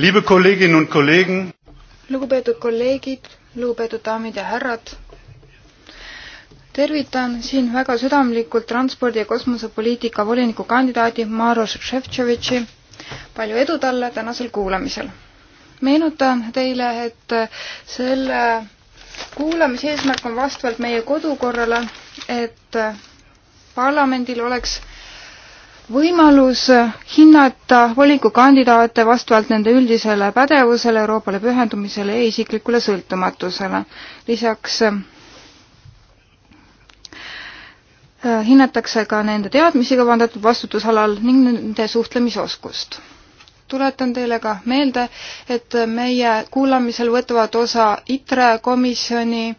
Liebe Kolleginnen und Kollegen. lugupeetud kolleegid, lugupeetud daamid ja härrad. tervitan siin väga südamlikult transpordi ja kosmosepoliitika voliniku kandidaadi Maros Šefčovitši. palju edu talle tänasel kuulamisel. meenutan teile, et selle kuulamise eesmärk on vastavalt meie kodukorrale, et parlamendil oleks võimalus hinnata volikukandidaate vastavalt nende üldisele pädevusele, Euroopale pühendumisele ja isiklikule sõltumatusele. lisaks äh, hinnatakse ka nende teadmisi kavandatud vastutusalal ning nende suhtlemisoskust. tuletan teile ka meelde, et meie kuulamisel võtavad osa ITRE komisjoni äh,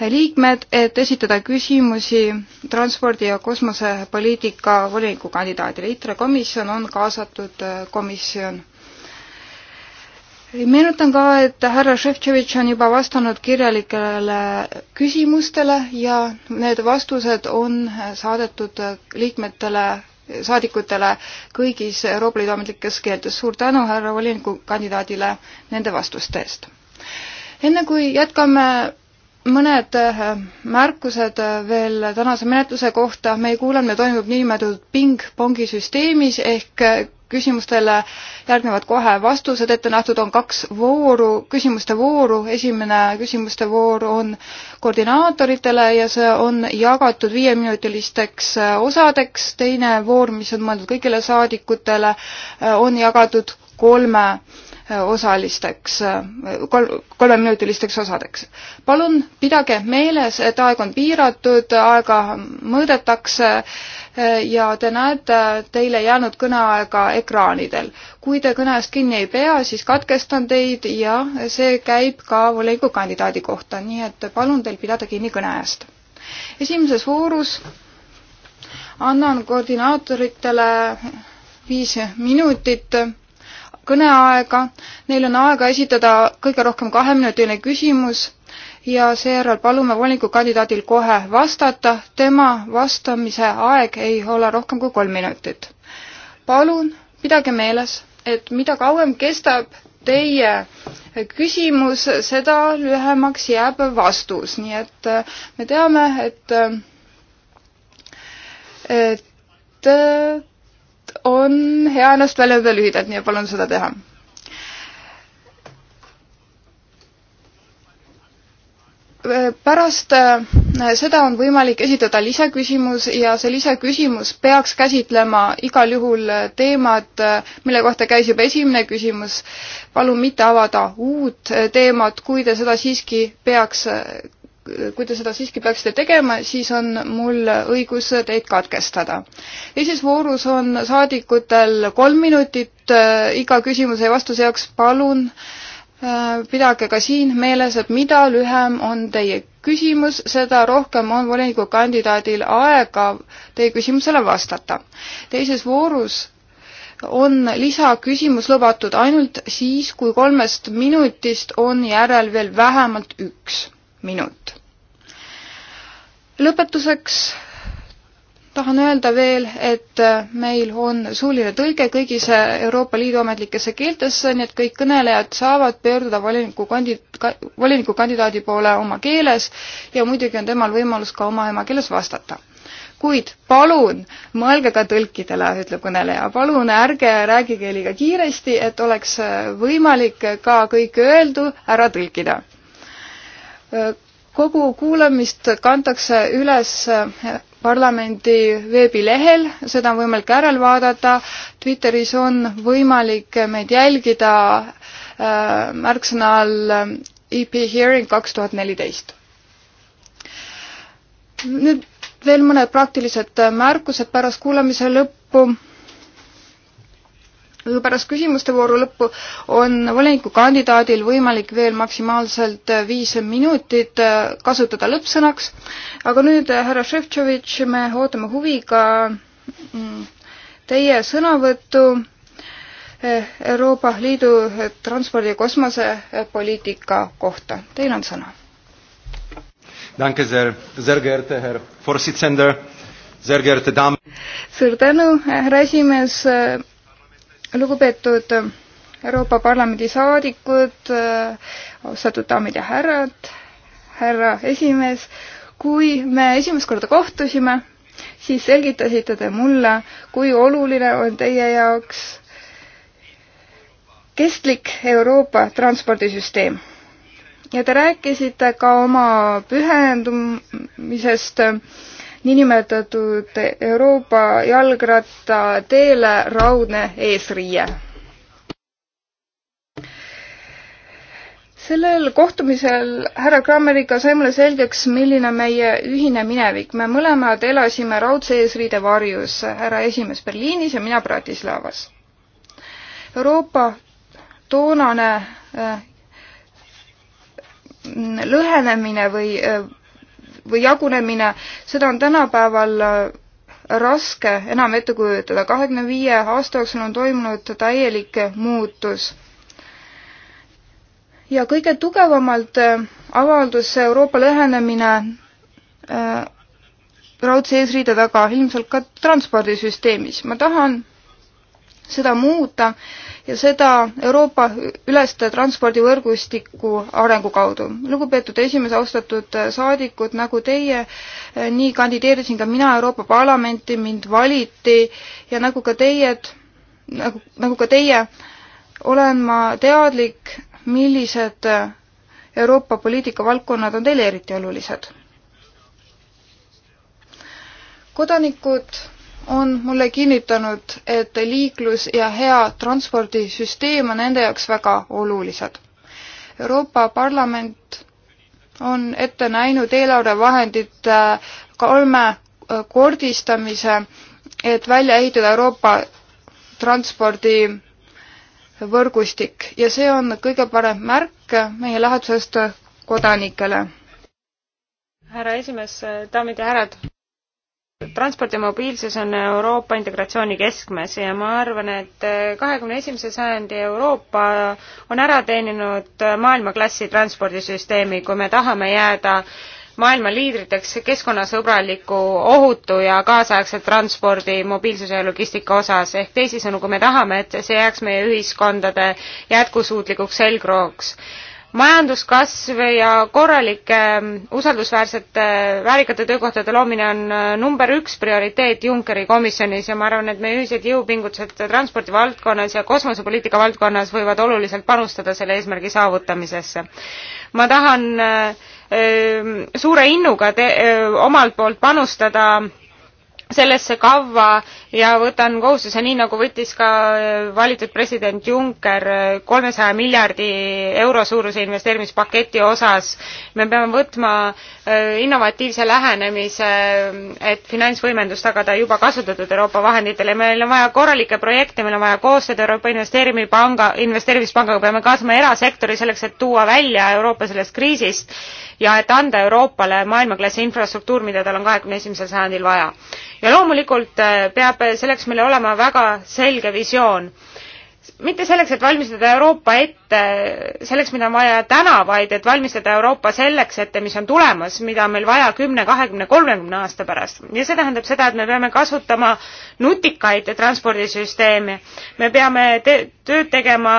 liikmed, et esitada küsimusi transpordi- ja kosmosepoliitika voliniku kandidaadile. ITRE komisjon on kaasatud äh, komisjon. meenutan ka, et härra Šefčovitš on juba vastanud kirjalikele küsimustele ja need vastused on äh, saadetud äh, liikmetele saadikutele kõigis Euroopa Liidu ametlikes keeltes. suur tänu härra voliniku kandidaadile nende vastuste eest. enne kui jätkame mõned äh, märkused äh, veel tänase menetluse kohta. meie kuulamine toimub niinimetatud ping-pongi süsteemis ehk äh, küsimustele järgnevad kohe vastused, ette nähtud on kaks vooru, küsimuste vooru. esimene küsimuste voor on koordinaatoritele ja see on jagatud viieminutilisteks osadeks. teine voor, mis on mõeldud kõigile saadikutele, on jagatud kolme äh, osalisteks, kol-, kolmeminutilisteks osadeks. palun pidage meeles, et aeg on piiratud, aega mõõdetakse ja te näete teile jäänud kõneaega ekraanidel. kui te kõne eest kinni ei pea, siis katkestan teid ja see käib ka volikogu kandidaadi kohta, nii et palun teil pidada kinni kõne eest. esimeses voorus annan koordinaatoritele viis minutit kõneaega, neil on aega esitada kõige rohkem kaheminutiline küsimus ja seejärel palume volinikukandidaadil kohe vastata, tema vastamise aeg ei ole rohkem kui kolm minutit. palun pidage meeles, et mida kauem kestab teie küsimus, seda lühemaks jääb vastus, nii et äh, me teame, et äh, et äh, on hea ennast väljendada lühidalt, nii et palun seda teha. pärast äh, seda on võimalik esitada lisaküsimus ja see lisaküsimus peaks käsitlema igal juhul teemat, äh, mille kohta käis juba esimene küsimus. palun mitte avada uut äh, teemat, kui te seda siiski peaks kui te seda siiski peaksite tegema, siis on mul õigus teid katkestada. teises voorus on saadikutel kolm minutit äh, iga küsimuse ja vastuse jaoks, palun äh, pidage ka siin meeles, et mida lühem on teie küsimus, seda rohkem on volinikukandidaadil aega teie küsimusele vastata. teises voorus on lisaküsimus lubatud ainult siis, kui kolmest minutist on järel veel vähemalt üks minut. lõpetuseks tahan öelda veel, et meil on suuline tõlge kõigis Euroopa Liidu ametlikesse keeltesse, nii et kõik kõnelejad saavad pöörduda voliniku kandi-, volinikukandidaadi poole oma keeles ja muidugi on temal võimalus ka oma emakeeles vastata. kuid palun mõelge ka tõlkidele, ütleb kõneleja, palun ärge rääkige liiga kiiresti, et oleks võimalik ka kõik öeldu ära tõlkida kogu kuulamist kantakse üles parlamendi veebilehel, seda on võimalik järel vaadata, Twitteris on võimalik meid jälgida äh, märksõna all äh, EP Hearing kaks tuhat neliteist. nüüd veel mõned praktilised märkused pärast kuulamise lõppu pärast küsimuste vooru lõppu on volinikukandidaadil võimalik veel maksimaalselt viis minutit kasutada lõppsõnaks. aga nüüd, härra Šefčovitš, me ootame huviga mm, teie sõnavõttu eh, Euroopa Liidu transpordi ja kosmosepoliitika kohta. Teil on sõna. Danke sehr, sehr geehrte Herr Vorsitzender, sehr geehrte Damen. suur tänu, härra esimees lugupeetud Euroopa Parlamendi saadikud, austatud daamid ja härrad, härra esimees, kui me esimest korda kohtusime, siis selgitasite te mulle, kui oluline on teie jaoks kestlik Euroopa transpordisüsteem. ja te rääkisite ka oma pühendumisest äh, niinimetatud Euroopa jalgrattateele raudne eesriie sellel kohtumisel härra Krammeriga sai mulle selgeks, milline meie ühine minevik. me mõlemad elasime raudse eesriide varjus, härra esimees Berliinis ja mina Bratislavas. Euroopa toonane äh, lõhenemine või äh, või jagunemine, seda on tänapäeval äh, raske enam ette kujutada. kahekümne viie aasta jooksul on toimunud täielik muutus. ja kõige tugevamalt äh, avaldus Euroopa lähenemine äh, raudse eesriide taga ilmselt ka transpordisüsteemis. ma tahan seda muuta äh, ja seda Euroopa üleste transpordivõrgustiku arengu kaudu. lugupeetud esimees, austatud saadikud, nagu teie, eh, nii kandideerisin ka mina Euroopa Parlamenti, mind valiti ja nagu ka teie, nagu, nagu ka teie, olen ma teadlik, millised Euroopa poliitika valdkonnad on teile eriti olulised. kodanikud on mulle kinnitanud, et liiklus ja hea transpordisüsteem on nende jaoks väga olulised. Euroopa Parlament on ette näinud eelarvevahendite kolmekordistamise, et välja ehitada Euroopa transpordivõrgustik ja see on kõige parem märk meie lähedusest kodanikele. härra esimees, daamid ja härrad transpordi mobiilsus on Euroopa integratsiooni keskmes ja ma arvan, et äh, kahekümne esimese sajandi Euroopa on ära teeninud äh, maailmaklassi transpordisüsteemi, kui me tahame jääda maailma liidriteks keskkonnasõbraliku, ohutu ja kaasaegse transpordi, mobiilsuse ja logistika osas, ehk teisisõnu, kui me tahame, et see jääks meie ühiskondade jätkusuutlikuks selgrooks majanduskasv ja korralike ähm, usaldusväärsete äh, väärikate töökohtade loomine on äh, number üks prioriteet Junckeri komisjonis ja ma arvan, et meie ühised jõupingutused transpordivaldkonnas ja kosmosepoliitika valdkonnas võivad oluliselt panustada selle eesmärgi saavutamisesse. ma tahan öö, äh, suure innuga te, öö, omalt poolt panustada öö, sellesse kavva ja võtan kohustuse, nii nagu võttis ka äh, valitud president Juncker äh, kolmesaja miljardi euro suuruse investeerimispaketi osas. me peame võtma äh, innovatiivse lähenemise, et finantsvõimendus tagada juba kasutatud Euroopa vahenditele. meil on vaja korralikke projekte, meil on vaja koostööd Euroopa Investeerimispanga, investeerimispangaga, peame kaasama erasektori selleks, et tuua välja Euroopa sellest kriisist ja et anda Euroopale maailmaklassi infrastruktuur, mida tal on kahekümne esimesel sajandil vaja ja loomulikult äh, peab selleks meil olema väga selge visioon. mitte selleks, et valmistada Euroopa ette äh, selleks, mida on vaja täna, vaid et valmistada Euroopa selleks ette, mis on tulemas, mida on meil vaja kümne, kahekümne, kolmekümne aasta pärast. ja see tähendab seda, et me peame kasutama nutikaid transpordisüsteeme. me peame te tööd tegema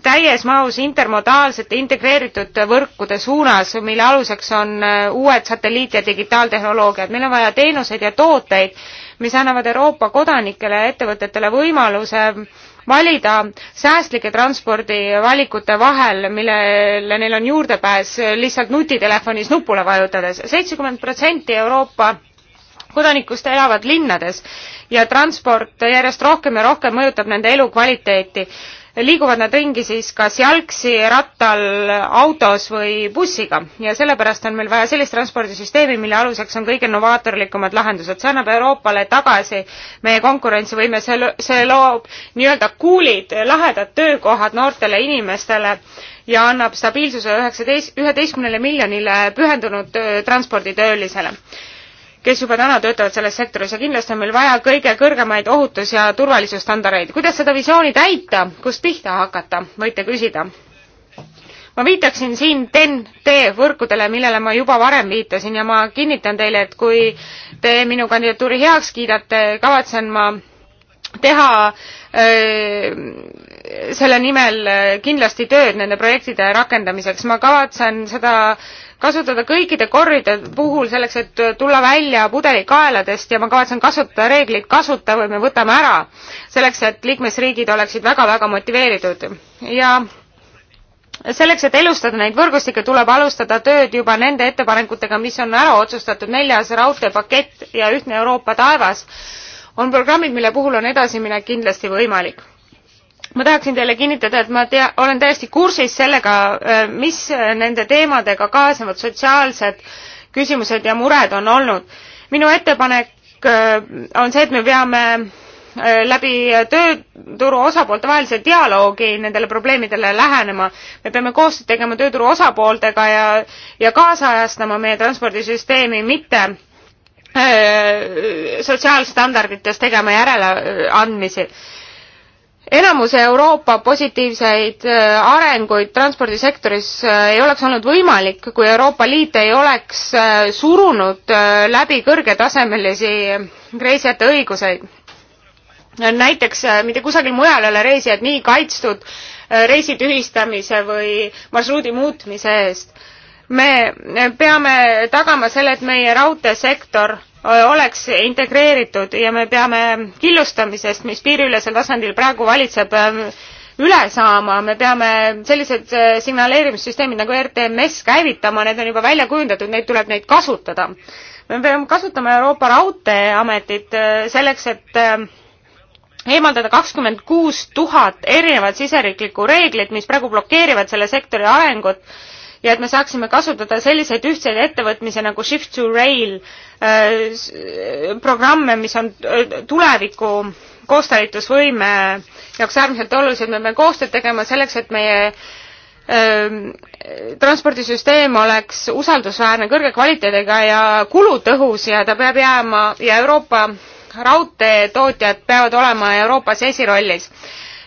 täies mahus intermodaalsete integreeritud võrkude suunas, mille aluseks on äh, uued satelliit- ja digitaaltehnoloogiad. meil on vaja teenuseid ja tooteid, mis annavad Euroopa kodanikele ja ettevõtetele võimaluse valida säästlike transpordivalikute vahel, millele neil on juurdepääs äh, lihtsalt nutitelefonis nupule vajutades. seitsekümmend protsenti Euroopa kodanikust elavad linnades ja transport järjest rohkem ja rohkem mõjutab nende elukvaliteeti liiguvad nad ringi siis kas jalgsi, rattal, autos või bussiga ja sellepärast on meil vaja sellist transpordisüsteemi, mille aluseks on kõige novaatorlikumad lahendused. see annab Euroopale tagasi meie konkurentsivõime, see, see loob nii-öelda kuulid, lahedad töökohad noortele inimestele ja annab stabiilsuse üheksateist, üheteistkümnele miljonile pühendunud transporditöölisele kes juba täna töötavad selles sektoris ja kindlasti on meil vaja kõige kõrgemaid ohutus- ja turvalisusstandardeid. kuidas seda visiooni täita, kust pihta hakata, võite küsida? ma viitaksin siin TEN-T võrkudele, millele ma juba varem viitasin ja ma kinnitan teile, et kui te minu kandidatuuri heaks kiidate, kavatsen ma teha öö, selle nimel kindlasti tööd nende projektide rakendamiseks. ma kavatsen seda öö, kasutada kõikide korride puhul selleks, et tulla välja pudelikaeladest ja ma kavatsen kasutada reeglit kasuta või me võtame ära, selleks et liikmesriigid oleksid väga-väga motiveeritud ja selleks, et elustada neid võrgustikke, tuleb alustada tööd juba nende ettepanekutega, mis on ära otsustatud, neljas raudteepakett ja ühtne Euroopa taevas on programmid, mille puhul on edasiminek kindlasti võimalik ma tahaksin teile kinnitada, et ma tea, olen täiesti kursis sellega, äh, mis äh, nende teemadega kaasnevad sotsiaalsed küsimused ja mured on olnud. minu ettepanek äh, on see, et me peame läbi tööturu osapoolte vahelise dialoogi nendele probleemidele lähenema. me peame koostööd tegema tööturu osapooltega ja, ja kaasajastama meie transpordisüsteemi, mitte sotsiaalstandardites tegema järeleandmisi enamuse Euroopa positiivseid äh, arenguid transpordisektoris äh, ei oleks olnud võimalik, kui Euroopa Liit ei oleks äh, surunud läbi kõrgetasemelisi reisijate õiguseid. näiteks mitte kusagil mujal ei ole reisijad nii kaitstud reisi tühistamise või marsruudi muutmise eest. me peame tagama selle, et meie raudteesektor oleks integreeritud ja me peame killustamisest, mis piiriülesel tasandil praegu valitseb, üle saama, me peame sellised signaleerimissüsteemid nagu RTMS käivitama, need on juba välja kujundatud, neid tuleb neid kasutada. me peame kasutama Euroopa Raudteeametit selleks, et eemaldada kakskümmend kuus tuhat erinevat siseriiklikku reeglit, mis praegu blokeerivad selle sektori arengut ja et me saaksime kasutada selliseid ühtseid ettevõtmisi nagu Shift to Rail äh, programme, mis on äh, tuleviku koostalitusvõime jaoks äärmiselt olulised, me peame koostööd tegema selleks, et meie ähm, transpordisüsteem oleks usaldusväärne, kõrge kvaliteediga ja kulutõhus ja ta peab jääma ja Euroopa raudteetootjad peavad olema Euroopas esirollis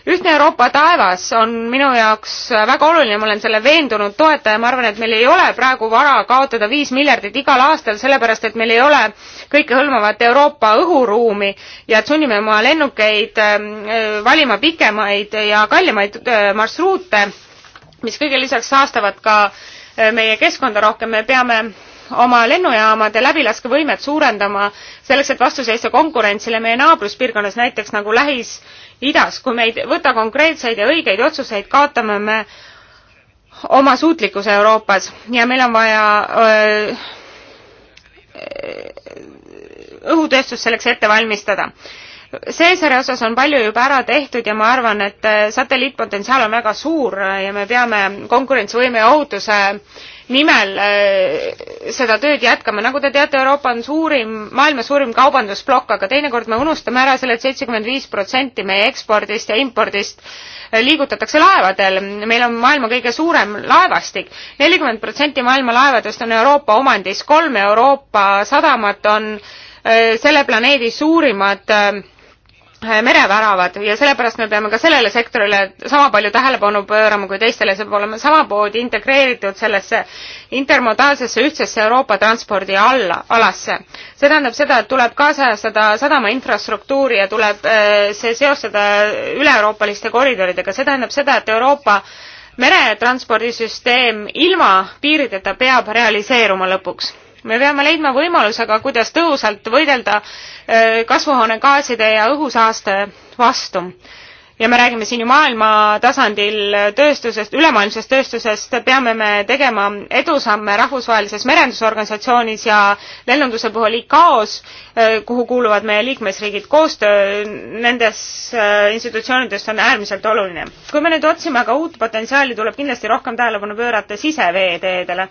ühtne Euroopa taevas on minu jaoks väga oluline, ma olen selle veendunud toetaja, ma arvan, et meil ei ole praegu vara kaotada viis miljardit igal aastal, sellepärast et meil ei ole kõikehõlmavat Euroopa õhuruumi ja et sunnime oma lennukeid ähm, äh, valima pikemaid ja kallimaid äh, marsruute, mis kõige lisaks saastavad ka äh, meie keskkonda rohkem, me peame oma lennujaamade läbilaskevõimet suurendama selleks, et vastu seista konkurentsile meie naabruspiirkonnas, näiteks nagu Lähis- idas. kui me ei võta konkreetseid ja õigeid otsuseid, kaotame me oma suutlikkuse Euroopas ja meil on vaja öö, õhutööstus selleks ette valmistada. Seesari osas on palju juba ära tehtud ja ma arvan, et äh, satelliitpotentsiaal on väga suur ja me peame konkurentsivõime ja ohutuse nimel äh, seda tööd jätkama. nagu te teate, Euroopa on suurim, maailma suurim kaubandusplokk, aga teinekord me unustame ära selle et, et seitsekümmend viis protsenti meie ekspordist ja impordist äh, liigutatakse laevadel. meil on maailma kõige suurem laevastik. nelikümmend protsenti maailma laevadest on Euroopa omandis, kolm Euroopa sadamat on selle planeedi suurimad Äh, mereväravad ja sellepärast me peame ka sellele sektorile sama palju tähelepanu pöörama kui teistele, see peab olema samamoodi integreeritud sellesse intermodaalsesse ühtsesse Euroopa transpordi alla, alasse. see tähendab seda, et tuleb kaasajastada sadama infrastruktuuri ja tuleb äh, see seostada üle-euroopaliste koridoridega, see tähendab seda, et Euroopa meretranspordisüsteem ilma piirideta peab realiseeruma lõpuks me peame leidma võimalusega, kuidas tõhusalt võidelda äh, kasvuhoonegaaside ja õhusaaste vastu. ja me räägime siin ju maailma tasandil tööstusest, ülemaailmsest tööstusest, peame me tegema edusamme rahvusvahelises merendusorganisatsioonis ja lennunduse puhul ICAO-s, äh, kuhu kuuluvad meie liikmesriigid. koostöö nendes äh, institutsioonides on äärmiselt oluline. kui me nüüd otsime aga uut potentsiaali, tuleb kindlasti rohkem tähelepanu pöörata siseveeteedele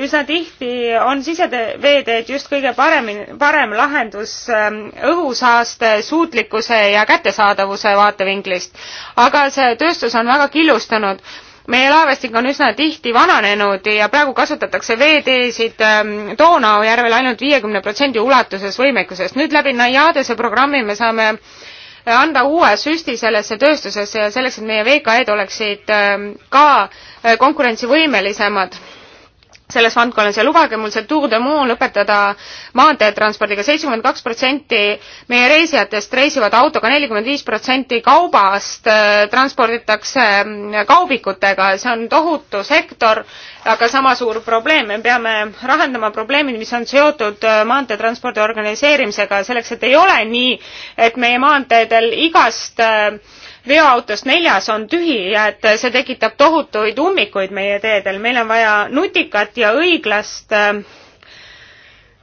üsna tihti on siseveeteed just kõige paremini, parem lahendus ähm, õhusaaste suutlikkuse ja kättesaadavuse vaatevinklist. aga see tööstus on väga killustunud. meie laevastik on üsna tihti vananenud ja praegu kasutatakse veeteesid ähm, Donau järvel ainult viiekümne protsendi ulatuses võimekusest. nüüd läbi Naiadese programmi me saame äh, anda uue süsti sellesse tööstusesse ja selleks, et meie VKE-d oleksid ähm, ka äh, konkurentsivõimelisemad selles valdkonnas ja lubage mul see Tour de Mont lõpetada maanteetranspordiga. seitsekümmend kaks protsenti meie reisijatest reisivad autoga, nelikümmend viis protsenti kaubast äh, transporditakse mm, kaubikutega, see on tohutu sektor, aga sama suur probleem. me peame lahendama probleemid, mis on seotud äh, maanteetranspordi organiseerimisega, selleks et ei ole nii, et meie maanteedel igast äh, veoautost neljas on tühi ja et see tekitab tohutuid ummikuid meie teedel. meil on vaja nutikat ja õiglast ähm,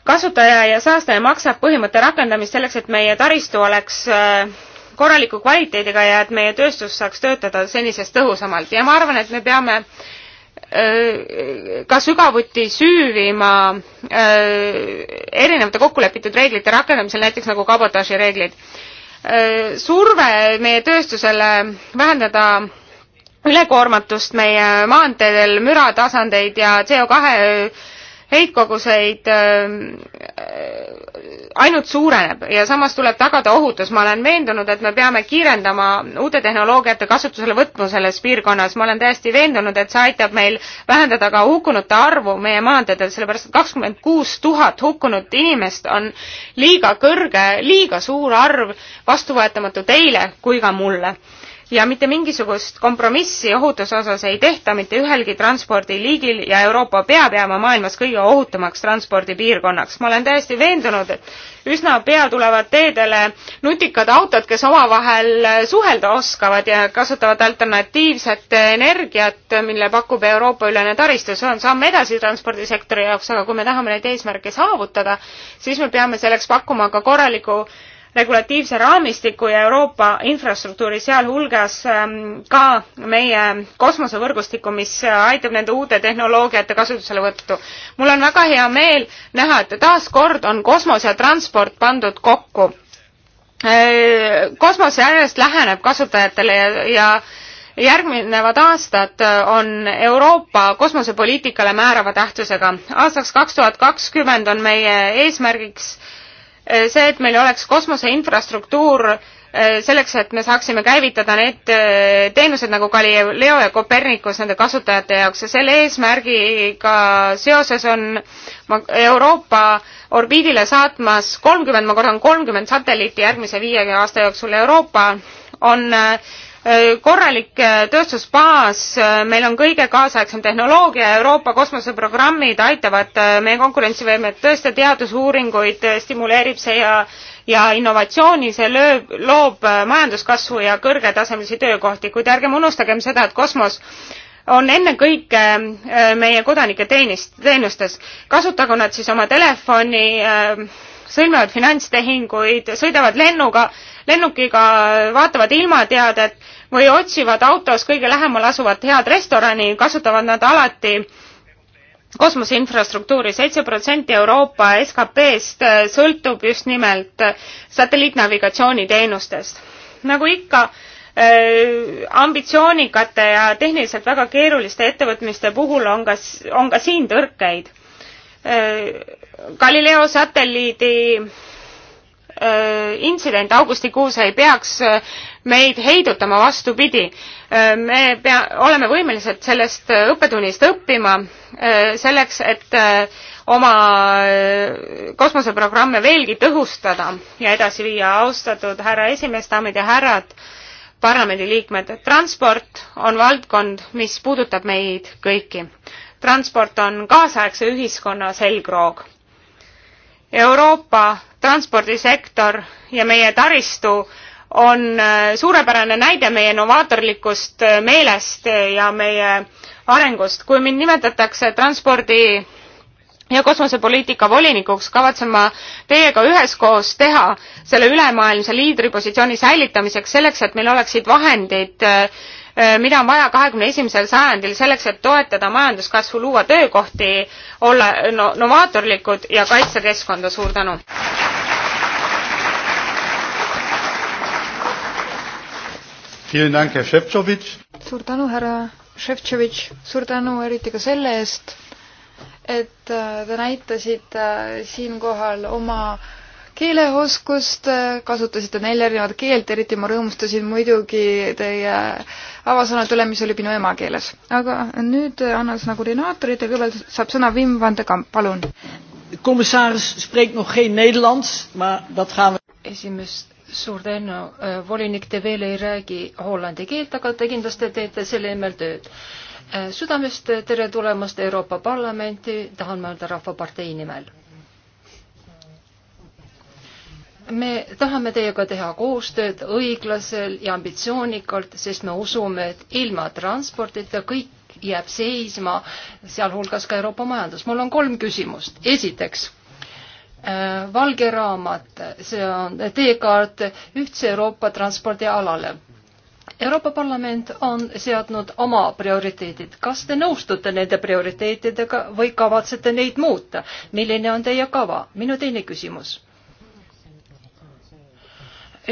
kasutaja ja saastaja maksab põhimõtte rakendamist selleks, et meie taristu oleks äh, korraliku kvaliteediga ja et meie tööstus saaks töötada senisest tõhusamalt ja ma arvan, et me peame äh, ka sügavuti süüvima äh, erinevate kokkulepitud reeglite rakendamisel, näiteks nagu kabotaaži reeglid Äh, surve meie tööstusele vähendada ülekoormatust meie maanteedel, müratasandeid ja CO2 heitkoguseid äh, ainult suureneb ja samas tuleb tagada ohutus. ma olen veendunud, et me peame kiirendama uute tehnoloogiate kasutusele võtmu selles piirkonnas. ma olen täiesti veendunud, et see aitab meil vähendada ka hukkunute arvu meie maanteedel, sellepärast et kakskümmend kuus tuhat hukkunud inimest on liiga kõrge, liiga suur arv, vastuvõetamatu teile kui ka mulle ja mitte mingisugust kompromissi ohutuse osas ei tehta mitte ühelgi transpordiliigil ja Euroopa peab jääma maailmas kõige ohutumaks transpordipiirkonnaks. ma olen täiesti veendunud, et üsna pea tulevad teedele nutikad autod, kes omavahel suhelda oskavad ja kasutavad alternatiivset energiat, mille pakub Euroopa ülene taristu. see on samm edasi transpordisektori jaoks, aga kui me tahame neid eesmärke saavutada, siis me peame selleks pakkuma ka korraliku regulatiivse raamistiku ja Euroopa infrastruktuuri, sealhulgas ähm, ka meie kosmosevõrgustiku, mis aitab nende uute tehnoloogiate kasutuselevõttu. mul on väga hea meel näha, et taaskord on kosmos ja transport pandud kokku. Äh, kosmos järjest läheneb kasutajatele ja, ja järgnevad aastad on Euroopa kosmosepoliitikale määrava tähtsusega. aastaks kaks tuhat kakskümmend on meie eesmärgiks see, et meil oleks kosmose infrastruktuur eh, selleks, et me saaksime käivitada need eh, teenused nagu Galileo ja Copernicus nende kasutajate jaoks ja selle eesmärgiga seoses on Euroopa orbiidile saatmas kolmkümmend, ma kordan, kolmkümmend satelliiti järgmise viie aasta jooksul. Euroopa on eh, Äh, korralik äh, tööstusbaas, äh, meil on kõige kaasaegsem tehnoloogia, Euroopa kosmoseprogrammid aitavad meie konkurentsivõimet tõsta, teadusuuringuid stimuleerib see ja ja innovatsiooni, see lööb, loob majanduskasvu ja kõrgetasemelisi töökohti, kuid ärgem unustagem seda, et kosmos on ennekõike meie kodanike teenist, teenustes. kasutagu nad siis oma telefoni, sõlmivad finantstehinguid, sõidavad lennuga, lennukiga, vaatavad ilmateadet või otsivad autos kõige lähemal asuvat head restorani, kasutavad nad alati kosmose infrastruktuuri seitse protsenti Euroopa SKP-st äh, sõltub just nimelt äh, satelliitnavigatsiooniteenustest. nagu ikka, äh, ambitsioonikate ja tehniliselt väga keeruliste ettevõtmiste puhul on ka, on ka siin tõrkeid. Galileo satelliidi Äh, intsident augustikuus ei peaks äh, meid heidutama, vastupidi. Äh, me pea, oleme võimelised sellest õppetunnist õppima selleks, et oma kosmoseprogramme veelgi tõhustada ja edasi viia. austatud härra esimees, daamid ja härrad, parlamendiliikmed, transport on valdkond, mis puudutab meid kõiki. transport on kaasaegse ühiskonna selgroog Euroopa transpordisektor ja meie taristu on äh, suurepärane näide meie novaatorlikust äh, meelest ja meie arengust. kui mind nimetatakse transpordi ja kosmosepoliitika volinikuks kavatsen ma teiega üheskoos teha selle ülemaailmse liidripositsiooni säilitamiseks, selleks et meil oleksid vahendid äh, Äh, mida on vaja kahekümne esimesel sajandil selleks, et toetada majanduskasvu, luua töökohti, olla äh, no, novaatorlikud ja kaitsta keskkonda. suur tänu! suur tänu, härra Šefčovitš, suur tänu eriti ka selle eest, et äh, te näitasite siinkohal oma äh, keeleoskust, kasutasite nelja erinevat keelt, eriti ma rõõmustasin muidugi teie avasõnade üle, mis oli minu emakeeles. aga nüüd annan sõna koordinaatoritele, kõigepealt saab sõna Wim van de Kamp, palun. komissaris spreekt nog geen nederlands, ma dat gaan we. esimees, suur tänu, äh, volinik, te veel ei räägi hollandi keelt, aga te kindlasti teete selle nimel tööd äh, südamest tere tulemast Euroopa Parlamenti, tahan mõelda Rahvapartei nimel me tahame teiega teha koostööd õiglasel ja ambitsioonikalt, sest me usume, et ilma transpordita kõik jääb seisma, sealhulgas ka Euroopa majandus. mul on kolm küsimust. esiteks, äh, valge raamat, see on teekaart ühtse Euroopa transpordialale. Euroopa Parlament on seadnud oma prioriteedid. kas te nõustute nende prioriteetidega või kavatsete neid muuta? milline on teie kava? minu teine küsimus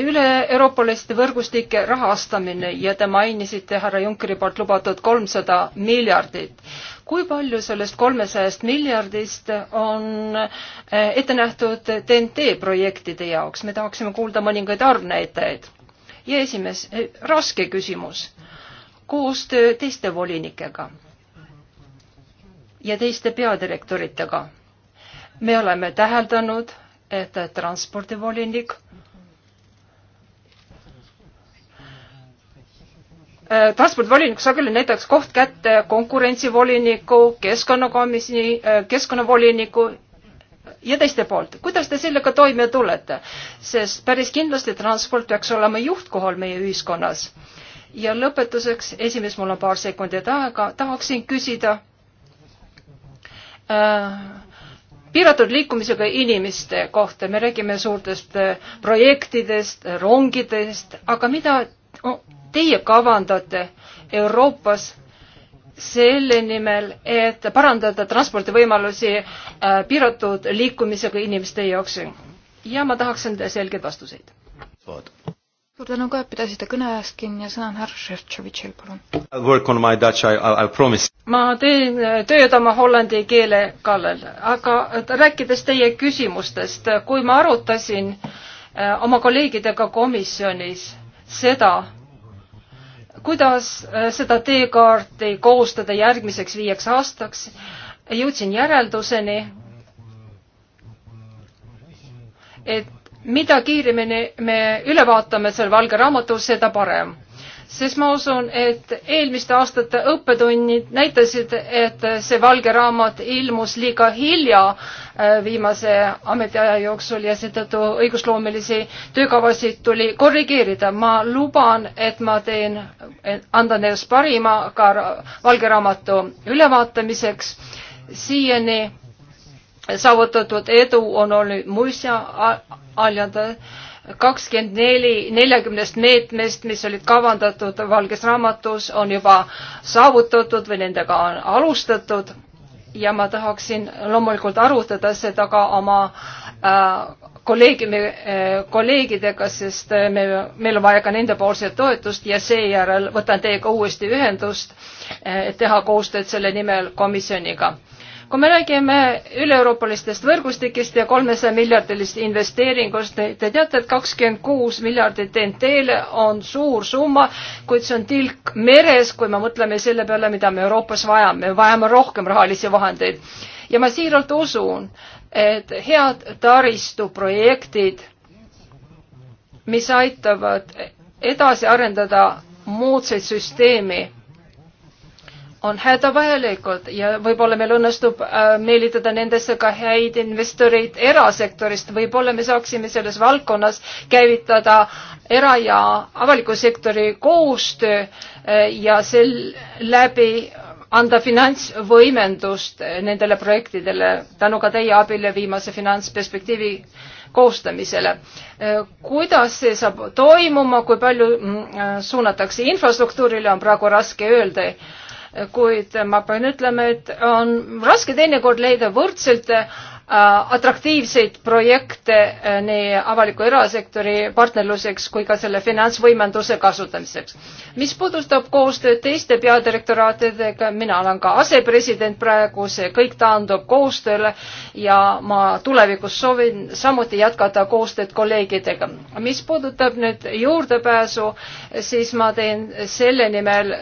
üle-euroopaliste võrgustike rahastamine ja te mainisite härra Junckeri poolt lubatud kolmsada miljardit. kui palju sellest kolmesajast miljardist on eh, ette nähtud TNT projektide jaoks, me tahaksime kuulda mõningaid arvnäitajaid. ja esimees, eh, raske küsimus, koostöö teiste volinikega ja teiste peadirektoritega. me oleme täheldanud, et transpordivolinik Äh, transpordivolinik sageli näitaks koht kätte konkurentsivoliniku, keskkonnakomisjoni, äh, keskkonnavoliniku ja teiste poolt. kuidas te sellega toime tulete? sest päris kindlasti transport peaks olema juhtkohal meie ühiskonnas. ja lõpetuseks, esimees, mul on paar sekundit aega, tahaksin küsida äh, piiratud liikumisega inimeste kohta, me räägime suurtest projektidest, rongidest, aga mida teie kavandate Euroopas selle nimel, et parandada transpordivõimalusi äh, piiratud liikumisega inimeste jaoks? ja ma tahaksin selgeid vastuseid. suur tänu ka, et pidasite kõne ajast kinni ja sõna on härra Šeftšovitšil, palun. ma teen äh, tööd oma hollandi keele kallal, aga rääkides teie küsimustest, kui ma arutasin äh, oma kolleegidega komisjonis seda, kuidas äh, seda teekaarti koostada järgmiseks viieks aastaks, jõudsin järelduseni, et mida kiiremini me üle vaatame selle valge raamatu, seda parem sest ma usun, et eelmiste aastate õppetunnid näitasid, et see valge raamat ilmus liiga hilja äh, viimase ametiaja jooksul ja seetõttu õigusloomelisi töökavasid tuli korrigeerida. ma luban, et ma teen, andan endast parima ka valge raamatu ülevaatamiseks. siiani saavutatud edu on olnud muisja aljade al al al kakskümmend neli, neljakümnest meetmest, mis olid kavandatud Valges Raamatus, on juba saavutatud või nendega on alustatud ja ma tahaksin loomulikult arutada seda ka oma äh, kolleegiumi äh,, kolleegidega, sest äh, me, meil on vaja ka nendepoolset toetust ja seejärel võtan teiega uuesti ühendust äh,, et teha koostööd selle nimel komisjoniga kui me räägime üle-euroopalistest võrgustikest ja kolmesaja miljardilist investeeringust, te teate, et kakskümmend kuus miljardit NT-le on suur summa, kuid see on tilk meres, kui me mõtleme selle peale, mida me Euroopas vajame, vajame rohkem rahalisi vahendeid. ja ma siiralt usun, et head taristuprojektid, mis aitavad edasi arendada moodsaid süsteemi on hädavajalikud ja võib-olla meil õnnestub äh, meelitada nendesse ka häid investoreid erasektorist, võib-olla me saaksime selles valdkonnas käivitada era- ja avaliku sektori koostöö äh, ja sel läbi anda finantsvõimendust äh, nendele projektidele tänu ka teie abile viimase finantsperspektiivi koostamisele. kuidas see saab toimuma, kui palju mm, suunatakse infrastruktuurile, on praegu raske öelda kuid ma pean ütlema, et on raske teinekord leida võrdselt äh, atraktiivseid projekte äh, nii avaliku erasektori partnerluseks kui ka selle finantsvõimenduse kasutamiseks. mis puudutab koostööd teiste peadirektoraatidega, mina olen ka asepresident praegu, see kõik taandub koostööle ja ma tulevikus soovin samuti jätkata koostööd kolleegidega. mis puudutab nüüd juurdepääsu, siis ma teen selle nimel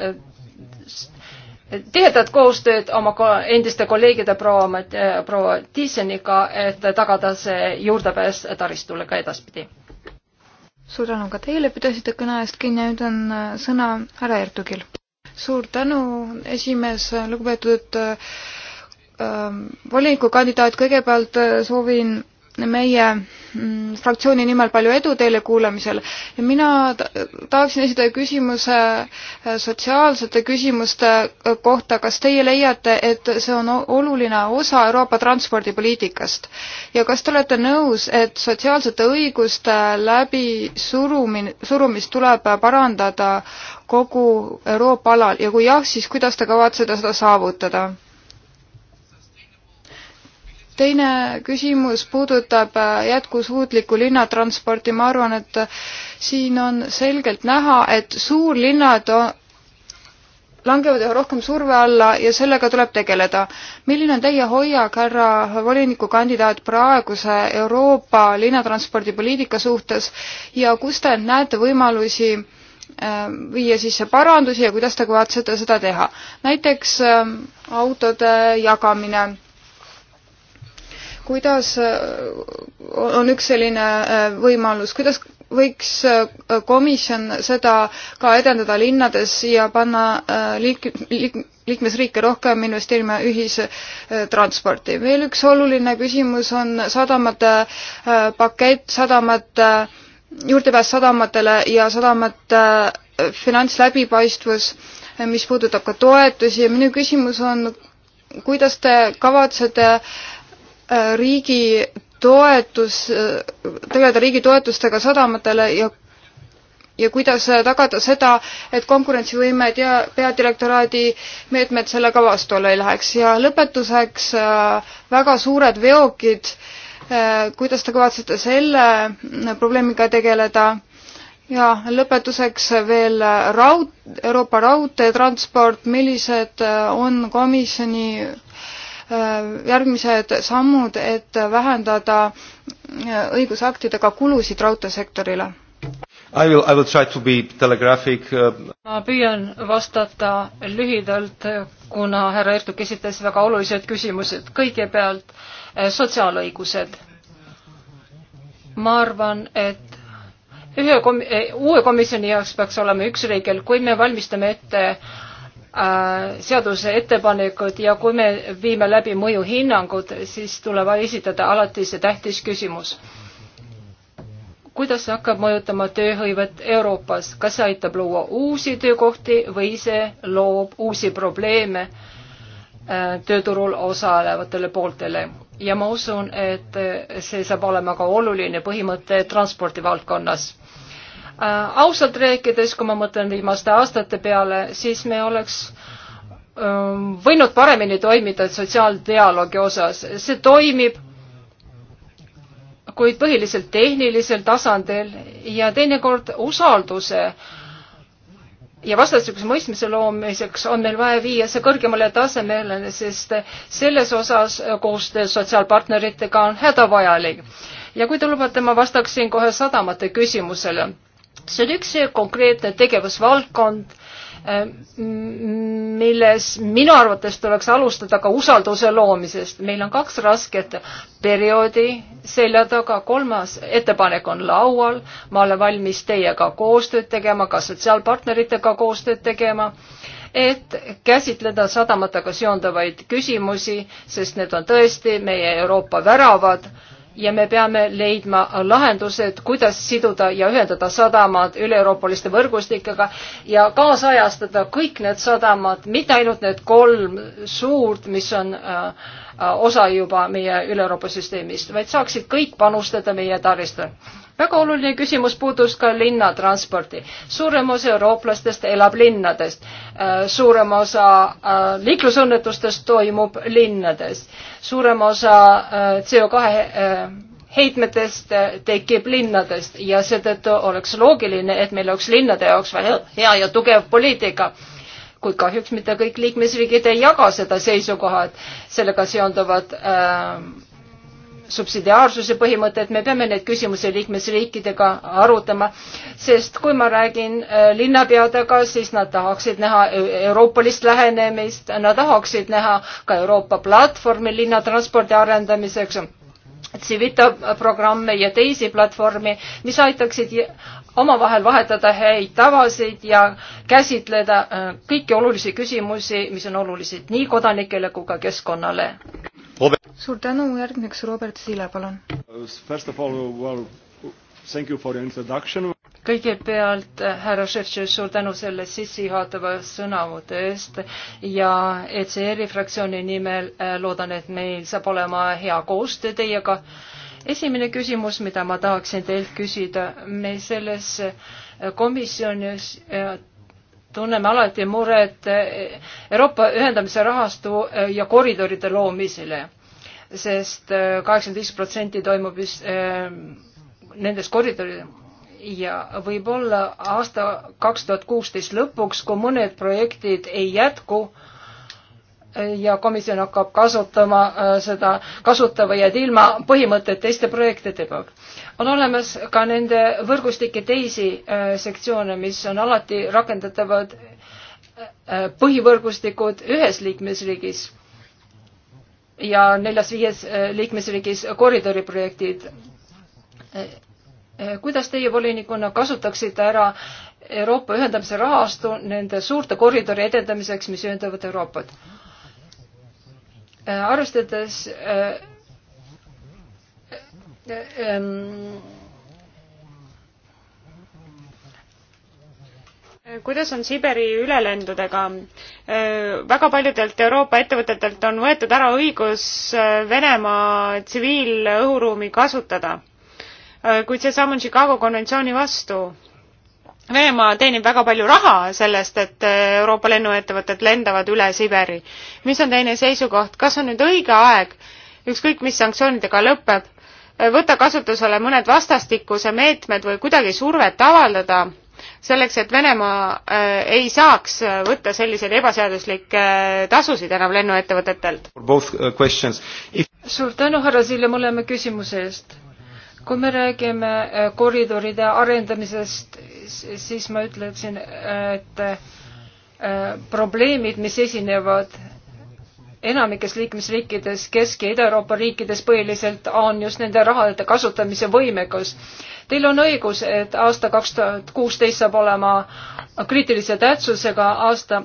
tihedat koostööd oma endiste kolleegide proua, äh, proua Tiiseniga, et tagada see juurdepääs taristule ka edaspidi. suur tänu ka teile, pidasite kõne eest kinni, nüüd on äh, sõna härra Ertugil. suur tänu, esimees, lugupeetud äh, äh volinikukandidaat, kõigepealt soovin meie mm, fraktsiooni nimel palju edu teile kuulamisel ja mina tahaksin esitada küsimuse äh, sotsiaalsete küsimuste äh, kohta, kas teie leiate, et see on oluline osa Euroopa transpordipoliitikast ja kas te olete nõus, et sotsiaalsete õiguste läbisurumine, surumist tuleb parandada kogu Euroopa alal ja kui jah, siis kuidas te kavatsete seda saavutada? teine küsimus puudutab äh, jätkusuutlikku linnatransporti, ma arvan, et äh, siin on selgelt näha, et suurlinnad langevad üha rohkem surve alla ja sellega tuleb tegeleda. milline on teie hoiak, härra volinikukandidaat, praeguse Euroopa linnatranspordipoliitika suhtes ja kus te näete võimalusi äh, viia sisse parandusi ja kuidas te kavatsete seda teha? näiteks autode jagamine kuidas äh, on üks selline äh, võimalus, kuidas võiks äh, komisjon seda ka edendada linnades ja panna liik-, liik-, liikmesriike rohkem investeerima ühistransporti. veel üks oluline küsimus on sadamate pakett, sadamate, juurdepääs sadamatele ja sadamate finantsläbipaistvus, mis puudutab ka toetusi ja minu küsimus on, kuidas te kavatsete äh, Äh, riigi toetus, äh, tegeleda riigi toetustega sadamatele ja ja kuidas äh, tagada seda, et konkurentsivõime tea, peadirektoraadi meetmed sellega vastuollu ei läheks ja lõpetuseks väga suured veokid, kuidas te kavatsete selle probleemiga tegeleda ja lõpetuseks veel raud-, Euroopa raudteetransport, millised on komisjoni Äh, järgmised sammud, et vähendada äh, õigusaktidega kulusid raudteesektorile? I will, I will try to be telegraphic. Uh, ma püüan vastata lühidalt, kuna härra Ertuk esitas väga olulised küsimused. kõigepealt äh, sotsiaalõigused. ma arvan, et ühe kom-, uue komisjoni jaoks peaks olema üks reegel, kui me valmistame ette Äh, seaduseettepanekud ja kui me viime läbi mõjuhinnangud, siis tuleb esitada alati see tähtis küsimus. kuidas see hakkab mõjutama tööhõivet Euroopas, kas see aitab luua uusi töökohti või see loob uusi probleeme äh, tööturul osalevatele pooltele? ja ma usun, et see saab olema ka oluline põhimõte transpordivaldkonnas Äh, ausalt rääkides, kui ma mõtlen viimaste aastate peale, siis me oleks ähm, võinud paremini toimida sotsiaaldialoogi osas. see toimib, kuid põhiliselt tehnilisel tasandil ja teinekord usalduse ja vastastikuse mõistmise loomiseks on meil vaja viia see kõrgemale tasemele, sest selles osas koostöö sotsiaalpartneritega on hädavajalik. ja kui te lubate, ma vastaksin kohe sadamate küsimusele see on üks konkreetne tegevusvaldkond, eh, milles minu arvates tuleks alustada ka usalduse loomisest. meil on kaks rasket perioodi selja taga, kolmas ettepanek on laual, ma olen valmis teiega koostööd tegema, ka sotsiaalpartneritega koostööd tegema, et käsitleda sadamatega seonduvaid küsimusi, sest need on tõesti meie Euroopa väravad ja me peame leidma lahendused, kuidas siduda ja ühendada sadamad üle-euroopaliste võrgustikega ja kaasajastada kõik need sadamad, mitte ainult need kolm suurt, mis on äh, osa juba meie üle-Euroopa süsteemist, vaid saaksid kõik panustada meie taristu. väga oluline küsimus puudus ka linnatransporti. suurem osa eurooplastest elab linnades, äh, suurem osa äh, liiklusõnnetustest toimub linnades, suurem osa äh, CO2 heitmetest tekib linnadest ja seetõttu oleks loogiline, et meil oleks linnade jaoks hea ja tugev poliitika kuid kahjuks mitte kõik liikmesriigid ei jaga seda seisukoha, et sellega seonduvad äh, subsidiaarsuse põhimõtet, me peame neid küsimusi liikmesriikidega arutama, sest kui ma räägin äh, linnapeadega, siis nad tahaksid näha e-, euroopalist lähenemist, nad tahaksid näha ka Euroopa platvormi linnatranspordi arendamiseks Civita programme ja teisi platvormi, mis aitaksid omavahel vahetada häid tavasid ja käsitleda äh, kõiki olulisi küsimusi, mis on olulised nii kodanikele kui ka keskkonnale. suur tänu, järgmiseks Robert Sille, palun. First of all well,, thank you for your introduction kõigepealt härra Šefčev, suur tänu selle sissejuhatava sõnavõtu eest ja ECR-i fraktsiooni nimel äh, loodan, et meil saab olema hea koostöö teiega. esimene küsimus, mida ma tahaksin teilt küsida, me selles äh, komisjonis äh, tunneme alati muret Euroopa ühendamise rahastu ja koridoride loomisele sest, sest kaheksakümmend viis protsenti toimub just nendes koridorides ja võib-olla aasta kaks tuhat kuusteist lõpuks, kui mõned projektid ei jätku äh, ja komisjon hakkab kasutama äh, seda kasutava jääd ilma põhimõtet teiste projektidega. on olemas ka nende võrgustike teisi äh, sektsioone, mis on alati rakendatavad põhivõrgustikud ühes liikmesriigis ja neljas-viies liikmesriigis koridoriprojektid Eh, kuidas teie volinikuna kasutaksite ära Euroopa ühendamise rahastu nende suurte koridori edendamiseks, mis ühendavad Euroopat? Eh, arvestades äh, äh, äh, kuidas on Siberi ülelendudega? Eh, väga paljudelt Euroopa ettevõtetelt on võetud ära õigus Venemaa tsiviilõhuruumi kasutada Äh, kuid see samm on Chicago konventsiooni vastu. Venemaa teenib väga palju raha sellest, et äh, Euroopa lennuettevõtted lendavad üle Siberi. mis on teine seisukoht, kas on nüüd õige aeg, ükskõik mis sanktsioonidega lõpeb, äh, võtta kasutusele mõned vastastikuse meetmed või kuidagi survet avaldada selleks, et Venemaa äh, ei saaks võtta selliseid ebaseaduslikke äh, tasusid enam lennuettevõtetelt? If... suur tänu, härra Sille, mõlema küsimuse eest kui me räägime äh, koridoride arendamisest, siis ma ütleksin, et äh, probleemid, mis esinevad enamikes liikmesriikides, Kesk- ja Ida-Euroopa riikides põhiliselt, on just nende rahade kasutamise võimekus. Teil on õigus, et aasta kaks tuhat kuusteist saab olema kriitilise tähtsusega aasta.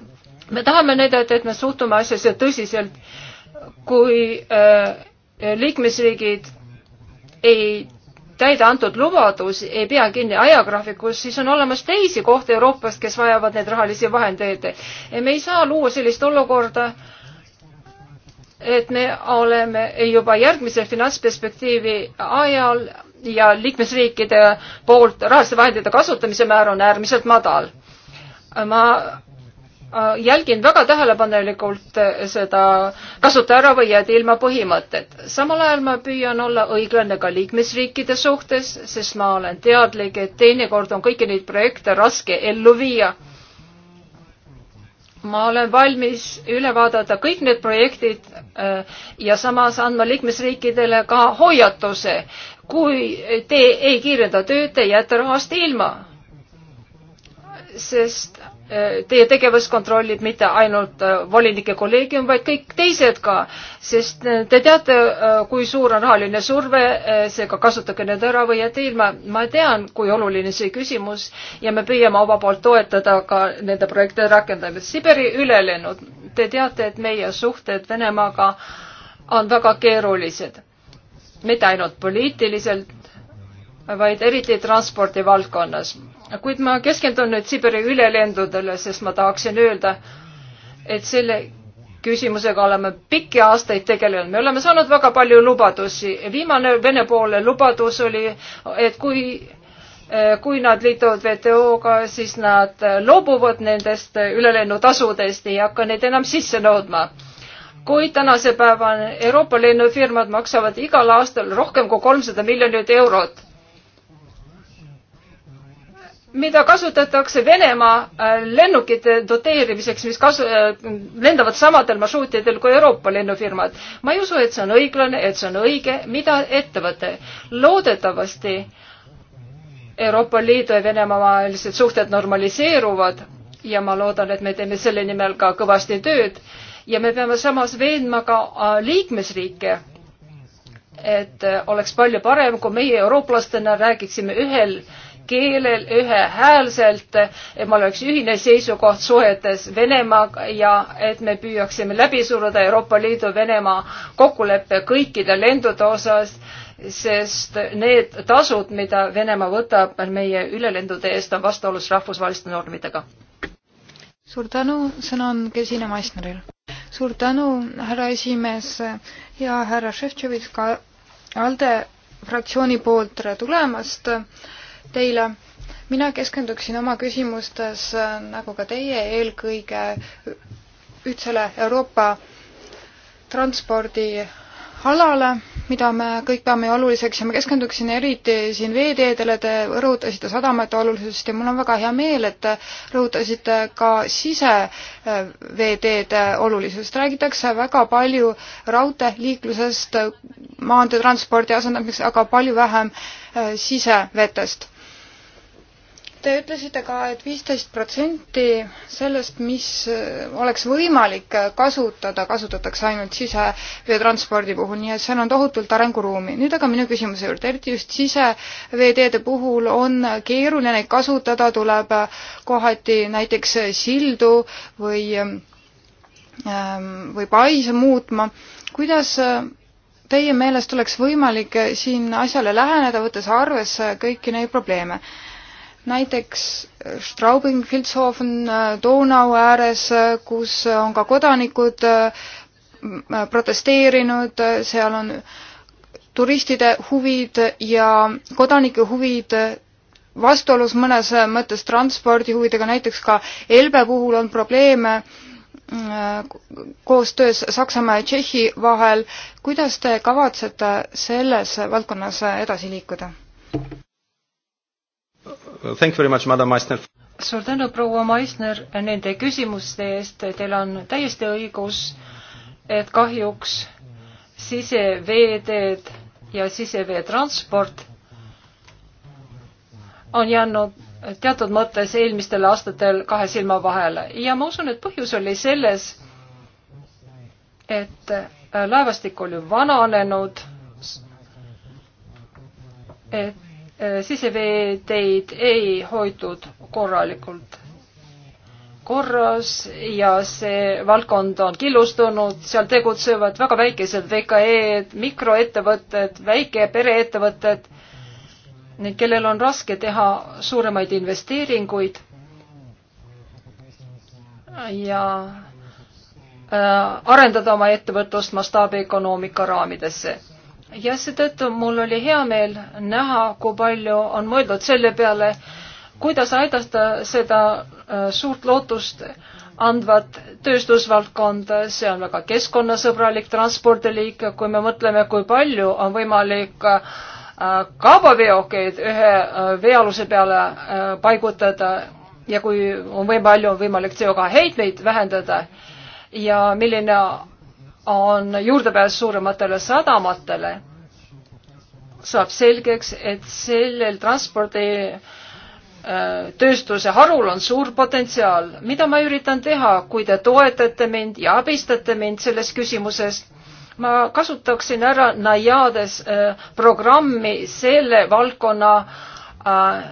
me tahame näidata, et me suhtume asjasse tõsiselt, kui äh, liikmesriigid ei täida antud lubadus, ei pea kinni ajagraafikust, siis on olemas teisi kohti Euroopas, kes vajavad neid rahalisi vahendeid. me ei saa luua sellist olukorda, et me oleme juba järgmise finantsperspektiivi ajal ja liikmesriikide poolt rahaliste vahendite kasutamise määr on äärmiselt madal. ma Äh, jälgin väga tähelepanelikult äh, seda kasuta ära või jääd ilma põhimõtet. samal ajal ma püüan olla õiglane ka liikmesriikide suhtes, sest ma olen teadlik, et teinekord on kõiki neid projekte raske ellu viia. ma olen valmis üle vaadata kõik need projektid äh, ja samas andma liikmesriikidele ka hoiatuse, kui te ei kiirenda tööd, te jääte rahast ilma. sest Äh, teie tegevust kontrollib mitte ainult äh, volinike kolleegium, vaid kõik teised ka, sest äh, te teate, kui suur on rahaline surve, seega kasutage need ära või jääte ilma. ma tean, kui oluline see küsimus ja me püüame oma poolt toetada ka nende projektide rakendamist. Siberi ülelennud, te teate, et meie suhted Venemaaga on väga keerulised, mitte ainult poliitiliselt, vaid eriti transpordivaldkonnas kuid ma keskendun nüüd Siberi ülelendudele, sest ma tahaksin öelda, et selle küsimusega oleme pikki aastaid tegelenud, me oleme saanud väga palju lubadusi, viimane Vene poole lubadus oli, et kui eh, kui nad liituvad WTO-ga, siis nad loobuvad nendest ülelennutasudest, ei hakka neid enam sisse nõudma kuid tänase päeva Euroopa lennufirmad maksavad igal aastal rohkem kui kolmsada miljonit eurot mida kasutatakse Venemaa äh, lennukite doteerimiseks, mis kasu-, äh, lendavad samadel marsruutidel kui Euroopa lennufirmad. ma ei usu, et see on õiglane, et see on õige, mida ettevõte. loodetavasti Euroopa Liidu ja Venemaa vahelised suhted normaliseeruvad ja ma loodan, et me teeme selle nimel ka kõvasti tööd ja me peame samas veenma ka äh, liikmesriike, et oleks palju parem, kui meie eurooplastena räägiksime ühel äh, keelel ühehäälselt, et meil oleks ühine seisukoht suhetes Venemaaga ja et me püüaksime läbi suruda Euroopa Liidu Venemaa kokkuleppe kõikide lendude osas, sest need tasud, mida Venemaa võtab meie ülelendude eest, on vastuolus rahvusvaheliste normidega. suur tänu, sõna on Gesine Maisneril. suur tänu, härra esimees ja härra Šeftšovitš ka ALDE fraktsiooni poolt tere tulemast teile. mina keskenduksin oma küsimustes, äh, nagu ka teie, eelkõige ühtsele Euroopa transpordialale mida me kõik peame oluliseks ja ma keskenduksin eriti siin veeteedele, te rõhutasite sadamate olulisust ja mul on väga hea meel, et te rõhutasite ka siseveeteede olulisust. räägitakse väga palju raudteeliiklusest maanteetranspordi asendamiseks, aga palju vähem sisevetest Te ütlesite ka et, et viisteist protsenti sellest, mis äh, oleks võimalik äh, kasutada, kasutatakse ainult siseveetranspordi puhul, nii et seal on tohutult arenguruumi. nüüd aga minu küsimuse juurde, eriti just siseveeteede puhul on keeruline neid kasutada, tuleb äh, kohati näiteks sildu või, ähm, ähm, või paise muutma. kuidas teie meelest oleks võimalik siin asjale läheneda, võttes arvesse kõiki neid probleeme? näiteks äh, Straubing, Filthofen, äh, Donau ääres, äh, kus on ka kodanikud protesteerinud, seal on turistide huvid ja kodanike huvid vastuolus mõnes mõttes transpordi huvidega, näiteks ka Elbe puhul on probleeme koostöös Saksamaa ja Tšehhi vahel. kuidas te kavatsete selles valdkonnas edasi liikuda? Thank you very much, madam Meissner. suur tänu, proua Meissner, nende küsimuste eest. Teil on täiesti õigus, et kahjuks siseveeteed ja siseveetransport on jäänud teatud mõttes eelmistel aastatel kahe silma vahele ja ma usun, et põhjus oli selles, et laevastik oli vananenud, et Äh, siseveeteid ei hoitud korralikult korras ja see valdkond on killustunud, seal tegutsevad väga väikesed VKE-d, mikroettevõtted, väike pereettevõtted, kellel on raske teha suuremaid investeeringuid ja äh, arendada oma ettevõtlust mastaabiökonoomika raamidesse ja seetõttu mul oli hea meel näha, kui palju on mõeldud selle peale, kuidas aidata seda äh, suurt lootust andvat tööstusvaldkonda, see on väga keskkonnasõbralik transpordiliik, kui me mõtleme, kui palju on võimalik äh, kaubaveokeid ühe äh, veealuse peale paigutada ja kui on või palju on võimalik CO2 heitmeid vähendada ja milline on juurdepääs suurematele sadamatele, saab selgeks, et sellel transpordi äh, tööstuse harul on suur potentsiaal. mida ma üritan teha, kui te toetate mind ja abistate mind selles küsimuses? ma kasutaksin ära Najades äh, programmi selle valdkonna äh,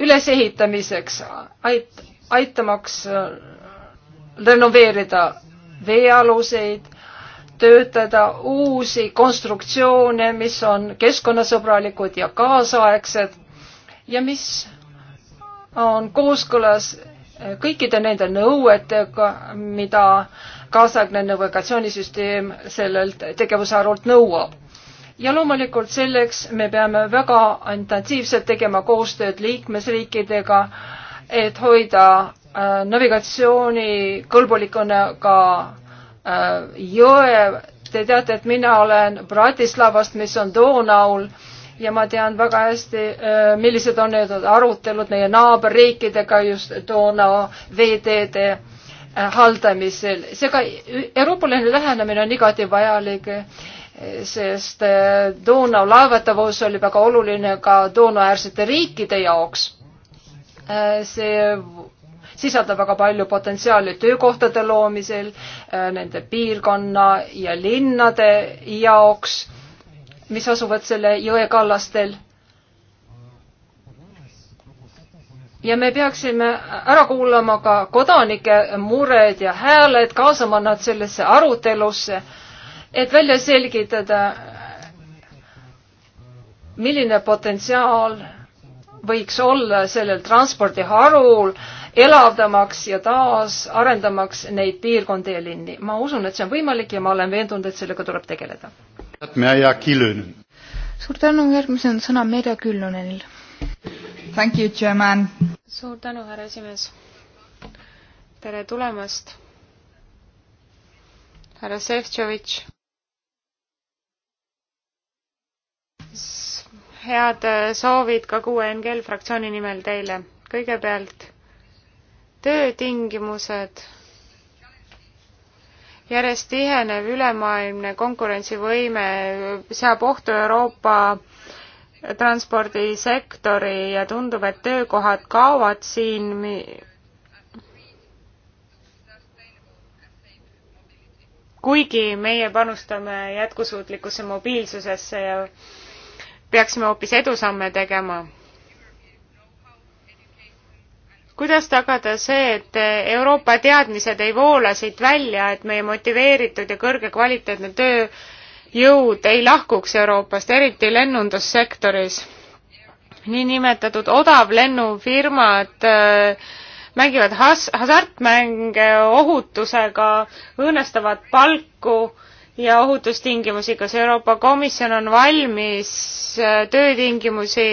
ülesehitamiseks, ait-, aitamaks renoveerida veealuseid, töötada uusi konstruktsioone, mis on keskkonnasõbralikud ja kaasaegsed ja mis on kooskõlas kõikide nende nõuetega, mida kaasaegne navigatsioonisüsteem sellelt tegevusharult nõuab. ja loomulikult selleks me peame väga intensiivselt tegema koostööd liikmesriikidega, et hoida Äh, navigatsiooni kõlbulikuna ka äh, jõe. Te teate, et mina olen Bratislavast, mis on Donaul ja ma tean väga hästi, äh, millised on need arutelud meie naaberriikidega just Donau veeteede haldamisel. seega euroopaline lähenemine on igati vajalik, sest Donau laevatavus oli väga oluline ka Donau-äärsete riikide jaoks. see sisaldab väga palju potentsiaali töökohtade loomisel, äh, nende piirkonna ja linnade jaoks, mis asuvad selle jõe kallastel. ja me peaksime ära kuulama ka kodanike mured ja hääled, kaasama nad sellesse arutelusse, et välja selgitada, milline potentsiaal võiks olla sellel transpordiharul äh, elavdamaks ja taasarendamaks neid piirkondi ja linni. ma usun, et see on võimalik ja ma olen veendunud, et sellega tuleb tegeleda. suur tänu, järgmisena on sõna Merja Küllonenil. Thank you, chairman. suur tänu, härra esimees. tere tulemast, härra Šefčovitš. head soovid ka QNGL fraktsiooni nimel teile. kõigepealt töötingimused, järjest tihenev ülemaailmne konkurentsivõime seab ohtu Euroopa transpordisektori ja tundub, et töökohad kaovad siin. kuigi meie panustame jätkusuutlikkusse mobiilsusesse ja peaksime hoopis edusamme tegema kuidas tagada see, et Euroopa teadmised ei voola siit välja, et meie motiveeritud ja kõrgekvaliteetne tööjõud ei lahkuks Euroopast, eriti lennundussektoris? niinimetatud odavlennufirmad äh, mängivad has-, hasartmänge ohutusega, õõnestavad palku ja ohutustingimusi. kas Euroopa Komisjon on valmis äh, töötingimusi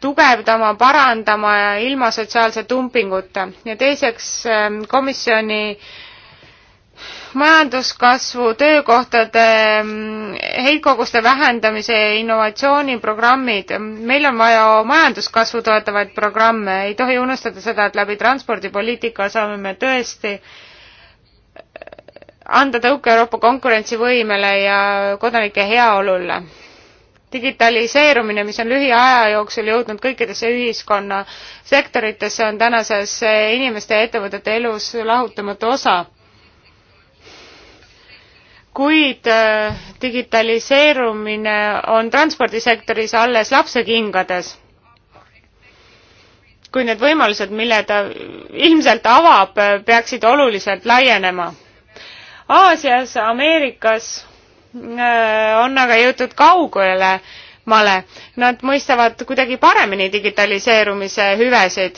tugevdama, parandama ilma sotsiaalse dumpinguta ja teiseks ähm, komisjoni majanduskasvu, töökohtade, ähm, heitkoguste vähendamise innovatsiooniprogrammid. meil on vaja majanduskasvu toetavaid programme, ei tohi unustada seda, et läbi transpordipoliitika saame me tõesti äh, anda tõuke Euroopa konkurentsivõimele ja kodanike heaolule digitaliseerumine, mis on lühiaja jooksul jõudnud kõikidesse ühiskonna sektoritesse, on tänases eh, inimeste ja ettevõtete elus lahutamatu osa. kuid eh, digitaliseerumine on transpordisektoris alles lapsekingades kui need võimalused, mille ta ilmselt avab, eh, peaksid oluliselt laienema. Aasias, Ameerikas Äh, on aga jõutud kaugele male. Nad mõistavad kuidagi paremini digitaliseerumise hüvesid.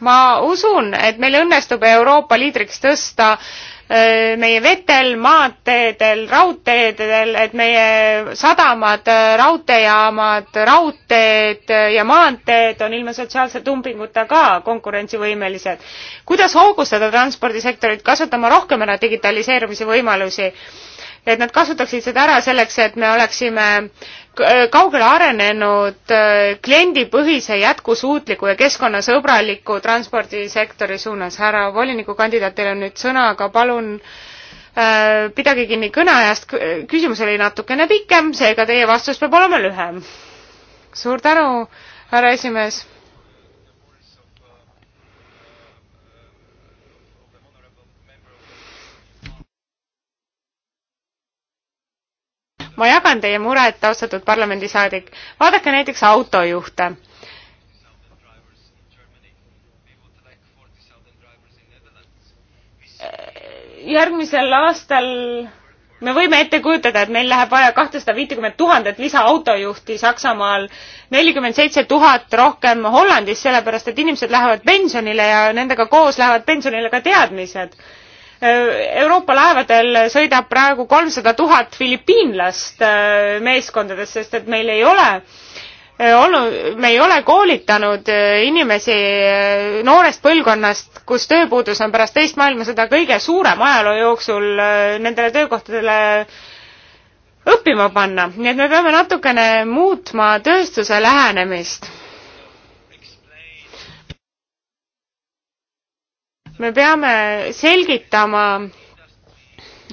ma usun, et meil õnnestub Euroopa liidriks tõsta äh, meie vetel, maanteedel, raudteedel, et meie sadamad, raudteejaamad, raudteed ja maanteed on ilma sotsiaalse tumpinguta ka konkurentsivõimelised. kuidas hoogustada transpordisektorit, kasutama rohkem ära digitaliseerumise võimalusi? et nad kasutaksid seda ära selleks, et me oleksime äh, kaugele arenenud äh, kliendipõhise jätkusuutliku ja keskkonnasõbraliku transpordisektori suunas. härra volinikukandidaat, teil on nüüd sõna, aga palun äh, pidage kinni kõneajast, äh, küsimus oli natukene pikem, seega teie vastus peab olema lühem. suur tänu, härra esimees ma jagan teie muret, austatud parlamendisaadik. vaadake näiteks autojuhte järgmisel aastal me võime ette kujutada, et meil läheb vaja kahtesada viitekümmet tuhandet lisaautojuhti Saksamaal, nelikümmend seitse tuhat rohkem Hollandis, sellepärast et inimesed lähevad pensionile ja nendega koos lähevad pensionile ka teadmised. Äh, Euroopa laevadel sõidab praegu kolmsada tuhat filipiinlast äh, meeskondades, sest et meil ei ole äh, olnud, me ei ole koolitanud inimesi noorest põlvkonnast, kus tööpuudus on pärast teist maailmasõda kõige suurem ajaloo jooksul nendele töökohtadele õppima panna, nii et me peame natukene muutma tööstuse lähenemist me peame selgitama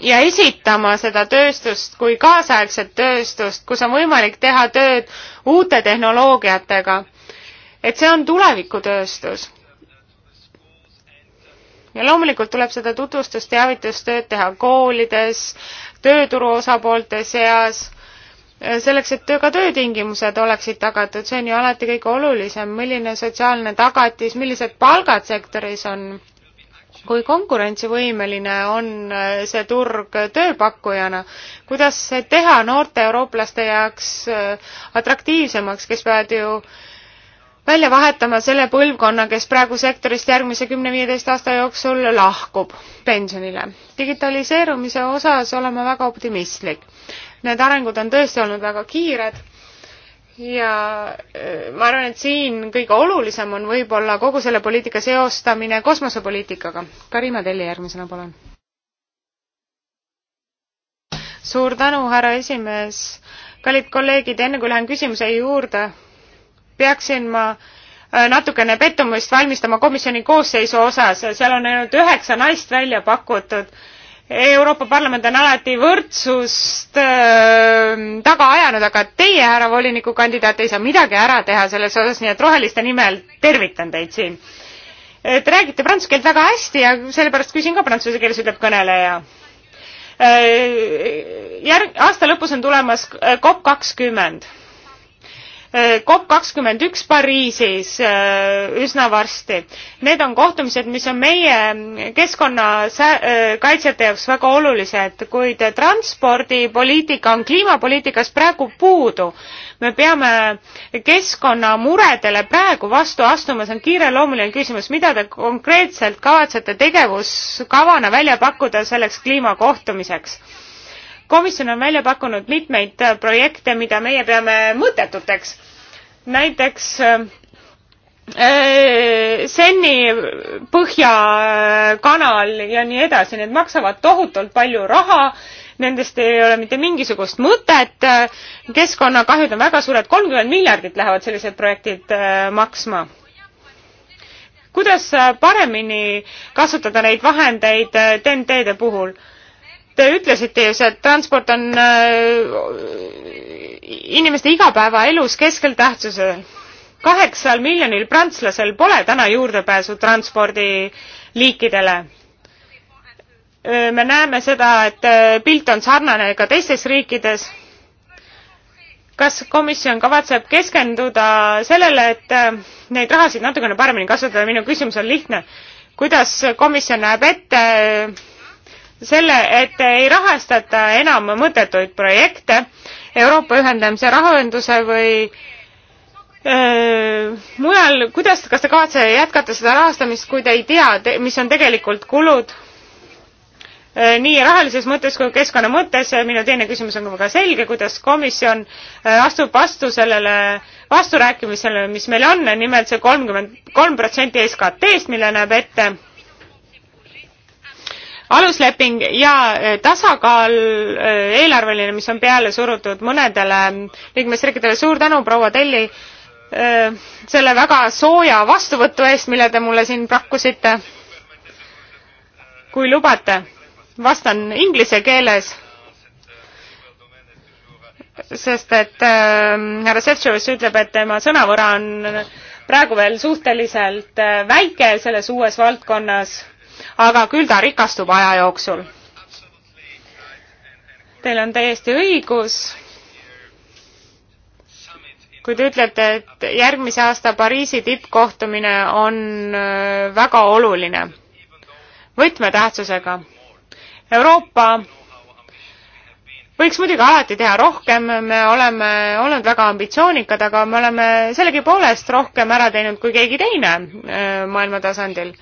ja esitama seda tööstust kui kaasaegset tööstust, kus on võimalik teha tööd uute tehnoloogiatega. et see on tulevikutööstus. ja loomulikult tuleb seda tutvustust, teavitustööd teha koolides, tööturu osapoolte seas, selleks, et ka töötingimused oleksid tagatud, see on ju alati kõige olulisem, milline sotsiaalne tagatis, millised palgad sektoris on kui konkurentsivõimeline on äh, see turg tööpakkujana, kuidas teha noorte eurooplaste jaoks äh, atraktiivsemaks, kes peavad ju välja vahetama selle põlvkonna, kes praegu sektorist järgmise kümne-viieteist aasta jooksul lahkub pensionile. digitaliseerumise osas olen ma väga optimistlik. Need arengud on tõesti olnud väga kiired ja eh, ma arvan, et siin kõige olulisem on võib-olla kogu selle poliitika seostamine kosmosepoliitikaga. Karima Telli järgmisena, palun. suur tänu, härra esimees. kallid kolleegid, enne kui lähen küsimuse juurde, peaksin ma eh, natukene pettumust valmistama komisjoni koosseisu osas, seal on ainult üheksa naist välja pakutud Euroopa Parlament on alati võrdsust äh, taga ajanud, aga teie, härra volinikukandidaat, ei saa midagi ära teha selles osas, nii et roheliste nimel tervitan teid siin. Te räägite prantsuse keelt väga hästi ja sellepärast küsin ka prantsuse keeles, ütleb kõneleja äh,. järg-, aasta lõpus on tulemas äh, COP kakskümmend COP kakskümmend üks Pariisis äh, üsna varsti. Need on kohtumised, mis on meie keskkonnakaitsjate äh, jaoks väga olulised, kuid transpordipoliitika on kliimapoliitikas praegu puudu. me peame keskkonnamuredele praegu vastu astuma, see on kiireloomuline küsimus, mida te konkreetselt kavatsete tegevuskavana välja pakkuda selleks kliimakohtumiseks? komisjon on välja pakkunud mitmeid projekte, mida meie peame mõttetuteks näiteks äh, äh, Senni Põhjakanal äh, ja nii edasi, need maksavad tohutult palju raha, nendest ei ole mitte mingisugust mõtet, keskkonnakahjud on väga suured, kolmkümmend miljardit lähevad sellised projektid maksma. kuidas paremini kasutada neid vahendeid TNT-de puhul? Te ütlesite ju, see transport on äh, inimeste igapäevaelus keskel tähtsusel. kaheksal miljonil prantslasel pole täna juurdepääsu transpordiliikidele äh, me näeme seda, et äh, pilt on sarnane ka teistes riikides. kas komisjon kavatseb keskenduda sellele, et neid rahasid natukene paremini kasutada, minu küsimus on lihtne. kuidas komisjon näeb ette selle, et ei rahastata enam mõttetuid projekte Euroopa ühendamise rahaühenduse või öö, mujal, kuidas, kas te kavatsete jätkata seda rahastamist, kui te ei tea, mis on tegelikult kulud? nii rahalises mõttes kui keskkonna mõttes, minu teine küsimus on väga selge, kuidas komisjon astub vastu sellele vasturääkimisele, mis meil on, nimelt see kolmkümmend kolm protsenti SKT-st, mille näeb ette alusleping ja eh, tasakaal eh, eelarveline, mis on peale surutud mõnedele liikmesriikidele, suur tänu, proua Telli, eh, selle väga sooja vastuvõtu eest, mille te mulle siin pakkusite. kui lubate, vastan inglise keeles, sest et härra Šefčovis ütleb, et tema sõnavõra on praegu veel suhteliselt väike selles uues valdkonnas aga küll ta rikastub aja jooksul. Teil on täiesti õigus, kui te ütlete, et järgmise aasta Pariisi tippkohtumine on äh, väga oluline, võtmetähtsusega. Euroopa võiks muidugi alati teha rohkem, me oleme olnud väga ambitsioonikad, aga me oleme sellegipoolest rohkem ära teinud kui keegi teine äh, maailma tasandil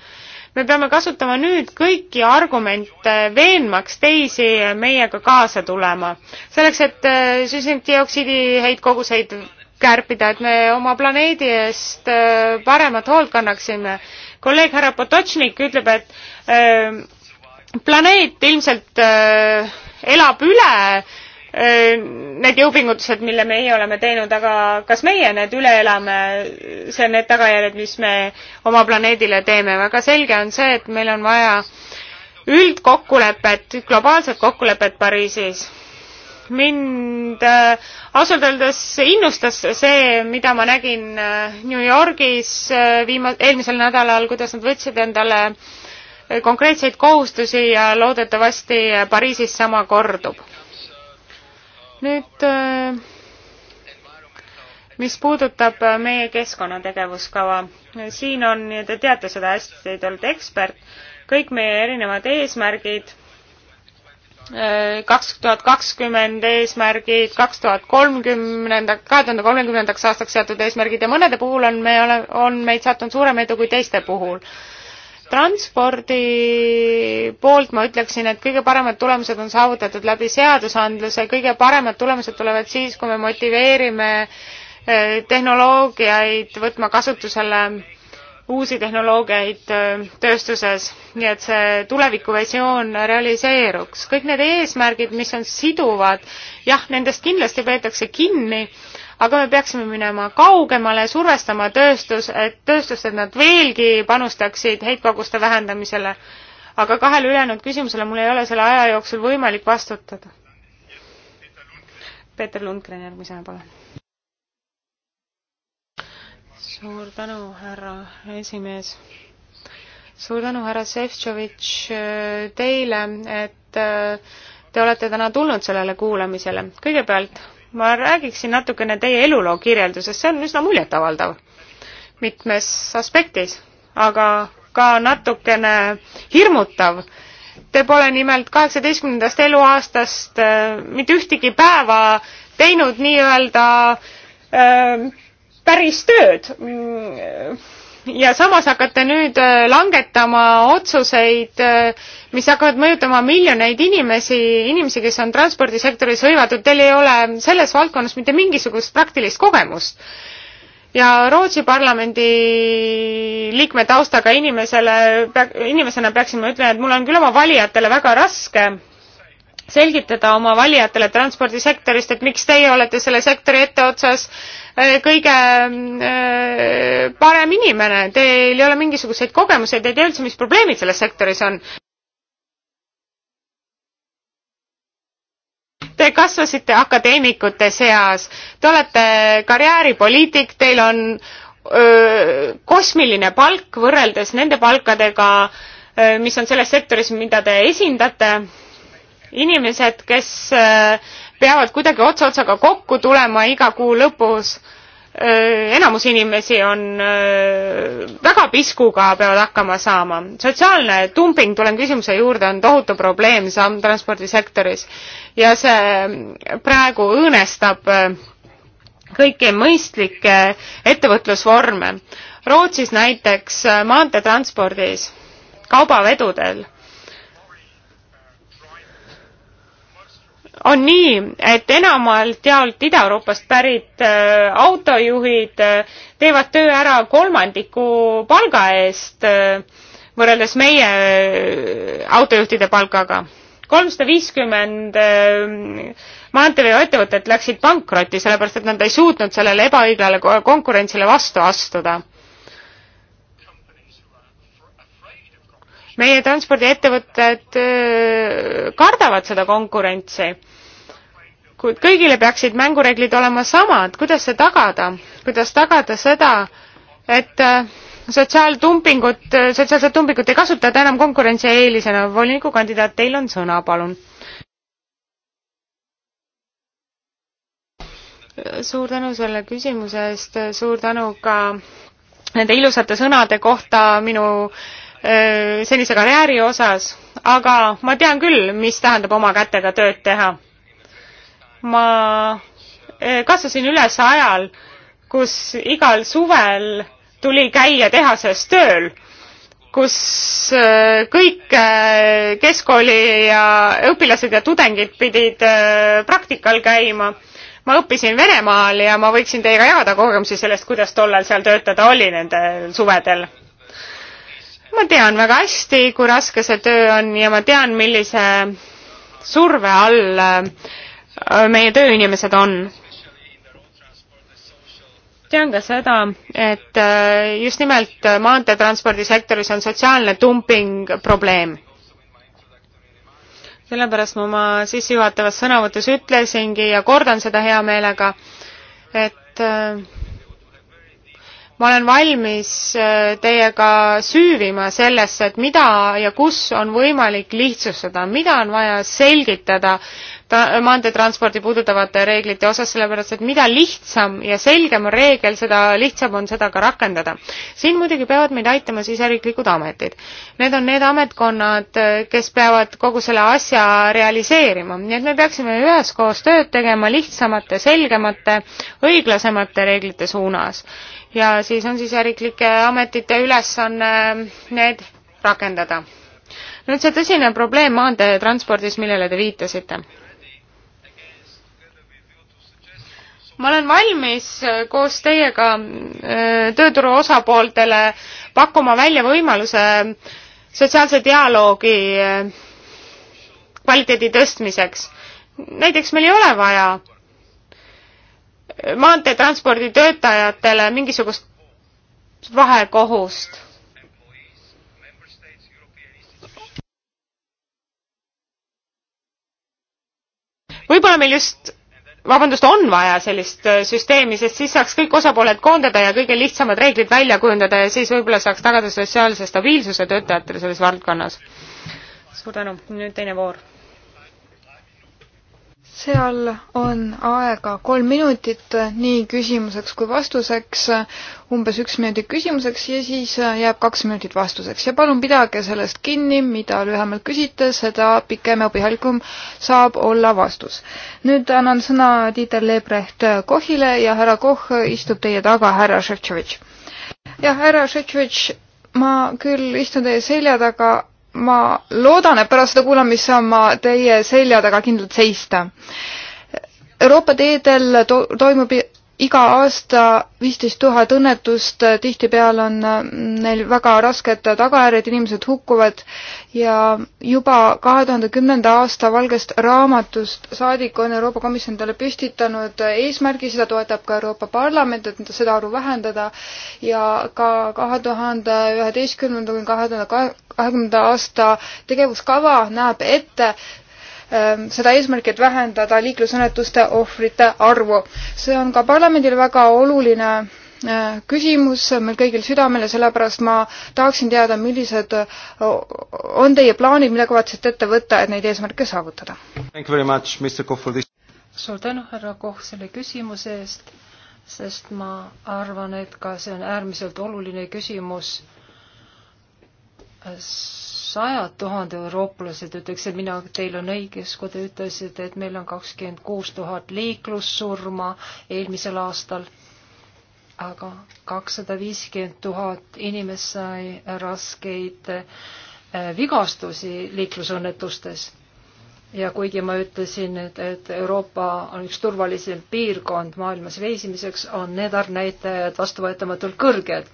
me peame kasutama nüüd kõiki argumente, veenmaks teisi meiega kaasa tulema. selleks, et äh, süsinikdioksiidi heitkoguseid kärpida, et me oma planeedi eest äh, paremat hoolt kannaksime. kolleeg härra Potočnik ütleb, et äh, planeet ilmselt elab üle Äh, need jõupingutused, mille meie oleme teinud, aga kas meie need üle elame, see on need tagajärjed, mis me oma planeedile teeme. väga selge on see, et meil on vaja üldkokkulepet, globaalset kokkulepet Pariisis. mind äh, ausalt öeldes innustas see, mida ma nägin äh, New Yorgis äh, viima-, eelmisel nädalal, kuidas nad võtsid endale äh, konkreetseid kohustusi ja loodetavasti äh, Pariisis sama kordub nüüd äh, mis puudutab äh, meie keskkonnategevuskava, siin on, te teate seda hästi, te olete ekspert, kõik meie erinevad eesmärgid, äh, kaks tuhat kakskümmend eesmärgid, kaks tuhat kolmkümnenda, kahe tuhande kolmekümnendaks aastaks seatud eesmärgid ja mõnede puhul on me, on meid sattunud suurem edu kui teiste puhul transpordi poolt ma ütleksin, et kõige paremad tulemused on saavutatud läbi seadusandluse, kõige paremad tulemused tulevad siis, kui me motiveerime eh, tehnoloogiaid võtma kasutusele uusi tehnoloogiaid eh, tööstuses, nii et see tulevikuvisioon realiseeruks. kõik need eesmärgid, mis on siduvad, jah, nendest kindlasti peetakse kinni aga me peaksime minema kaugemale, survestama tööstus, et tööstust, et nad veelgi panustaksid heitkoguste vähendamisele. aga kahele ülejäänud küsimusele mul ei ole selle aja jooksul võimalik vastutada. Peeter Lundgren järgmisena, palun. suur tänu, härra esimees suur tänu, härra Šefčovitš, teile, et äh, te olete täna tulnud sellele kuulamisele. kõigepealt ma räägiksin natukene teie eluloo kirjeldusest, see on üsna muljetavaldav mitmes aspektis, aga ka natukene hirmutav. Te pole nimelt kaheksateistkümnendast eluaastast äh, mitte ühtegi päeva teinud nii-öelda äh, päris tööd. Mm, ja samas hakkate nüüd äh, langetama otsuseid, äh, mis hakkavad mõjutama miljoneid inimesi, inimesi, kes on transpordisektoris hõivatud, teil ei ole selles valdkonnas mitte mingisugust praktilist kogemust. ja Rootsi parlamendi liikme taustaga inimesele, inimesena peaksin ma ütlema, et mul on küll oma valijatele väga raske selgitada oma valijatele transpordisektorist, et miks teie olete selle sektori etteotsas, Äh, kõige äh, parem inimene, teil ei ole mingisuguseid kogemusi, te ei tea üldse, mis probleemid selles sektoris on. Te kasvasite akadeemikute seas, te olete karjääripoliitik, teil on öö, kosmiline palk võrreldes nende palkadega, mis on selles sektoris, mida te esindate. inimesed, kes öö, peavad kuidagi ots otsaga kokku tulema iga kuu lõpus. enamus inimesi on väga piskuga, peavad hakkama saama. sotsiaalne dumping, tulen küsimuse juurde, on tohutu probleem samm transpordisektoris ja see mm, praegu õõnestab kõiki mõistlikke ettevõtlusvorme. Rootsis näiteks maanteetranspordis kaubavedudel on nii, et enamalt jaolt Ida-Euroopast pärit äh, autojuhid äh, teevad töö ära kolmandiku palga eest äh, võrreldes meie äh, autojuhtide palgaga. kolmsada viiskümmend äh, maanteeveoettevõtet läksid pankrotti, sellepärast et nad ei suutnud sellele ebaõiglale konkurentsile vastu astuda meie transpordiettevõtted kardavad seda konkurentsi. kuid kõigile peaksid mängureeglid olema samad, kuidas see tagada, kuidas tagada seda, et sotsiaaltumpingut, sotsiaalset tumpingut ei kasutata enam konkurentsieelisena. volinikukandidaat, teil on sõna, palun. suur tänu selle küsimuse eest, suur tänu ka nende ilusate sõnade kohta minu äh, senise karjääri osas, aga ma tean küll, mis tähendab oma kätega tööd teha. ma kasvasin üles ajal, kus igal suvel tuli käia tehases tööl kus kõik keskkooli ja õpilased ja tudengid pidid praktikal käima. ma õppisin Venemaal ja ma võiksin teiega jagada kogemusi sellest, kuidas tollal seal töötada oli nendel suvedel ma tean väga hästi, kui raske see töö on ja ma tean, millise surve all äh, meie tööinimesed on. tean ka seda, et äh, just nimelt maanteetranspordisektoris on sotsiaalne dumping probleem. sellepärast ma oma sissejuhatavas sõnavõtus ütlesingi ja kordan seda hea meelega, et äh, ma olen valmis äh, teiega süüvima sellesse, et mida ja kus on võimalik lihtsustada, mida on vaja selgitada maanteetranspordi puudutavate reeglite osas, sellepärast et mida lihtsam ja selgem on reegel, seda lihtsam on seda ka rakendada. siin muidugi peavad meid aitama siseriiklikud ametid. Need on need ametkonnad, äh, kes peavad kogu selle asja realiseerima, nii et me peaksime üheskoos tööd tegema lihtsamate, selgemate, õiglasemate reeglite suunas ja siis on siseriiklike ametite ülesanne need rakendada. nüüd see tõsine probleem maanteetranspordis, millele te viitasite. ma olen valmis koos teiega tööturu osapooltele pakkuma välja võimaluse sotsiaalse dialoogi kvaliteedi tõstmiseks. näiteks meil ei ole vaja maanteetranspordi töötajatele mingisugust vahekohust. võib-olla meil just, vabandust, on vaja sellist äh, süsteemi, sest siis saaks kõik osapooled koondada ja kõige lihtsamad reeglid välja kujundada ja siis võib-olla saaks tagada sotsiaalse stabiilsuse töötajatele selles valdkonnas. suur tänu, nüüd teine voor seal on aega kolm minutit nii küsimuseks kui vastuseks, umbes üks minutit küsimuseks ja siis jääb kaks minutit vastuseks ja palun pidage sellest kinni, mida lühemalt küsite, seda pikem ja põhjalikum saab olla vastus. nüüd annan sõna Tiitel Lebrecht Kohile ja härra Koh istub teie taga, härra Šeftšovitš. jah, härra Šeftšovitš, ma küll istun teie selja taga, ma loodan, et pärast seda kuulamist saan ma teie selja taga kindlalt seista. Euroopa teedel to toimub iga aasta viisteist tuhat õnnetust, tihtipeale on äh, neil väga rasked tagajärjed, inimesed hukkuvad ja juba kahe tuhande kümnenda aasta valgest raamatust saadik on Euroopa Komisjon talle püstitanud eesmärgi, seda toetab ka Euroopa Parlament, et seda arvu vähendada ja ka kahe tuhande üheteistkümnenda kuni kahe tuhande kahekümnenda aasta tegevuskava näeb ette Ähm, seda eesmärki, et vähendada liiklusõnnetuste ohvrite arvu. see on ka parlamendil väga oluline äh, küsimus meil kõigil südamel ja sellepärast ma tahaksin teada, millised äh, on teie plaanid, mida kavatsete ette võtta, et neid eesmärke saavutada? suur tänu, härra Koh, selle küsimuse eest, sest ma arvan, et ka see on äärmiselt oluline küsimus S sajad tuhande eurooplased, ütleksin mina, teil on õigus, kui te ütlesite, et meil on kakskümmend kuus tuhat liiklussurma eelmisel aastal, aga kakssada viiskümmend tuhat inimest sai raskeid eh, vigastusi liiklusõnnetustes. ja kuigi ma ütlesin, et, et Euroopa on üks turvalisem piirkond maailmas reisimiseks, on need arvnäitajad vastuvõetamatult kõrged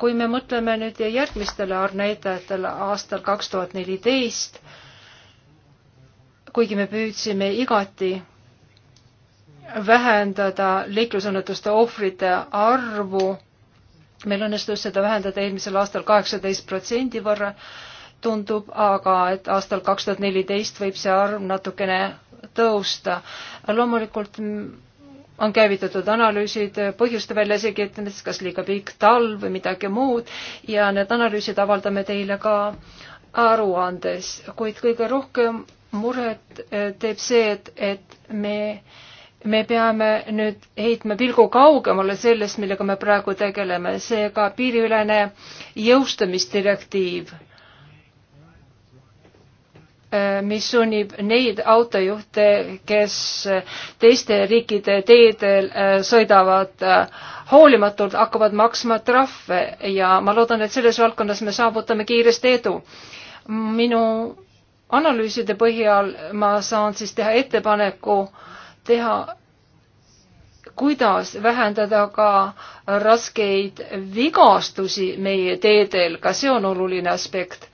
kui me mõtleme nüüd järgmistele arvnäitajatele aastal kaks tuhat neliteist, kuigi me püüdsime igati vähendada liiklusõnnetuste ohvrite arvu, meil õnnestus seda vähendada eelmisel aastal kaheksateist protsendi võrra, tundub aga, et aastal kaks tuhat neliteist võib see arv natukene tõusta. loomulikult on käivitatud analüüsid põhjuste väljaselgitamiseks, kas liiga pikk talv või midagi muud ja need analüüsid avaldame teile ka aruandes, kuid kõige rohkem muret eh, teeb see, et, et me, me peame nüüd heitma pilgu kaugemale sellest, millega me praegu tegeleme, seega piiriülene jõustamisdirektiiv Äh, mis sunnib neid autojuhte, kes äh, teiste riikide teedel äh, sõidavad hoolimatult, hakkavad maksma trahve ja ma loodan, et selles valdkonnas me saavutame kiiresti edu. minu analüüside põhjal ma saan siis teha ettepaneku teha, kuidas vähendada ka raskeid vigastusi meie teedel, ka see on oluline aspekt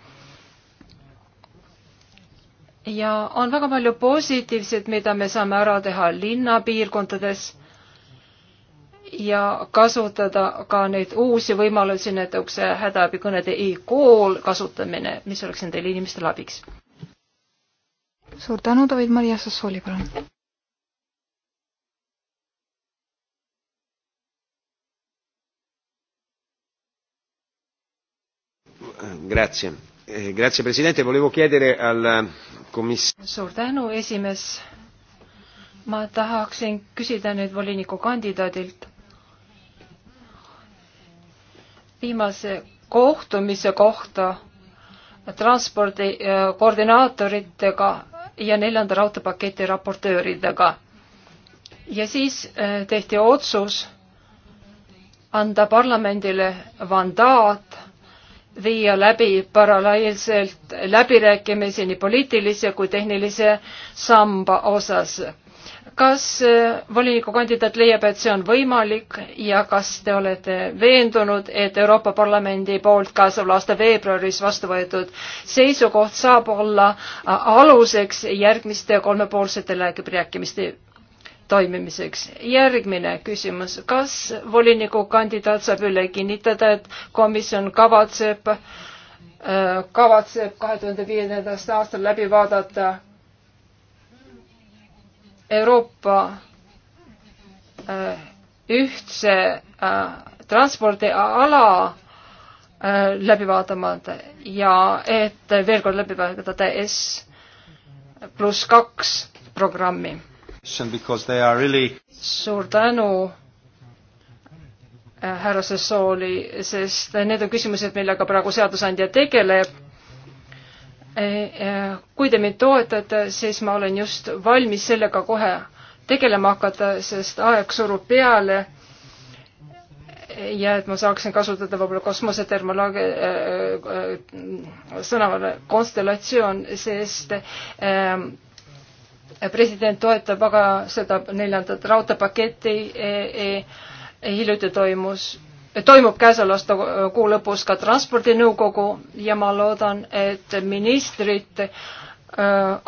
ja on väga palju positiivset, mida me saame ära teha linnapiirkondades ja kasutada ka neid uusi võimalusi, näiteks hädaabikõnede e-kool kasutamine, mis oleks nendele inimestele abiks. suur tänu, David-Maria Sassooli, palun. Grazie Eh, grazie presidente, volevo chiedere al komis-. Eh, suur tänu, esimees. ma tahaksin küsida nüüd volinikukandidaadilt viimase kohtumise kohta transpordi eh, koordinaatoritega ja neljanda raudteepaketi raportööridega. ja siis tehti otsus anda parlamendile mandaat viia läbi paralleelselt läbirääkimisi nii poliitilise kui tehnilise samba osas. kas eh, volinikukandidaat leiab, et see on võimalik ja kas te olete veendunud, et Euroopa Parlamendi poolt käesoleva aasta veebruaris vastu võetud seisukoht saab olla eh, aluseks järgmiste kolmepoolsete läbirääkimiste toimimiseks. järgmine küsimus, kas volinikukandidaat saab üle kinnitada, et komisjon kavatseb, äh, kavatseb kahe tuhande viiendast aastal läbi vaadata Euroopa äh, ühtse äh, transpordiala läbi vaatamata ja et veel kord läbi vaadata S pluss kaks programmi Really... suur tänu, äh, härra Sassooli, sest need on küsimused, millega praegu seadusandja tegeleb. Äh, äh, kui te mind toetate, siis ma olen just valmis sellega kohe tegelema hakata, sest aeg surub peale. ja et ma saaksin kasutada võib-olla kosmosetermoloogia äh, äh, sõnavara konstellatsioon, sest äh, president toetab aga seda neljandat raudteepaketti e, e, e, hiljuti toimus, toimub käesoleva aasta kuu lõpus ka transpordinõukogu ja ma loodan, et ministrid e,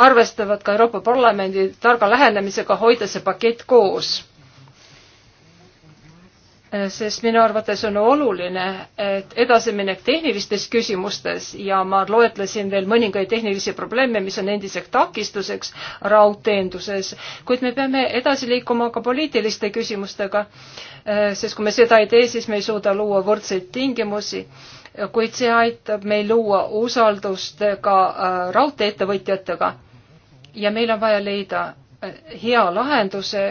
arvestavad ka Euroopa Parlamendi targa lähenemisega hoida see pakett koos sest minu arvates on oluline, et edasiminek tehnilistes küsimustes ja ma loetlesin veel mõningaid tehnilisi probleeme, mis on endiseks takistuseks raudteenduses, kuid me peame edasi liikuma ka poliitiliste küsimustega, eh, sest kui me seda ei tee, siis me ei suuda luua võrdseid tingimusi, kuid see aitab meil luua usaldust ka eh, raudtee-ettevõtjatega ja meil on vaja leida eh, hea lahenduse,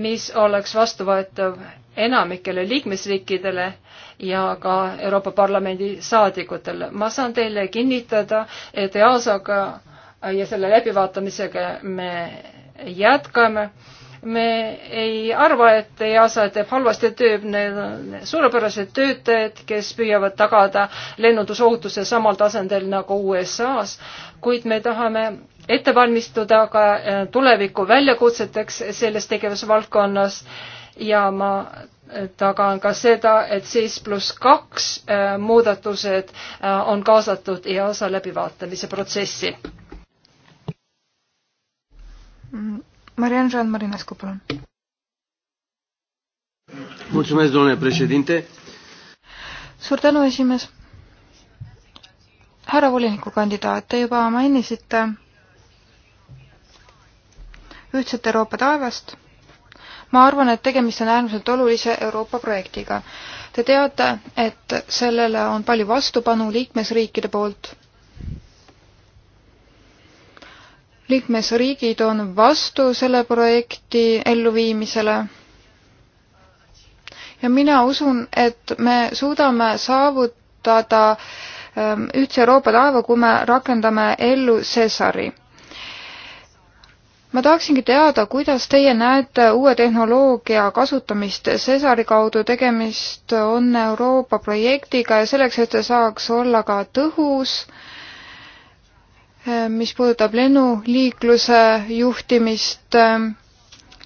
mis oleks vastuvõetav enamikele liikmesriikidele ja ka Euroopa Parlamendi saadikutele. ma saan teile kinnitada, et EASA-ga ja selle läbivaatamisega me jätkame. me ei arva, et EASA teeb halvasti tööd, need on suurepärased töötajad, kes püüavad tagada lennundusohutuse samal tasandil nagu USA-s, kuid me tahame ette valmistuda ka tuleviku väljakutseteks selles tegevusvaldkonnas ja ma tagan ka seda, et seis pluss kaks äh, muudatused äh, on kaasatud EASA läbivaatamise protsessi. Marian Jean Marinescu, palun. mulțumesc, domnule președinte. suur tänu, esimees. härra volinikukandidaat, te juba mainisite ühtset Euroopa taevast ma arvan, et tegemist on äärmiselt olulise Euroopa projektiga. Te teate, et sellele on palju vastupanu liikmesriikide poolt. liikmesriigid on vastu selle projekti elluviimisele ja mina usun, et me suudame saavutada ähm, ühtse Euroopa taeva, kui me rakendame ellu Cesari ma tahaksingi teada, kuidas teie näete uue tehnoloogia kasutamist Cesari kaudu, tegemist on Euroopa projektiga ja selleks, et see saaks olla ka tõhus, eh, mis puudutab lennuliikluse juhtimist eh,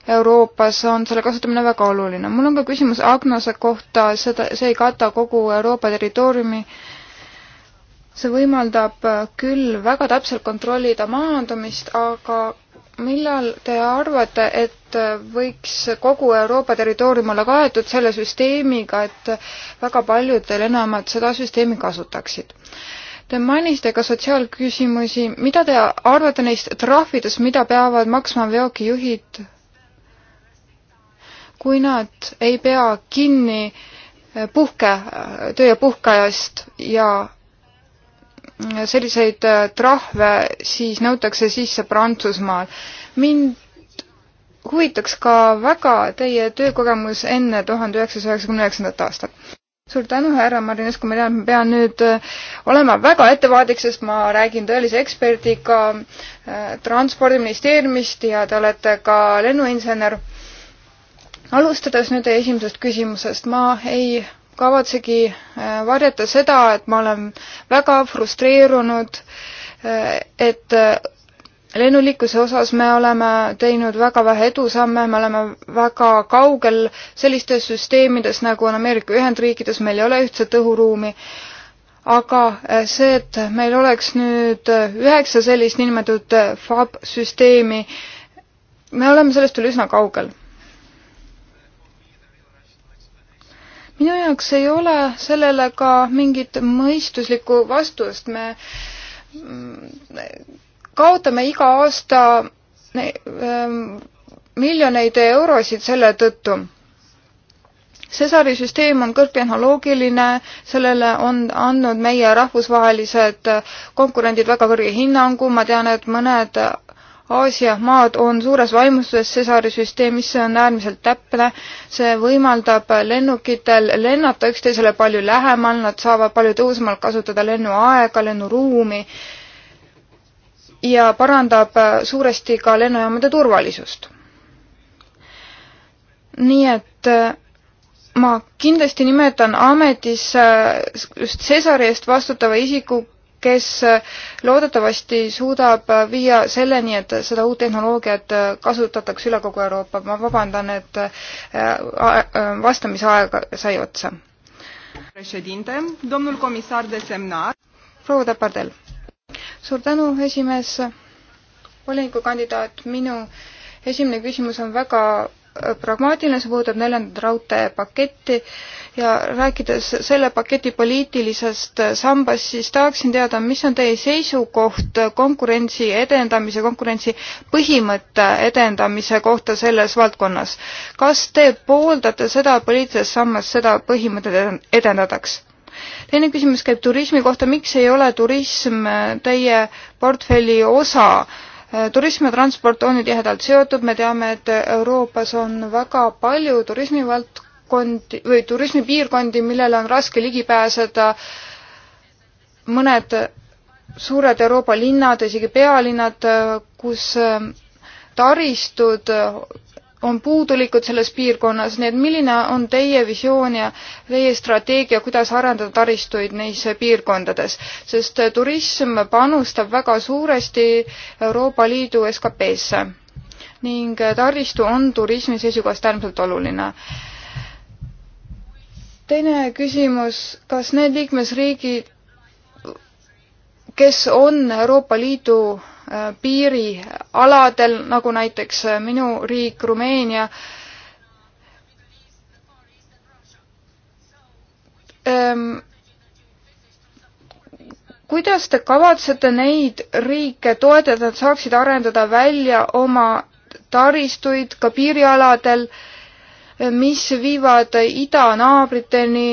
Euroopas, on selle kasutamine väga oluline. mul on ka küsimus Agnose kohta, seda, see ei kata kogu Euroopa territooriumi, see võimaldab küll väga täpselt kontrollida maandumist, aga millal te arvate, et võiks kogu Euroopa territoorium olla kaetud selle süsteemiga, et väga paljud lennujaaamad seda süsteemi kasutaksid? Te mainisite ka sotsiaalküsimusi, mida te arvate neist trahvidest, mida peavad maksma veokijuhid, kui nad ei pea kinni puhke, töö- ja puhkeajast ja selliseid äh, trahve siis nõutakse sisse Prantsusmaal. mind huvitaks ka väga teie töökogemus enne tuhande üheksasaja üheksakümne üheksandat aastat. suur tänu, härra Marinescu, ma tean, ma pean nüüd äh, olema väga ettevaatlik, sest ma räägin tõelise eksperdiga äh, Transpordiministeeriumist ja te olete ka lennuinsener. alustades nüüd esimesest küsimusest, ma ei kavatsegi äh, varjata seda, et ma olen väga frustreerunud, äh, et äh, lennuliikluse osas me oleme teinud väga vähe edusamme, me oleme väga kaugel sellistes süsteemides, nagu on Ameerika Ühendriikides, meil ei ole ühtset õhuruumi, aga see, et meil oleks nüüd üheksa sellist niinimetatud FAB süsteemi, me oleme sellest veel üsna kaugel minu jaoks ei ole sellele ka mingit mõistuslikku vastust, me mm, kaotame iga aasta ähm, miljoneid eurosid selle tõttu. Cesari süsteem on kõrgtehnoloogiline, sellele on andnud meie rahvusvahelised konkurendid väga kõrge hinnangu, ma tean, et mõned Aasia maad on suures vaimustuses Cesari süsteemis, see on äärmiselt täpne, see võimaldab lennukitel lennata üksteisele palju lähemal, nad saavad palju tõhusamalt kasutada lennuaega, lennuruumi ja parandab suuresti ka lennujaamade turvalisust. nii et äh, ma kindlasti nimetan ametisse just Cesari eest vastutava isiku kes eh, loodetavasti suudab eh, viia selleni, et seda uut tehnoloogiat eh, kasutatakse üle kogu Euroopa. ma vabandan, et vastamise aeg sai otsa. proua Tapardel. suur tänu, esimees. volinikukandidaat, minu esimene küsimus on väga pragmaatiline, see puudutab neljandat raudteepaketti ja rääkides selle paketi poliitilisest sambast, siis tahaksin teada, mis on teie seisukoht konkurentsi edendamise, konkurentsi põhimõtte edendamise kohta selles valdkonnas. kas te pooldate seda poliitilises sammas, seda põhimõtet edendataks? teine küsimus käib turismi kohta, miks ei ole turism teie portfelli osa äh, Äh, turism ja transport on ju tihedalt seotud, me teame, et Euroopas on väga palju turismivaldkondi või turismipiirkondi, millele on raske ligi pääseda. mõned suured Euroopa linnad, isegi pealinnad, kus äh, taristud on puudulikud selles piirkonnas, nii et milline on teie visioon ja teie strateegia, kuidas arendada taristuid neis piirkondades, sest turism panustab väga suuresti Euroopa Liidu SKP-sse ning taristu on turismi seisukohast äärmiselt oluline. teine küsimus, kas need liikmesriigid, kes on Euroopa Liidu piirialadel, nagu näiteks minu riik Rumeenia. Ehm, kuidas te kavatsete neid riike toetada, et saaksid arendada välja oma taristuid ka piirialadel, mis viivad idanaabriteni,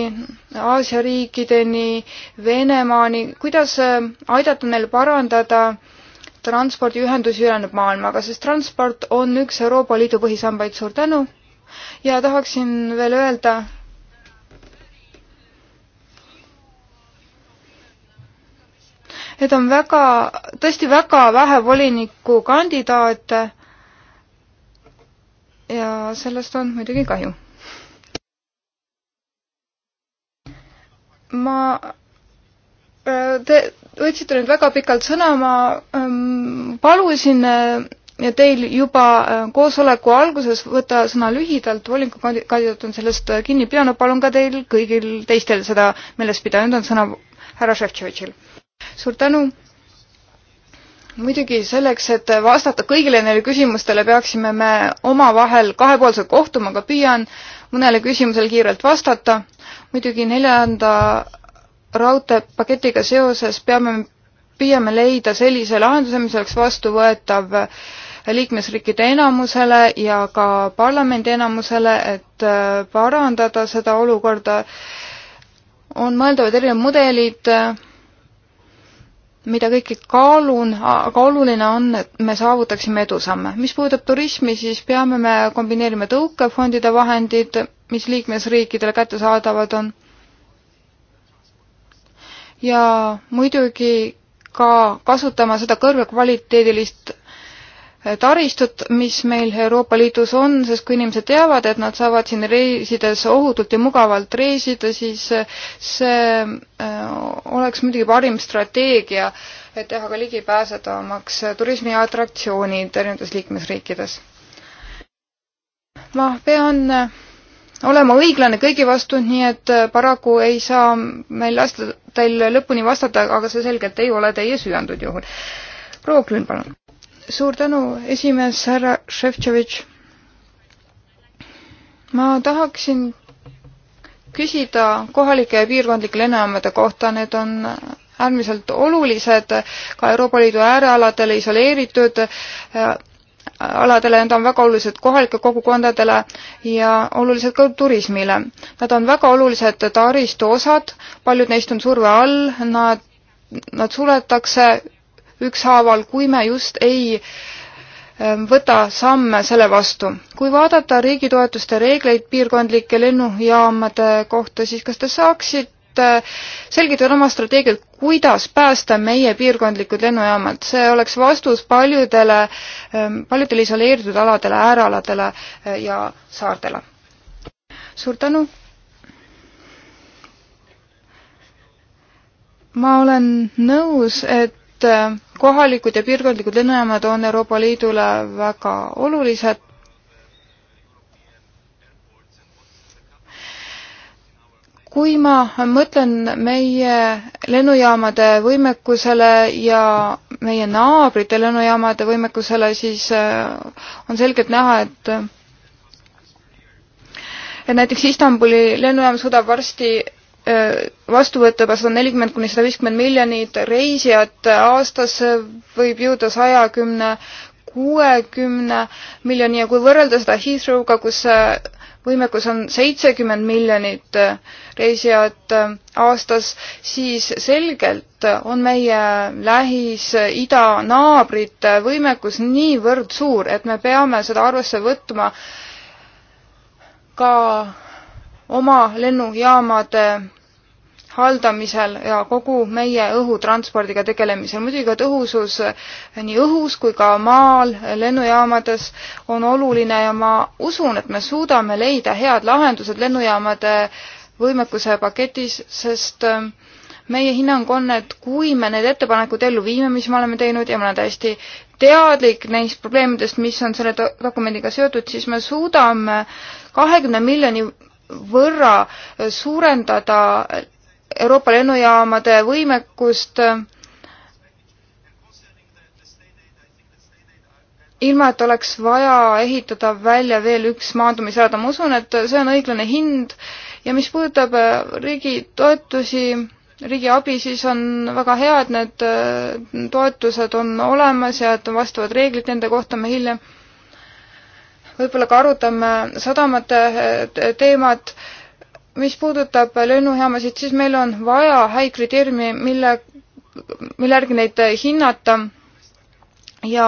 Aasia riikideni, Venemaani, kuidas eh, aidata neil parandada äh, transpordiühendusi ülejäänud maailmaga, sest transport on üks Euroopa Liidu põhisambaid, suur tänu. ja tahaksin veel öelda, et on väga, tõesti väga vähe volinikukandidaate ja sellest on muidugi kahju. ma, äh, te, võtsite nüüd väga pikalt sõna, ma ähm, palusin äh, teil juba äh, koosoleku alguses võtta sõna lühidalt, volinikukandidaat on sellest äh, kinni pidanud, palun ka teil kõigil teistel seda meeles pidada, nüüd on sõna härra Šefčovitšil. suur tänu! muidugi selleks, et vastata kõigile neile küsimustele, peaksime me omavahel kahepoolselt kohtuma, aga püüan mõnele küsimusele kiirelt vastata. muidugi neljanda raudteepaketiga seoses peame, püüame leida sellise lahenduse, mis oleks vastuvõetav liikmesriikide enamusele ja ka parlamendi enamusele, et äh, parandada seda olukorda. on mõeldavad erinevad mudelid, mida kõike kaalun, aga oluline on, et me saavutaksime edusamme. mis puudutab turismi, siis peame me kombineerima tõukefondide vahendid, mis liikmesriikidele kättesaadavad on ja muidugi ka kasutama seda kõrgekvaliteedilist eh, taristut, mis meil Euroopa Liidus on, sest kui inimesed teavad, et nad saavad siin reisides ohutult ja mugavalt reisida, siis eh, see eh, oleks muidugi parim strateegia, et teha ka ligipääsetavamaks turismi atraktsioonid erinevates liikmesriikides. ma pean olema õiglane kõigi vastu, nii et äh, paraku ei saa meil lasta teil lõpuni vastata, aga see selgelt ei ole teie süü antud juhul. proua Klün, palun. suur tänu, esimees härra Šefčovitš. ma tahaksin küsida kohalike ja piirkondlike lennujaamade kohta, need on äärmiselt olulised ka Euroopa Liidu äärealadele isoleeritud äh, aladele, need on väga olulised kohalike kogukondadele ja olulised ka turismile. Nad on väga olulised taristu osad, paljud neist on surve all, nad, nad suletakse ükshaaval, kui me just ei ähm, võta samme selle vastu. kui vaadata riigi toetuste reegleid piirkondlike lennujaamade kohta, siis kas te saaksite et äh, selgitada oma strateegiat, kuidas päästa meie piirkondlikud lennujaamad. see oleks vastus paljudele, ähm, paljudele isoleeritud aladele, äärealadele äh, ja saartele. suur tänu! ma olen nõus, et äh, kohalikud ja piirkondlikud lennujaamad on Euroopa Liidule väga olulised kui ma mõtlen meie lennujaamade võimekusele ja meie naabrite lennujaamade võimekusele, siis äh, on selgelt näha, et äh, et näiteks Istanbuli lennujaam suudab varsti äh, vastu võtta juba sada nelikümmend kuni sada viiskümmend miljonit reisijat aastas, võib jõuda saja kümne kuuekümne miljoni ja kui võrrelda seda Heathrow'ga, kus võimekus on seitsekümmend miljonit äh, reisijat äh, aastas, siis selgelt on meie Lähis-Ida naabrite võimekus niivõrd suur, et me peame seda arvesse võtma ka oma lennujaamade haldamisel ja kogu meie õhutranspordiga tegelemisel. muidugi ka tõhusus eh, nii õhus kui ka maal, eh, lennujaamades on oluline ja ma usun, et me suudame leida head lahendused lennujaamade võimekuse paketis, sest eh, meie hinnang on, et kui me need ettepanekud ellu viime, mis me oleme teinud ja ma olen täiesti teadlik neist probleemidest, mis on selle dokumendiga seotud, siis me suudame kahekümne miljoni võrra suurendada Euroopa lennujaamade võimekust ilma, et oleks vaja ehitada välja veel üks maandumisrada, ma usun, et see on õiglane hind ja mis puudutab äh, riigi toetusi, riigi abi, siis on väga hea, et need äh, toetused on olemas ja et on vastavad reeglid nende kohta, me hiljem võib-olla ka arutame sadamate äh, teemat mis puudutab lennujaamasid, siis meil on vaja häid kriteeriumi, mille, mille järgi neid hinnata ja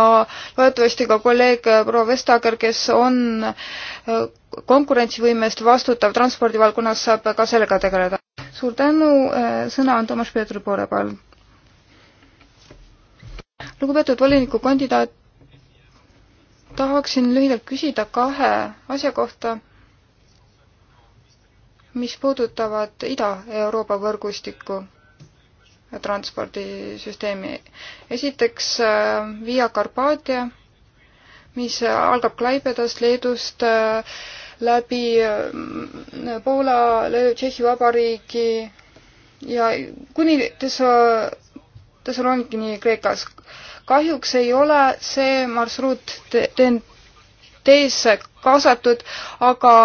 loodetavasti ka kolleeg proua Vestager, kes on äh, konkurentsivõimest vastutav transpordivaldkonnas, saab ka sellega tegeleda. suur tänu, äh, sõna on Toomas Peetri poole peal. lugupeetud volinikukandidaat, tahaksin lühidalt küsida kahe asja kohta mis puudutavad Ida-Euroopa võrgustikku transpordisüsteemi. esiteks äh, Via Carpatia, mis algab Klaipedast, Leedust äh, läbi äh, Poola, Tšehhi Vabariigi ja kuni Tessa-, Thessalonikini Kreekas. kahjuks ei ole see marsruut TNT-s kaasatud, aga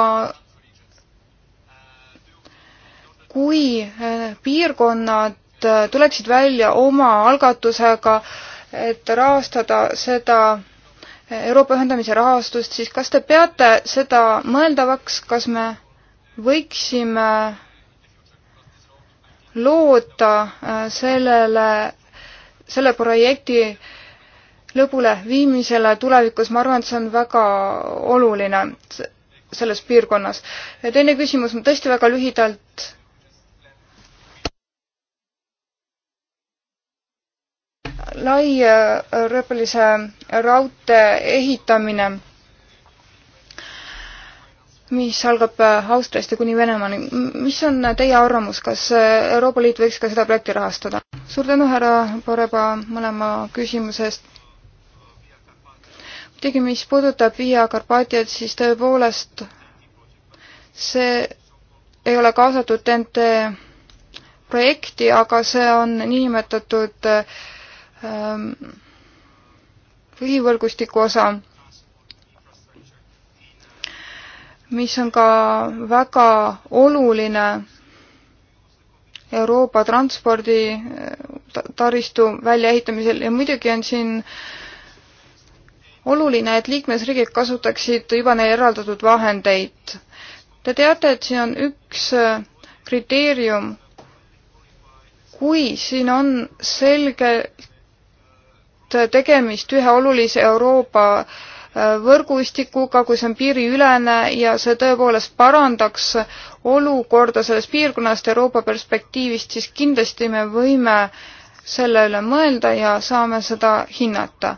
kui äh, piirkonnad äh, tuleksid välja oma algatusega, et rahastada seda äh, Euroopa ühendamise rahastust, siis kas te peate seda mõeldavaks, kas me võiksime loota sellele, selle projekti lõpule viimisele tulevikus, ma arvan, et see on väga oluline selles piirkonnas. ja teine küsimus, ma tõesti väga lühidalt laiarööpelise äh, raudtee ehitamine, mis algab äh, Austriast ja kuni Venemaani. mis on äh, teie arvamus, kas Euroopa Liit võiks ka seda projekti rahastada? suur tänu, härra Poreba, mõlema küsimuse eest. muidugi, mis puudutab Via Carpatiat, siis tõepoolest see ei ole kaasatud TNT projekti, aga see on niinimetatud äh, Ähm, põhivõrgustiku osa, mis on ka väga oluline Euroopa transporditaristu äh, väljaehitamisel ja muidugi on siin oluline, et liikmesriigid kasutaksid juba neile eraldatud vahendeid. Te teate, et siin on üks äh, kriteerium, kui siin on selgelt tegemist ühe olulise Euroopa äh, võrgustikuga, kus on piiriülene ja see tõepoolest parandaks olukorda selles piirkonnast Euroopa perspektiivist, siis kindlasti me võime selle üle mõelda ja saame seda hinnata.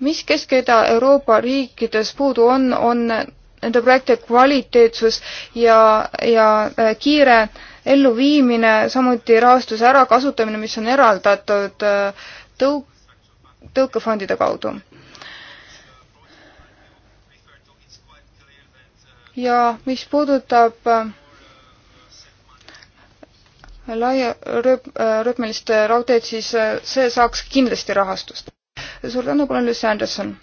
mis Kesk-Ida-Euroopa riikides puudu on, on nende projekti kvaliteetsus ja, ja äh, kiire äh, elluviimine, samuti rahastuse ärakasutamine, mis on eraldatud äh, tõu-, tõukefondide kaudu. ja mis puudutab äh, laia rööp-, äh, rööpmelist raudteed, siis see saaks kindlasti rahastust. suur tänu, palun, Lucy Anderson!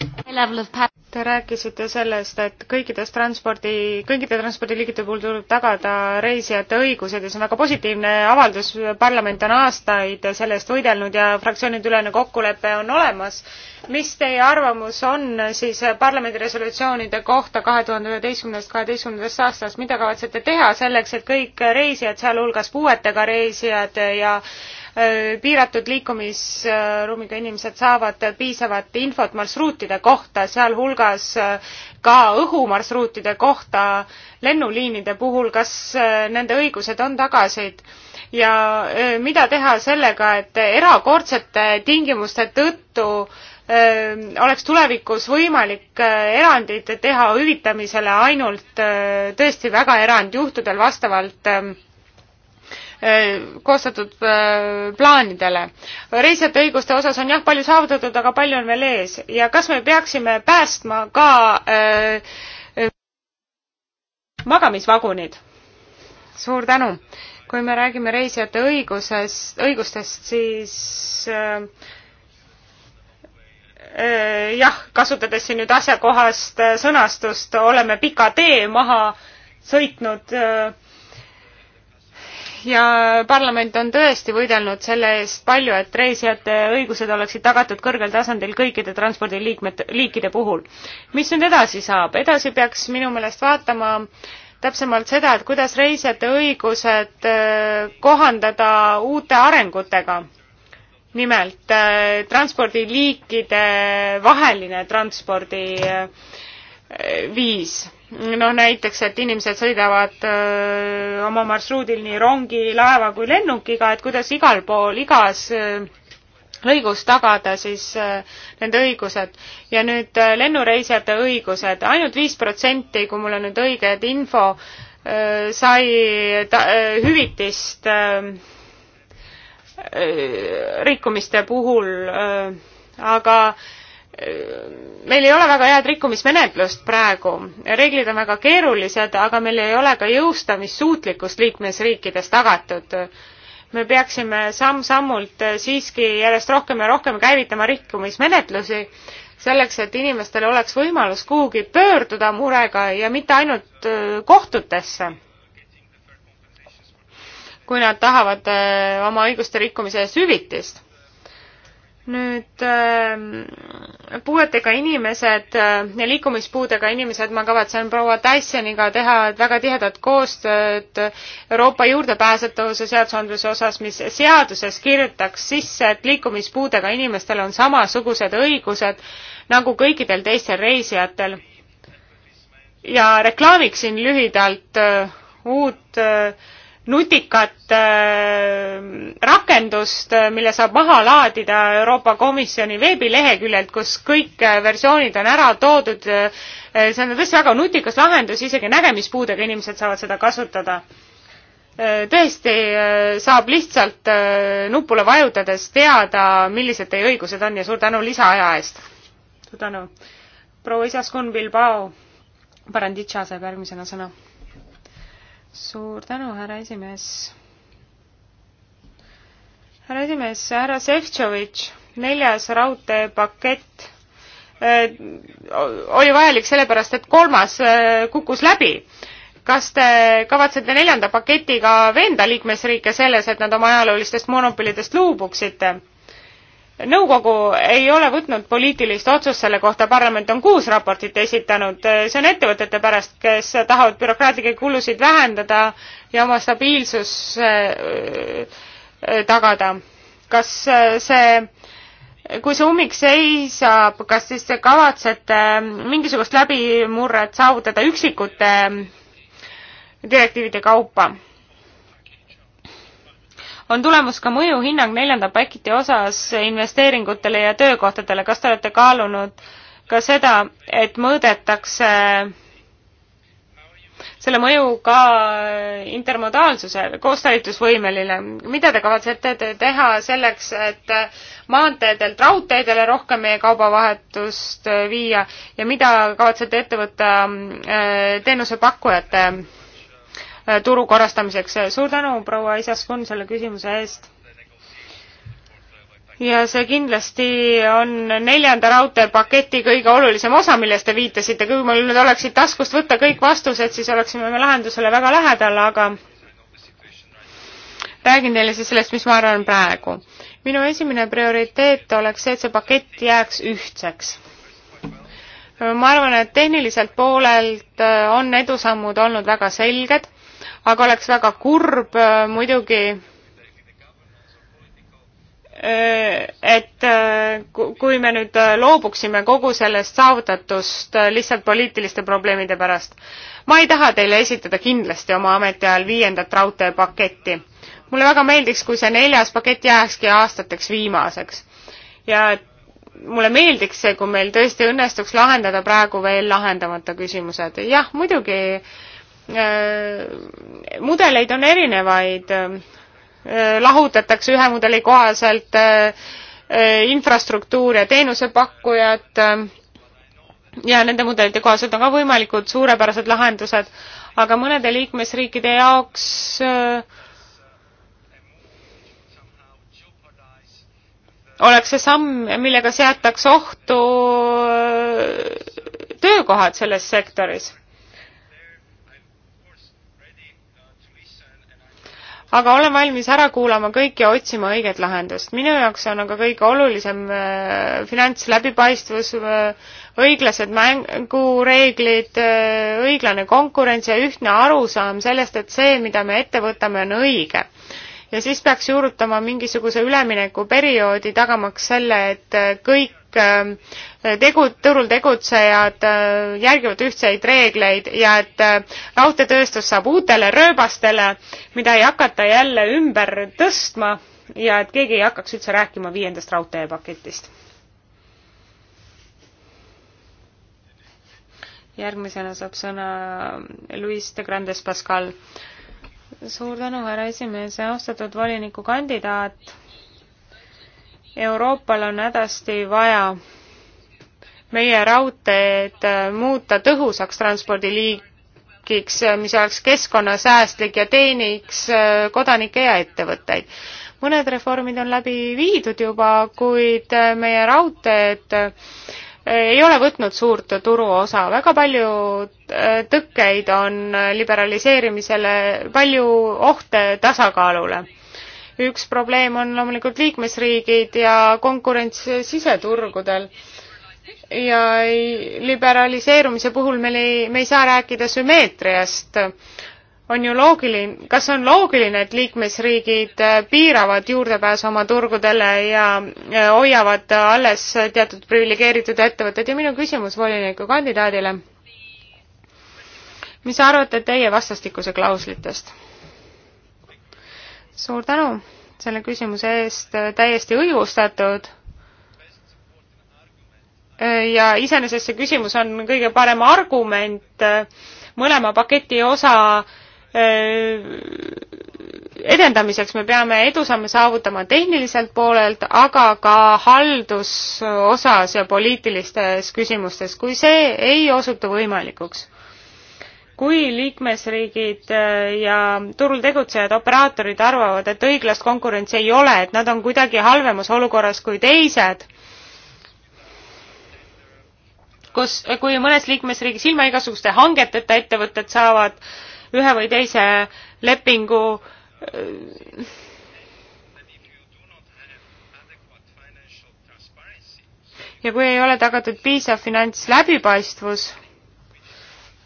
Te rääkisite sellest, et kõikides transpordi, kõikide transpordiliigide puhul tuleb tagada reisijate õigused ja see on väga positiivne avaldus, parlament on aastaid selle eest võidelnud ja fraktsioonideülene kokkulepe on olemas. mis teie arvamus on siis parlamendi resolutsioonide kohta kahe tuhande üheteistkümnendast, kaheteistkümnendast aastast, mida kavatsete teha selleks, et kõik reisijad, sealhulgas puuetega reisijad ja Äh, piiratud liikumisruumiga inimesed saavad piisavat infot marsruutide kohta, sealhulgas äh, ka õhumarsruutide kohta lennuliinide puhul, kas äh, nende õigused on tagasid ja mida teha sellega, et erakordsete tingimuste tõttu oleks tulevikus võimalik erandeid teha hüvitamisele ainult tõesti väga erandjuhtudel vastavalt öö, Eh, koostatud eh, plaanidele. reisijate õiguste osas on jah, palju saavutatud, aga palju on veel ees ja kas me peaksime päästma ka äh, magamisvagunid? suur tänu! kui me räägime reisijate õigusest, õigustest, siis äh, äh, jah, kasutades siin nüüd asjakohast äh, sõnastust, oleme pika tee maha sõitnud äh, ja parlament on tõesti võidelnud selle eest palju, et reisijate õigused oleksid tagatud kõrgel tasandil kõikide transpordiliikmete, liikide puhul. mis nüüd edasi saab? edasi peaks minu meelest vaatama täpsemalt seda, et kuidas reisijate õigused äh, kohandada uute arengutega. nimelt äh, transpordiliikide vaheline transpordiviis äh, noh, näiteks, et inimesed sõidavad öö, oma marsruudil nii rongi, laeva kui lennukiga, et kuidas igal pool, igas öö, lõigus tagada siis öö, nende õigused. ja nüüd öö, lennureisijate õigused ainult, ainult viis protsenti, kui mul on nüüd õiged info, sai ta, öö, hüvitist öö, öö, rikkumiste puhul öö, aga meil ei ole väga head rikkumismenetlust praegu, reeglid on väga keerulised, aga meil ei ole ka jõustamissuutlikkust liikmesriikides tagatud. me peaksime samm-sammult siiski järjest rohkem ja rohkem käivitama rikkumismenetlusi, selleks et inimestel oleks võimalus kuhugi pöörduda murega ja mitte ainult kohtutesse kui nad tahavad oma õiguste rikkumise eest hüvitist nüüd äh, puuetega inimesed äh, ja liikumispuudega inimesed, ma kavatsen proua Tyssoniga teha väga tihedat koostööd Euroopa juurdepääsetavuse seadusandluse osas, mis seaduses kirjutaks sisse, et liikumispuudega inimestel on samasugused õigused nagu kõikidel teistel reisijatel. ja reklaamiksin lühidalt äh, uut äh, nutikat äh, rakendust, äh, mille saab maha laadida Euroopa Komisjoni veebileheküljelt, kus kõik äh, versioonid on ära toodud äh,. see on tõesti väga nutikas lahendus, isegi nägemispuudega inimesed saavad seda kasutada äh,. tõesti äh, saab lihtsalt äh, nupule vajutades teada, millised teie õigused on ja suur tänu lisaaja eest. suur tänu. proua Isaskun Bilbao, Baranditša saab järgmisena sõna suur tänu, härra esimees. härra esimees, härra Šefčovitš, neljas raudteepakett äh, oli vajalik sellepärast, et kolmas äh, kukkus läbi. kas te kavatsete neljanda paketiga veenda liikmesriike selles, et nad oma ajaloolistest monopolidest luubuksite? nõukogu ei ole võtnud poliitilist otsust selle kohta, parlament on kuus raportit esitanud, see on ettevõtete pärast, kes tahavad bürokraatlikke kulusid vähendada ja oma stabiilsus äh, tagada. kas äh, see, kui see ummik seisab, kas siis te kavatsete mingisugust läbimurret saavutada üksikute äh, direktiivide kaupa? on tulemas ka mõjuhinnang neljanda paketi osas investeeringutele ja töökohtadele. kas te olete kaalunud ka seda, et mõõdetakse selle mõju ka intermodaalsusele, koostalitusvõimeline. mida te kavatsete teha selleks, et maanteedelt raudteedele rohkem meie kaubavahetust viia ja mida kavatsete ette võtta äh, teenusepakkujate Äh, turu korrastamiseks. suur tänu, proua Isaskun, selle küsimuse eest ja see kindlasti on neljanda raudteepaketi kõige olulisem osa, millest te viitasite, kui mul nüüd oleksid taskust võtta kõik vastused, siis oleksime me lahendusele väga lähedal, aga räägin teile siis sellest, mis ma arvan praegu. minu esimene prioriteet oleks see, et see pakett jääks ühtseks. ma arvan, et tehniliselt poolelt äh, on edusammud olnud väga selged aga oleks väga kurb äh, muidugi, äh, et äh, kui me nüüd loobuksime kogu sellest saavutatust lihtsalt poliitiliste probleemide pärast. ma ei taha teile esitada kindlasti oma ametiajal viiendat raudteepaketti. mulle väga meeldiks, kui see neljas pakett jääkski aastateks viimaseks ja et mulle meeldiks see, kui meil tõesti õnnestuks lahendada praegu veel lahendamata küsimused. jah, muidugi äh, Äh, mudeleid on erinevaid, äh, lahutatakse ühe mudeli kohaselt äh, infrastruktuur ja teenusepakkujad ja nende mudelite kohaselt on ka võimalikud suurepärased lahendused, aga mõnede liikmesriikide jaoks oleks see samm, millega seatakse ohtu töökohad selles sektoris aga olen valmis ära kuulama kõik ja otsima õiget lahendust. minu jaoks on aga kõige olulisem äh, finantsläbipaistvus, äh, õiglased mängureeglid, äh, õiglane konkurents ja ühtne arusaam sellest, et see, mida me ette võtame, on õige ja siis peaks juurutama mingisuguse üleminekuperioodi, tagamaks selle, et äh, kõik ähm, tegu, turul tegutsejad äh, järgivad ühtseid reegleid ja et äh, raudteetööstus saab uutele rööbastele, mida ei hakata jälle ümber tõstma ja et keegi ei hakkaks üldse rääkima viiendast raudteepaketist. järgmisena saab sõna Luis de Grandes Pascal suur tänu, härra esimees, austatud volinikukandidaat. Euroopal on hädasti vaja meie raudteed äh, muuta tõhusaks transpordiliigiks, äh, mis oleks keskkonnasäästlik ja teeniks äh, kodanikke ja ettevõtteid. mõned reformid on läbi viidud juba, kuid meie raudteed ei ole võtnud suurt turuosa, väga palju äh, tõkkeid on liberaliseerimisele, palju ohte tasakaalule. üks probleem on loomulikult liikmesriigid ja konkurents siseturgudel ja liberaliseerumise puhul meil ei, me ei saa rääkida sümmeetriast, on ju loogiline, kas on loogiline, et liikmesriigid äh, piiravad juurdepääsu oma turgudele ja äh, hoiavad alles teatud priviligeeritud ettevõtted ja minu küsimus volinikukandidaadile. mis arvate teie vastastikuse klauslitest? suur tänu selle küsimuse eest, äh, täiesti õigustatud ja iseenesest see küsimus on kõige parem argument mõlema paketi osa Äh, edendamiseks me peame edusamme saavutama tehniliselt poolelt, aga ka haldusosas ja poliitilistes küsimustes, kui see ei osutu võimalikuks. kui liikmesriigid äh, ja turul tegutsejad, operaatorid arvavad, et õiglast konkurentsi ei ole, et nad on kuidagi halvemas olukorras kui teised, kus, kui mõnes liikmesriigis ilma igasuguste hangeteta ettevõtted saavad äh, ühe või teise lepingu ja kui ei ole tagatud piisav finantsläbipaistvus,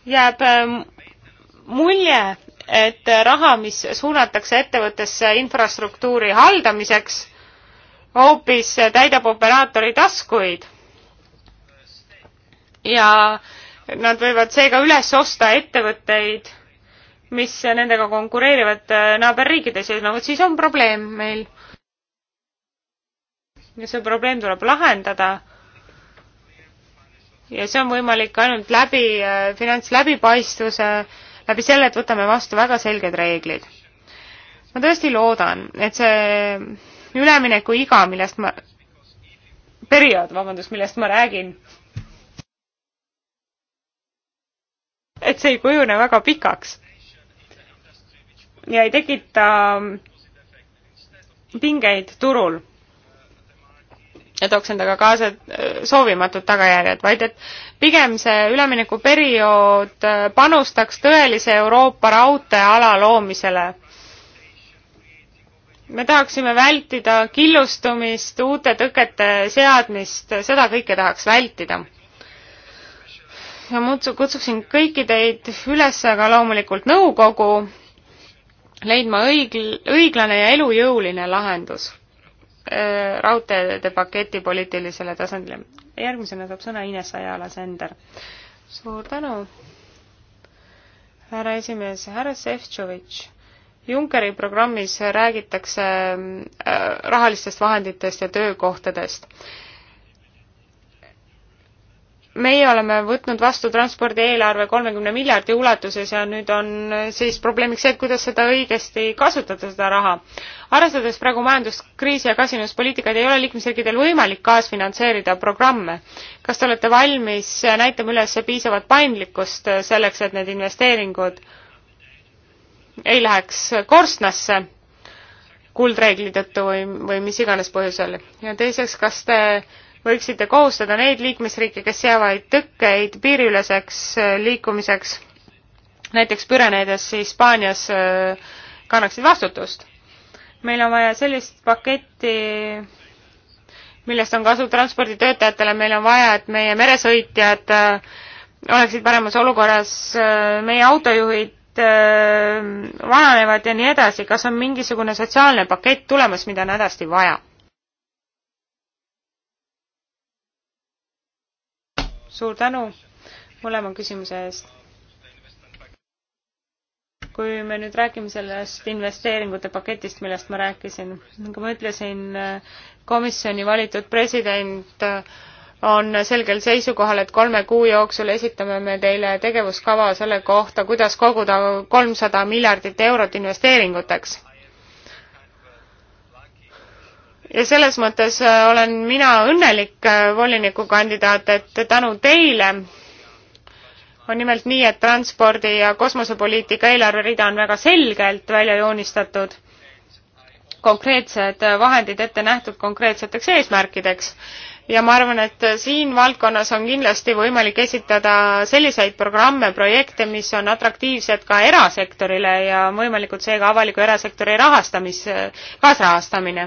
jääb äh, mulje, et raha, mis suunatakse ettevõttesse infrastruktuuri haldamiseks, hoopis täidab operaatori taskuid. ja nad võivad seega üles osta ettevõtteid mis nendega konkureerivad äh, naaberriikides ja no vot siis on probleem meil. ja see probleem tuleb lahendada. ja see on võimalik ainult läbi äh, finantsläbipaistvuse, läbi selle, et võtame vastu väga selged reeglid. ma tõesti loodan, et see üleminekuiga, millest ma, periood, vabandust, millest ma räägin, et see ei kujune väga pikaks ja ei tekita pingeid turul ja tooks endaga kaasa äh, soovimatud tagajärjed, vaid et pigem see üleminekuperiood äh, panustaks tõelise Euroopa raudteeala loomisele. me tahaksime vältida killustumist, uute tõkete seadmist, seda kõike tahaks vältida. ja muutsu-, kutsuksin kõiki teid üles, aga loomulikult nõukogu leidma õig-, õiglane ja elujõuline lahendus äh, raudteede paketi poliitilisele tasandile. järgmisena saab sõna Ines Ajala-Sender. suur tänu, härra esimees, härra Šefčovitš. Junckeri programmis räägitakse äh, rahalistest vahenditest ja töökohtadest meie oleme võtnud vastu transpordi eelarve kolmekümne miljardi ulatuses ja nüüd on siis probleemiks see, et kuidas seda õigesti kasutada, seda raha. arvestades praegu majanduskriisi ja kasinuspoliitikat, ei ole liikmesriikidel võimalik kaasfinantseerida programme. kas te olete valmis näitama üles piisavat paindlikkust selleks, et need investeeringud ei läheks korstnasse kuldreegli tõttu või, või mis iganes põhjusel? ja teiseks, kas te võiksite kohustada neid liikmesriike, kes seavad tõkkeid piiriüleseks äh, liikumiseks, näiteks Pürenedes, Hispaanias, äh, kannaksid vastutust. meil on vaja sellist paketti, millest on kasu transporditöötajatele, meil on vaja, et meie meresõitjad äh, oleksid paremas olukorras, meie autojuhid vananevad ja nii edasi, kas on mingisugune sotsiaalne pakett tulemas, mida on hädasti vaja? suur tänu mõlema küsimuse eest. kui me nüüd räägime sellest investeeringute paketist, millest ma rääkisin, nagu ma ütlesin, komisjoni valitud president on selgel seisukohal, et kolme kuu jooksul esitame me teile tegevuskava selle kohta, kuidas koguda kolmsada miljardit eurot investeeringuteks ja selles mõttes äh, olen mina õnnelik äh, volinikukandidaat, et tänu teile on nimelt nii, et transpordi ja kosmosepoliitika eelarverida on väga selgelt välja joonistatud, konkreetsed äh, vahendid ette nähtud konkreetseteks eesmärkideks ja ma arvan, et siin valdkonnas on kindlasti võimalik esitada selliseid programme, projekte, mis on atraktiivsed ka erasektorile ja on võimalikud seega avaliku erasektori rahastamis, kaasrahastamine.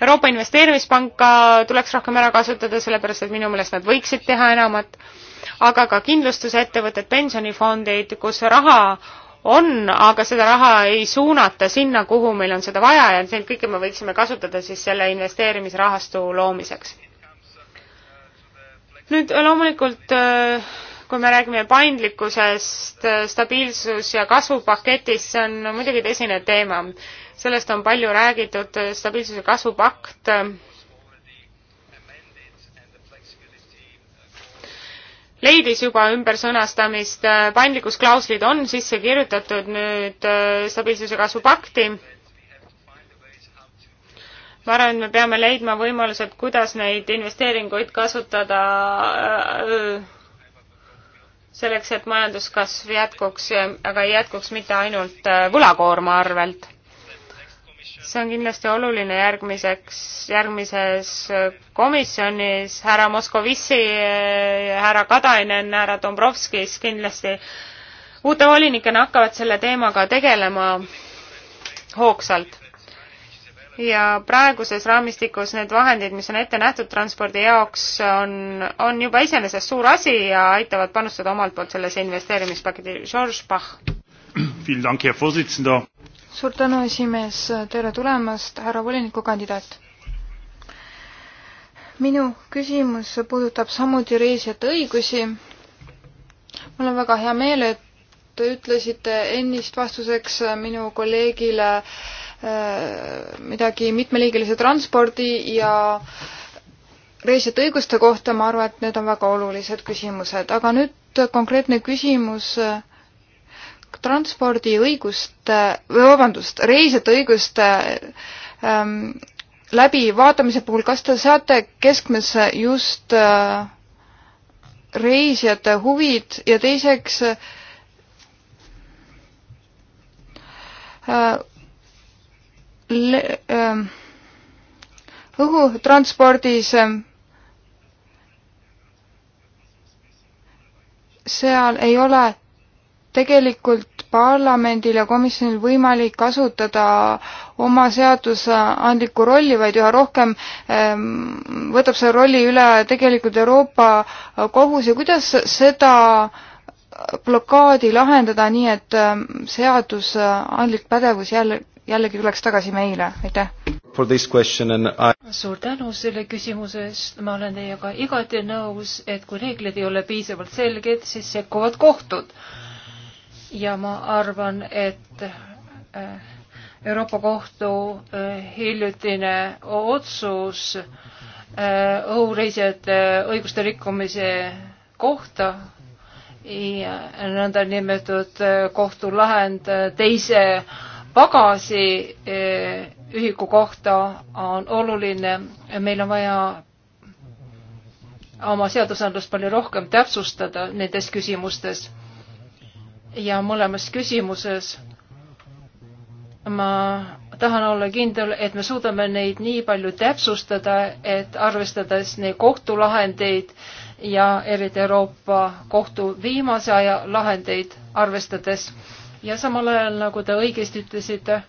Euroopa Investeerimispanka tuleks rohkem ära kasutada, sellepärast et minu meelest nad võiksid teha enamat, aga ka kindlustusettevõtted, pensionifondeid, kus raha on, aga seda raha ei suunata sinna, kuhu meil on seda vaja ja neid kõike me võiksime kasutada siis selle investeerimisrahastu loomiseks nüüd äh, loomulikult äh, kui me räägime paindlikkusest, äh, stabiilsus ja kasvupaketist, see on muidugi tõsine teema. sellest on palju räägitud, stabiilsuse kasvupakt. leidis juba ümbersõnastamist, paindlikkusklauslid on sisse kirjutatud nüüd stabiilsuse kasvupakti ma arvan, et me peame leidma võimalused, kuidas neid investeeringuid kasutada äh, selleks, et majanduskasv jätkuks, aga ei jätkuks mitte ainult äh, võlakoorma arvelt. see on kindlasti oluline järgmiseks, järgmises äh, komisjonis härra Moskovissi, härra Katainen, härra Dombrovskis kindlasti uute volinikena hakkavad selle teemaga tegelema hoogsalt ja praeguses raamistikus need vahendid, mis on ette nähtud transpordi jaoks, on, on juba iseenesest suur asi ja aitavad panustada omalt poolt sellesse investeerimispaketi. George Bach. suur tänu, esimees, tere tulemast, härra volinikukandidaat. minu küsimus puudutab samuti reisijate õigusi. mul on väga hea meel, et te ütlesite ennist vastuseks minu kolleegile äh, Äh, midagi mitmeliigilise transpordi ja reisijate õiguste kohta, ma arvan, et need on väga olulised küsimused, aga nüüd konkreetne küsimus äh, transpordiõiguste, või vabandust, reisijate õiguste ähm, läbivaatamise puhul, kas te seate keskmesse just äh, reisijate huvid ja teiseks äh, Ähm, õhutranspordis ähm, seal ei ole tegelikult parlamendil ja komisjonil võimalik kasutada oma seadusandlikku rolli, vaid üha rohkem ähm, võtab selle rolli üle tegelikult Euroopa Kohus ja kuidas seda blokaadi lahendada nii, et seadusandlik pädevus jälle jällegi tuleks tagasi meile, aitäh! I... suur tänu selle küsimuse eest, ma olen teiega igati nõus, et kui reeglid ei ole piisavalt selged, siis sekkuvad kohtud. ja ma arvan, et äh, Euroopa Kohtu äh, hiljutine otsus äh, õhureisijate õiguste rikkumise kohta ja nõndanimetatud kohtulahend teise pagasi eh, ühiku kohta on oluline, meil on vaja oma seadusandlust palju rohkem täpsustada nendes küsimustes. ja mõlemas küsimuses ma tahan olla kindel, et me suudame neid nii palju täpsustada, et arvestades neid kohtulahendeid ja eriti Euroopa Kohtu viimase aja lahendeid arvestades ja samal ajal, nagu te õigesti ütlesite,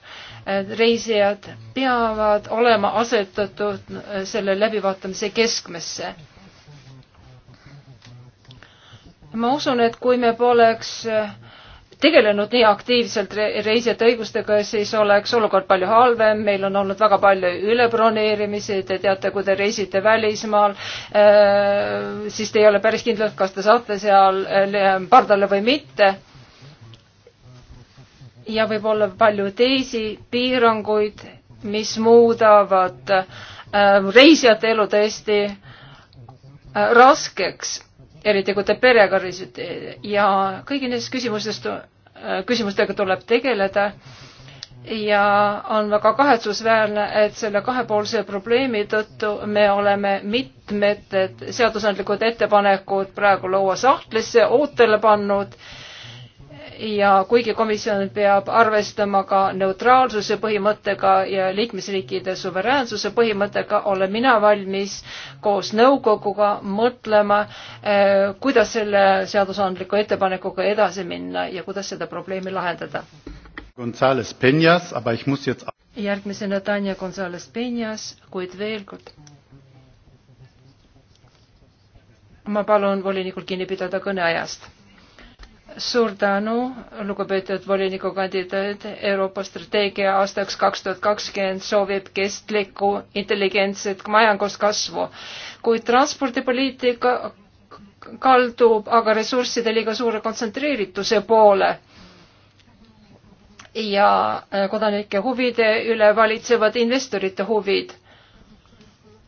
reisijad peavad olema asetatud äh, selle läbivaatamise keskmesse ma usun, et kui me poleks äh, tegelenud nii aktiivselt reisijate õigustega, siis oleks olukord palju halvem, meil on olnud väga palju ülebroneerimisi, te teate, kui te reisite välismaal, äh, siis te ei ole päris kindlad, kas te saate seal pardale või mitte ja võib-olla palju teisi piiranguid, mis muudavad äh, reisijate elu tõesti äh, raskeks, eriti kui te perega reisite ja kõigi nendest küsimustest, äh, küsimustega tuleb tegeleda ja on väga kahetsusväärne, et selle kahepoolse probleemi tõttu me oleme mitmed seadusandlikud ettepanekud praegu lauasahtlisse ootele pannud ja kuigi komisjon peab arvestama ka neutraalsuse põhimõttega ja liikmesriikide suveräänsuse põhimõttega, olen mina valmis koos nõukoguga mõtlema, eh, kuidas selle seadusandliku ettepanekuga edasi minna ja kuidas seda probleemi lahendada. Gonzales Penjas, aga ich muss jetzt järgmisena Tanja Gonzales Penjas, kuid veel kord ma palun volinikul kinni pidada kõneajast suur tänu, lugupeetud volinikukandidaat, Euroopa strateegia aastaks kaks tuhat kakskümmend soovib kestlikku intelligentset majanduskasvu, kuid transpordipoliitika kaldub aga ressursside liiga suure kontsentreerituse poole ja kodanike huvide üle valitsevad investorite huvid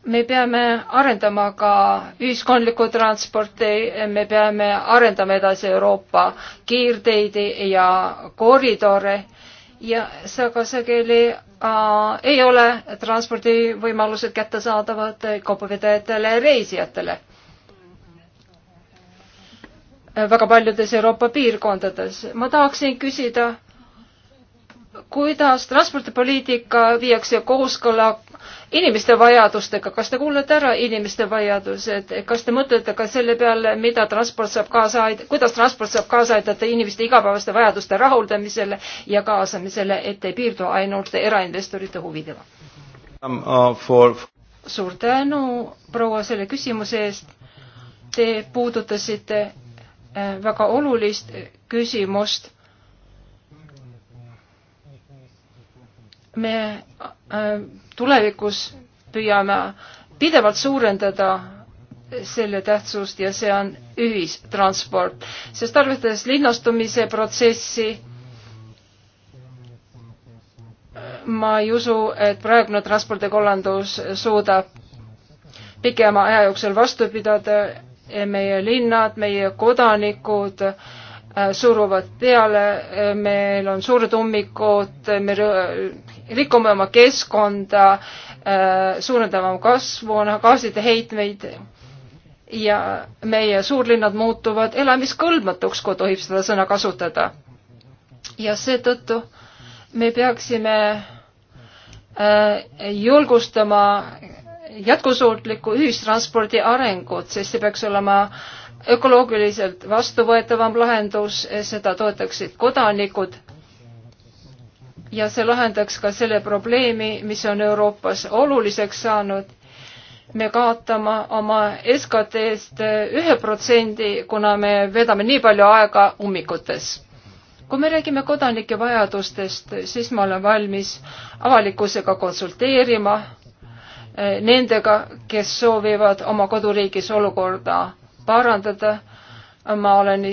me peame arendama ka ühiskondlikku transporti, me peame arendama edasi Euroopa kiirteid ja koridore ja aga sageli äh, ei ole transpordivõimalused kättesaadavad kaubavedajatele ja reisijatele. väga paljudes Euroopa piirkondades. ma tahaksin küsida kuidas transpordipoliitika viiakse kooskõla inimeste vajadustega, kas te kuulete ära inimeste vajadused, kas te mõtlete ka selle peale, mida transport saab kaasa aid-, kuidas transport saab kaasa aidata inimeste igapäevaste vajaduste rahuldamisele ja kaasamisele, et ei piirdu ainult erainvestorite huvidega um,? Uh, for... suur tänu, proua, selle küsimuse eest. Te puudutasite äh, väga olulist küsimust me äh, tulevikus püüame pidevalt suurendada selle tähtsust ja see on ühistransport, sest arvestades linnastumise protsessi, ma ei usu, et praegune transpordikollandus suudab pikema aja jooksul vastu pidada meie linnad, meie kodanikud äh, Äh, suruvad peale, äh, meil on suured ummikud, me rikume oma keskkonda, äh, suurendame oma kasvuhoonegaaside noh, heitmeid ja meie suurlinnad muutuvad elamiskõlbmatuks, kui tohib seda sõna kasutada. ja seetõttu me peaksime julgustama jätkusuutliku ühistranspordi arengut, sest see peaks olema ökoloogiliselt vastuvõetavam lahendus, seda toetaksid kodanikud ja see lahendaks ka selle probleemi, mis on Euroopas oluliseks saanud. me kaotame oma SKT-st ühe protsendi, kuna me veedame nii palju aega ummikutes. kui me räägime kodanike vajadustest, siis ma olen valmis avalikkusega konsulteerima, eh, nendega, kes soovivad oma koduriigis olukorda parandada. ma olen,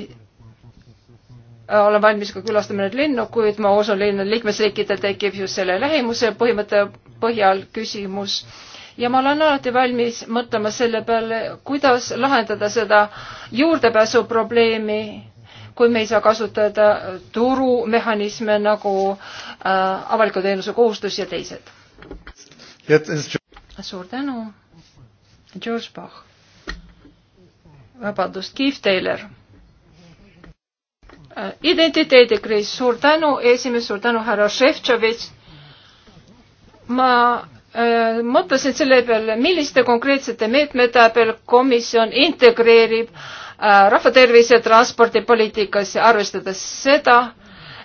äh, olen valmis ka külastama neid linnu, kuid ma usun, linnade liikmesriikidel tekib just selle lähimuse põhimõtte põhjal küsimus ja ma olen alati valmis mõtlema selle peale, kuidas lahendada seda juurdepääsu probleemi, kui me ei saa kasutada turumehhanisme nagu äh, avaliku teenuse kohustus ja teised. suur tänu. George Bach vabandust, Keith Taylor. Äh, identiteedikriis, suur tänu, esimees, suur tänu, härra Šeftšovitš. ma äh, mõtlesin selle peale, milliste konkreetsete meetmete peal komisjon integreerib äh, rahvatervise transpordipoliitikasse, arvestades seda,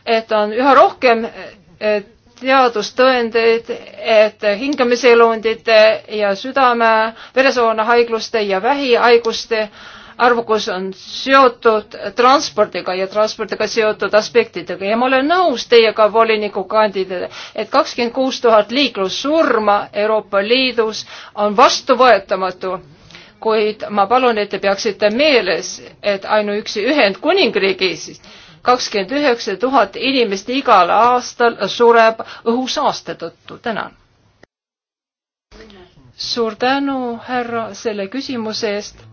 et on üha rohkem äh, teadustõendeid, et hingamiselundite ja südame, veresoona haigluste ja vähihaiguste äh, arvukus on seotud transpordiga ja transpordiga seotud aspektidega ja ma olen nõus teiega volinikukandidaat, et kakskümmend kuus tuhat liiklussurma Euroopa Liidus on vastuvõetamatu. kuid ma palun, et te peaksite meeles, et ainuüksi Ühendkuningriigis kakskümmend üheksa tuhat inimest igal aastal sureb õhusaaste tõttu. tänan. suur tänu, härra, selle küsimuse eest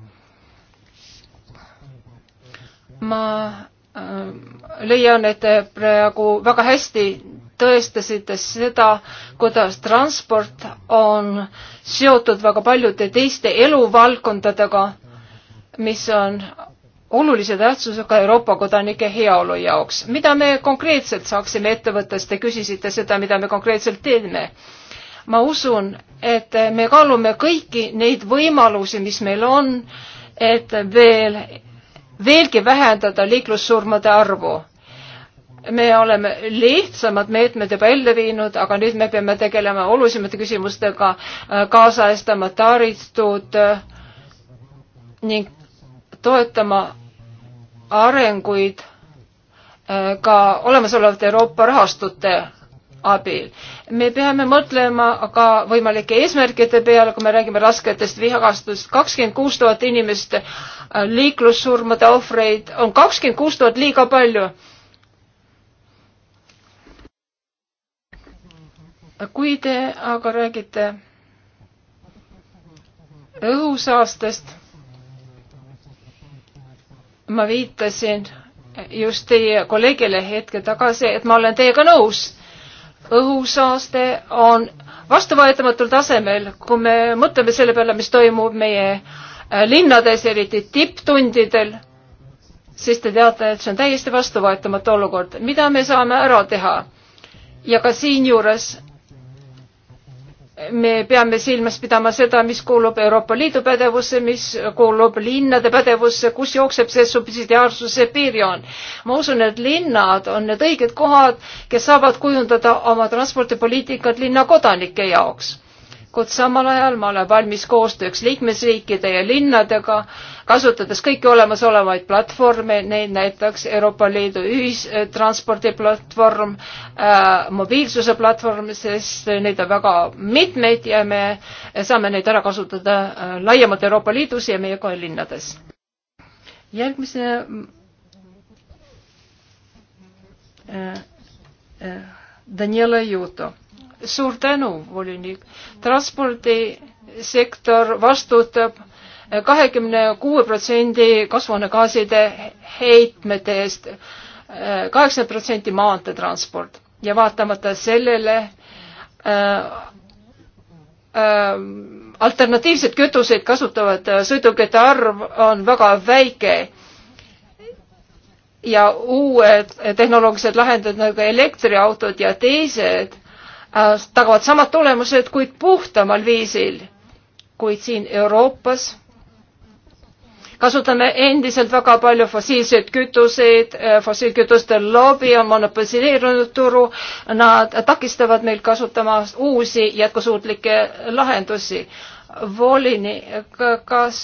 ma äh, leian, et te praegu väga hästi tõestasite seda, kuidas transport on seotud väga paljude teiste eluvaldkondadega, mis on olulise tähtsusega Euroopa kodanike heaolu jaoks. mida me konkreetselt saaksime ette võtta, sest te küsisite seda, mida me konkreetselt teeme. ma usun, et me kaalume kõiki neid võimalusi, mis meil on, et veel veelgi vähendada liiklussurmade arvu. me oleme lihtsamad meetmed juba ellu viinud, aga nüüd me peame tegelema olulisemate küsimustega, äh, kaasajastama taristud äh, ning toetama arenguid äh, ka olemasolevate Euroopa rahastute abil me peame mõtlema ka võimalike eesmärkide peale, kui me räägime rasketest vihakastust. kakskümmend kuus tuhat inimest äh, liiklussurmade ohvreid on kakskümmend kuus tuhat liiga palju. kui te aga räägite õhusaastest, ma viitasin just teie kolleegile hetke tagasi, et ma olen teiega nõus õhusaaste on vastuvõetamatul tasemel, kui me mõtleme selle peale, mis toimub meie äh, linnades, eriti tipptundidel, siis te teate, et see on täiesti vastuvõetamatu olukord. mida me saame ära teha? ja ka siinjuures me peame silmas pidama seda, mis kuulub Euroopa Liidu pädevusse, mis kuulub linnade pädevusse, kus jookseb see subsidiaarsuse piirjoon. ma usun, et linnad on need õiged kohad, kes saavad kujundada oma transpordipoliitikat linna kodanike jaoks kuid samal ajal ma olen valmis koostööks liikmesriikide ja linnadega, kasutades kõiki olemasolevaid platvorme, neid näiteks Euroopa Liidu ühistranspordiplatvorm äh,, mobiilsuse platvorm, sest neid on väga mitmeid ja me saame neid ära kasutada äh, laiemalt Euroopa Liidus ja meie ka linnades. järgmise äh, äh Daniela Juto suur tänu, volinik. transpordisektor vastutab kahekümne kuue protsendi kasvuhoonegaaside heitmete eest, kaheksakümmend protsenti maanteetransport ja vaatamata sellele äh, äh, alternatiivseid kütuseid kasutavate sõidukite arv on väga väike ja uued tehnoloogilised lahendused nagu elektriautod ja teised äh, Äh, tagavad samad tulemused, kuid puhtamal viisil. kuid siin Euroopas kasutame endiselt väga palju fossiilseid kütuseid, äh, fossiilkütuste lobi on monopoliseerinud turu, nad takistavad meil kasutamast uusi jätkusuutlikke lahendusi. volinik, kas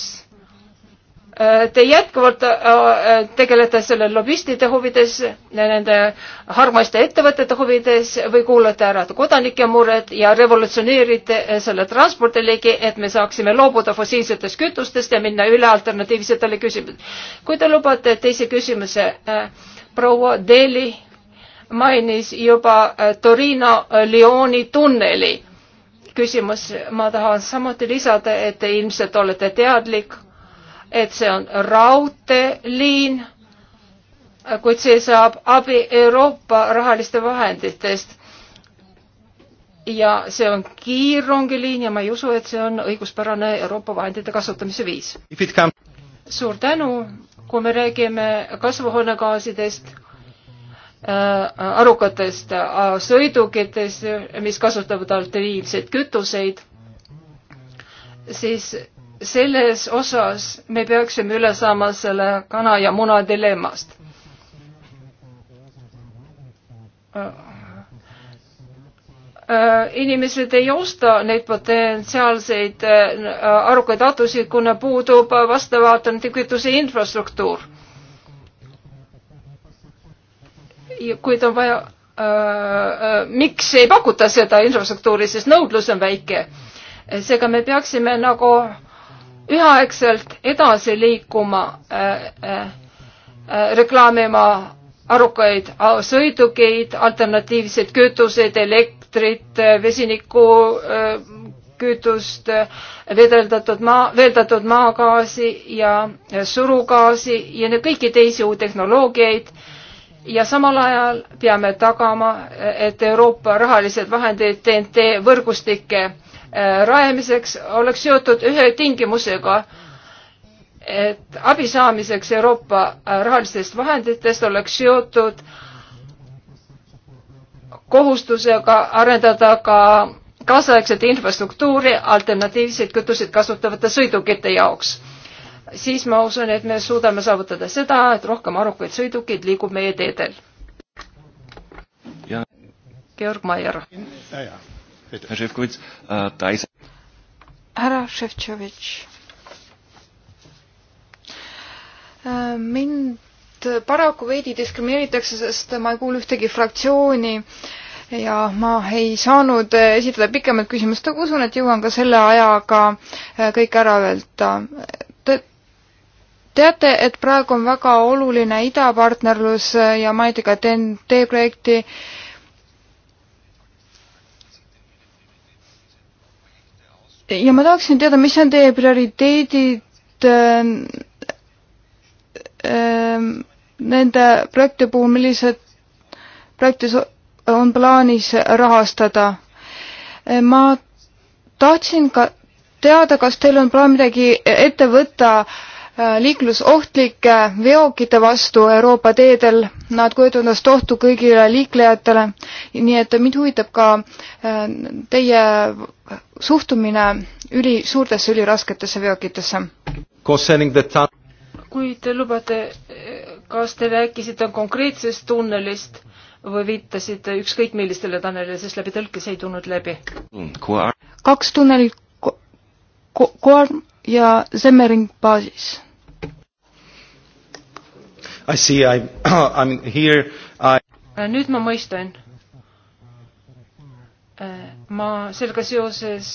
Te jätkuvalt äh, äh, tegelete selle lobistide huvides, nende harmaste ettevõtete huvides või kuulate ära kodanike mured ja revolutsioneerite äh, selle transpordiligi, et me saaksime loobuda fossiilsetest kütustest ja minna üle alternatiivsetele küsimustele. kui te lubate teise küsimuse, proua Deli mainis juba Torino-Lyoni tunneli küsimus, ma tahan samuti lisada, et te ilmselt olete teadlik et see on raudteeliin, kuid see saab abi Euroopa rahaliste vahenditest. ja see on kiirrongiliin ja ma ei usu, et see on õiguspärane Euroopa vahendite kasutamise viis. suur tänu, kui me räägime kasvuhoonegaasidest äh, arukatest äh, sõidukitest, mis kasutavad alternatiivseid kütuseid, siis selles osas me peaksime üle saama selle kana ja muna dilemmast. Äh, äh, inimesed ei osta neid potentsiaalseid äh, arukaid atusid, kuna puudub vastav alternatiivkütuse infrastruktuur. kuid on vaja, miks ei pakuta seda infrastruktuuri, sest nõudlus on väike. seega me peaksime nagu üheaegselt edasi liikuma äh, äh, äh reklaamima arukaid äh, sõidukeid, alternatiivseid kütuseid, elektrit, äh, vesinikku äh,, kütust, vedeldatud maa, veeldatud maagaasi ja surugaasi ja kõiki teisi uut tehnoloogiaid ja samal ajal peame tagama, et Euroopa rahalised vahendid TNT võrgustike Äh, rajamiseks oleks seotud ühe tingimusega, et abi saamiseks Euroopa äh, rahalistest vahenditest oleks seotud kohustusega arendada ka kaasaegset infrastruktuuri alternatiivseid kütuseid kasutavate sõidukite jaoks. siis ma usun, et me suudame saavutada seda, et rohkem arukaid sõidukeid liigub meie teedel. Georg Maier härra eh, Šefčovitš. Eh, mind paraku veidi diskrimineeritakse, sest ma ei kuulu ühtegi fraktsiooni ja ma ei saanud esitada pikemat küsimust, aga usun, et jõuan ka selle ajaga eh, kõik ära öelda Te,. teate, et praegu on väga oluline idapartnerlus ja mainiti ka TNT projekti äh, ja ma tahaksin teada, mis on teie prioriteedid äh, äh, nende projekti puhul, millised projektis on plaanis rahastada. Äh, ma tahtsin ka teada, kas teil on plaan midagi ette võtta äh, Äh, liiklusohtlike veokite vastu Euroopa teedel, nad kujutavad endast ohtu kõigile liiklejatele. nii et mind huvitab ka äh, teie suhtumine üli, suurtesse ülirasketesse veokitesse. kui te lubate, kas te rääkisite konkreetsest tunnelist või viitasite ükskõik millistele tunnelile, sest läbi tõlke see ei tulnud läbi? kaks tunnelit ko, ko, Koorm ja Semmering baasis I see I, I'm here I... Äh, nüüd ma mõistan. Äh, ma sellega seoses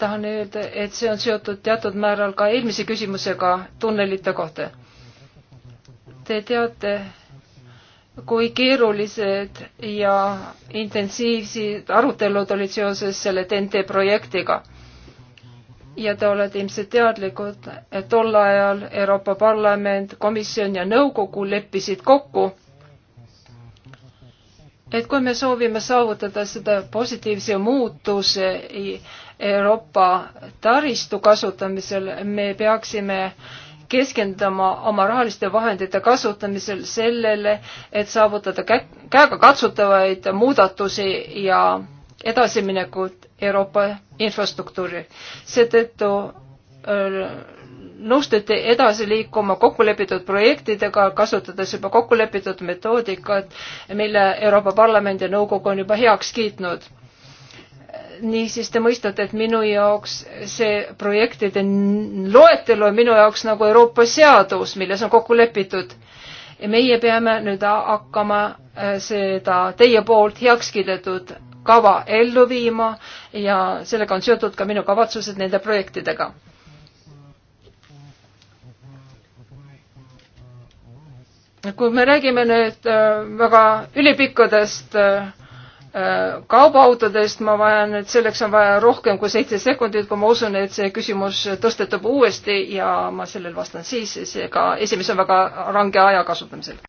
tahan öelda, et see on seotud teatud määral ka eelmise küsimusega tunnelite kohta. Te teate, kui keerulised ja intensiivsed arutelud olid seoses selle TNT projektiga ja te olete ilmselt teadlikud, et tol ajal Euroopa Parlament, komisjon ja nõukogu leppisid kokku, et kui me soovime saavutada seda positiivse muutuse Euroopa taristu kasutamisel, me peaksime keskenduma oma rahaliste vahendite kasutamisel sellele, et saavutada käega katsutavaid muudatusi ja edasiminekut Euroopa infrastruktuuri. seetõttu äh, nõustuti edasi liikuma kokkulepitud projektidega, kasutades juba kokkulepitud metoodikat, mille Euroopa Parlament ja Nõukogu on juba heaks kiitnud. niisiis te mõistate, et minu jaoks see projektide loetelu on minu jaoks nagu Euroopa seadus, milles on kokku lepitud. ja meie peame nüüd hakkama äh, seda teie poolt heaks kiidetud kava ellu viima ja sellega on seotud ka minu kavatsused nende projektidega. kui me räägime nüüd äh, väga ülipikkadest äh, äh, kaubaautodest, ma vajan, et selleks on vaja rohkem kui seitse sekundit, kui ma usun, et see küsimus tõstetub uuesti ja ma sellele vastan siis, seega esimees on väga range aja kasutamisel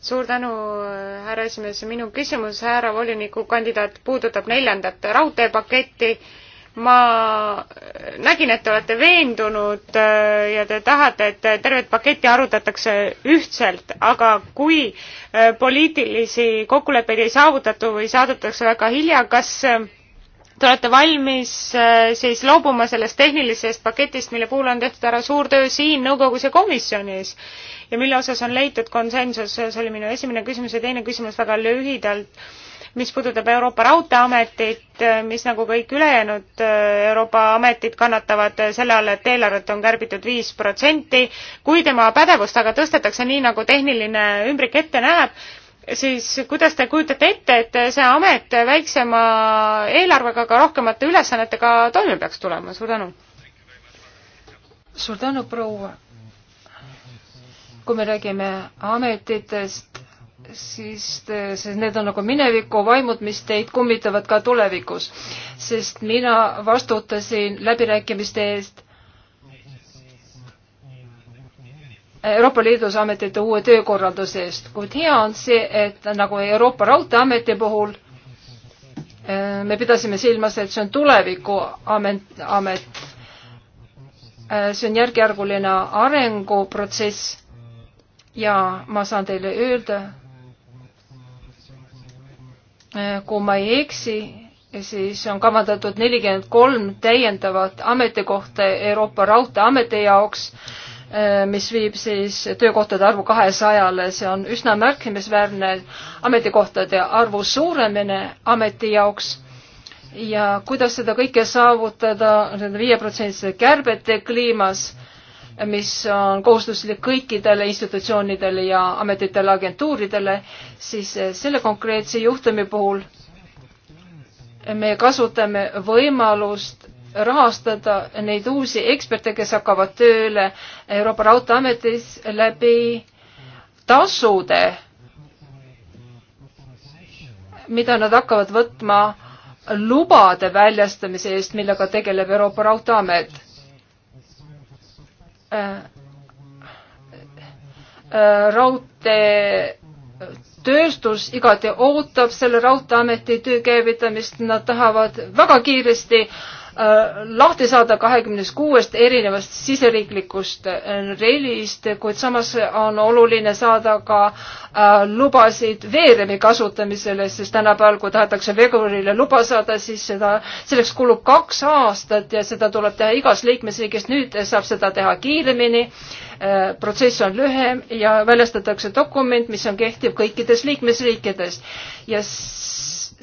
suur tänu, äh, härra esimees, minu küsimus härra volinikukandidaat puudutab neljandat raudteepaketti. ma äh, nägin, et te olete veendunud äh, ja te tahate, et tervet paketti arutatakse ühtselt, aga kui poliitilisi kokkuleppeid ei saavutatu või saadetakse väga hilja, kas te olete valmis siis loobuma sellest tehnilisest paketist, mille puhul on tehtud ära suur töö siin nõukogus ja komisjonis ja mille osas on leitud konsensus, see oli minu esimene küsimus ja teine küsimus väga lühidalt, mis puudutab Euroopa Raudteeametit, mis nagu kõik ülejäänud äh, Euroopa ametid kannatavad äh, selle all, et eelarvet on kärbitud viis protsenti, kui tema pädevust aga tõstetakse nii, nagu tehniline ümbrik ette näeb, siis kuidas te kujutate ette, et see amet väiksema eelarvega, aga rohkemate ülesannetega toime peaks tulema, suur tänu! suur tänu, proua kui me räägime ametitest, siis, siis need on nagu mineviku vaimud, mis teid kummitavad ka tulevikus. sest mina vastutasin läbirääkimiste eest Euroopa Liidus ametite uue töökorralduse eest, kuid hea on see, et nagu Euroopa Raudteeameti puhul eh, me pidasime silmas, et see on tulevikuamet, amet. Eh, see on järk-järguline arenguprotsess ja ma saan teile öelda, äh, kui ma ei eksi, siis on kavandatud nelikümmend kolm täiendavat ametikohta Euroopa Raudteeameti jaoks, äh, mis viib siis töökohtade arvu kahesajale, see on üsna märkimisväärne ametikohtade arvu suuremine ameti jaoks ja kuidas seda kõike saavutada nende viieprotsendiliste kärbete kliimas äh, mis on kohustuslik kõikidele institutsioonidele ja ametitele, agentuuridele, siis eh, selle konkreetse juhtumi puhul me kasutame võimalust rahastada neid uusi eksperte, kes hakkavad tööle Euroopa Raudteeametis läbi tasude, mida nad hakkavad võtma lubade väljastamise eest, millega tegeleb Euroopa Raudteeamet Äh, äh, raudteetööstus igati ootab selle raudteeameti töö käivitamist, nad tahavad väga kiiresti Äh, lahti saada kahekümnest kuuest erinevast siseriiklikust äh, relist, kuid samas on oluline saada ka äh, lubasid veeremi kasutamisele, sest tänapäeval, kui tahetakse vegurile luba saada, siis seda, selleks kulub kaks aastat ja seda tuleb teha igas liikmesriigis, nüüd saab seda teha kiiremini, protsess on lühem ja väljastatakse dokument, mis on kehtiv kõikides liikmesriikides ja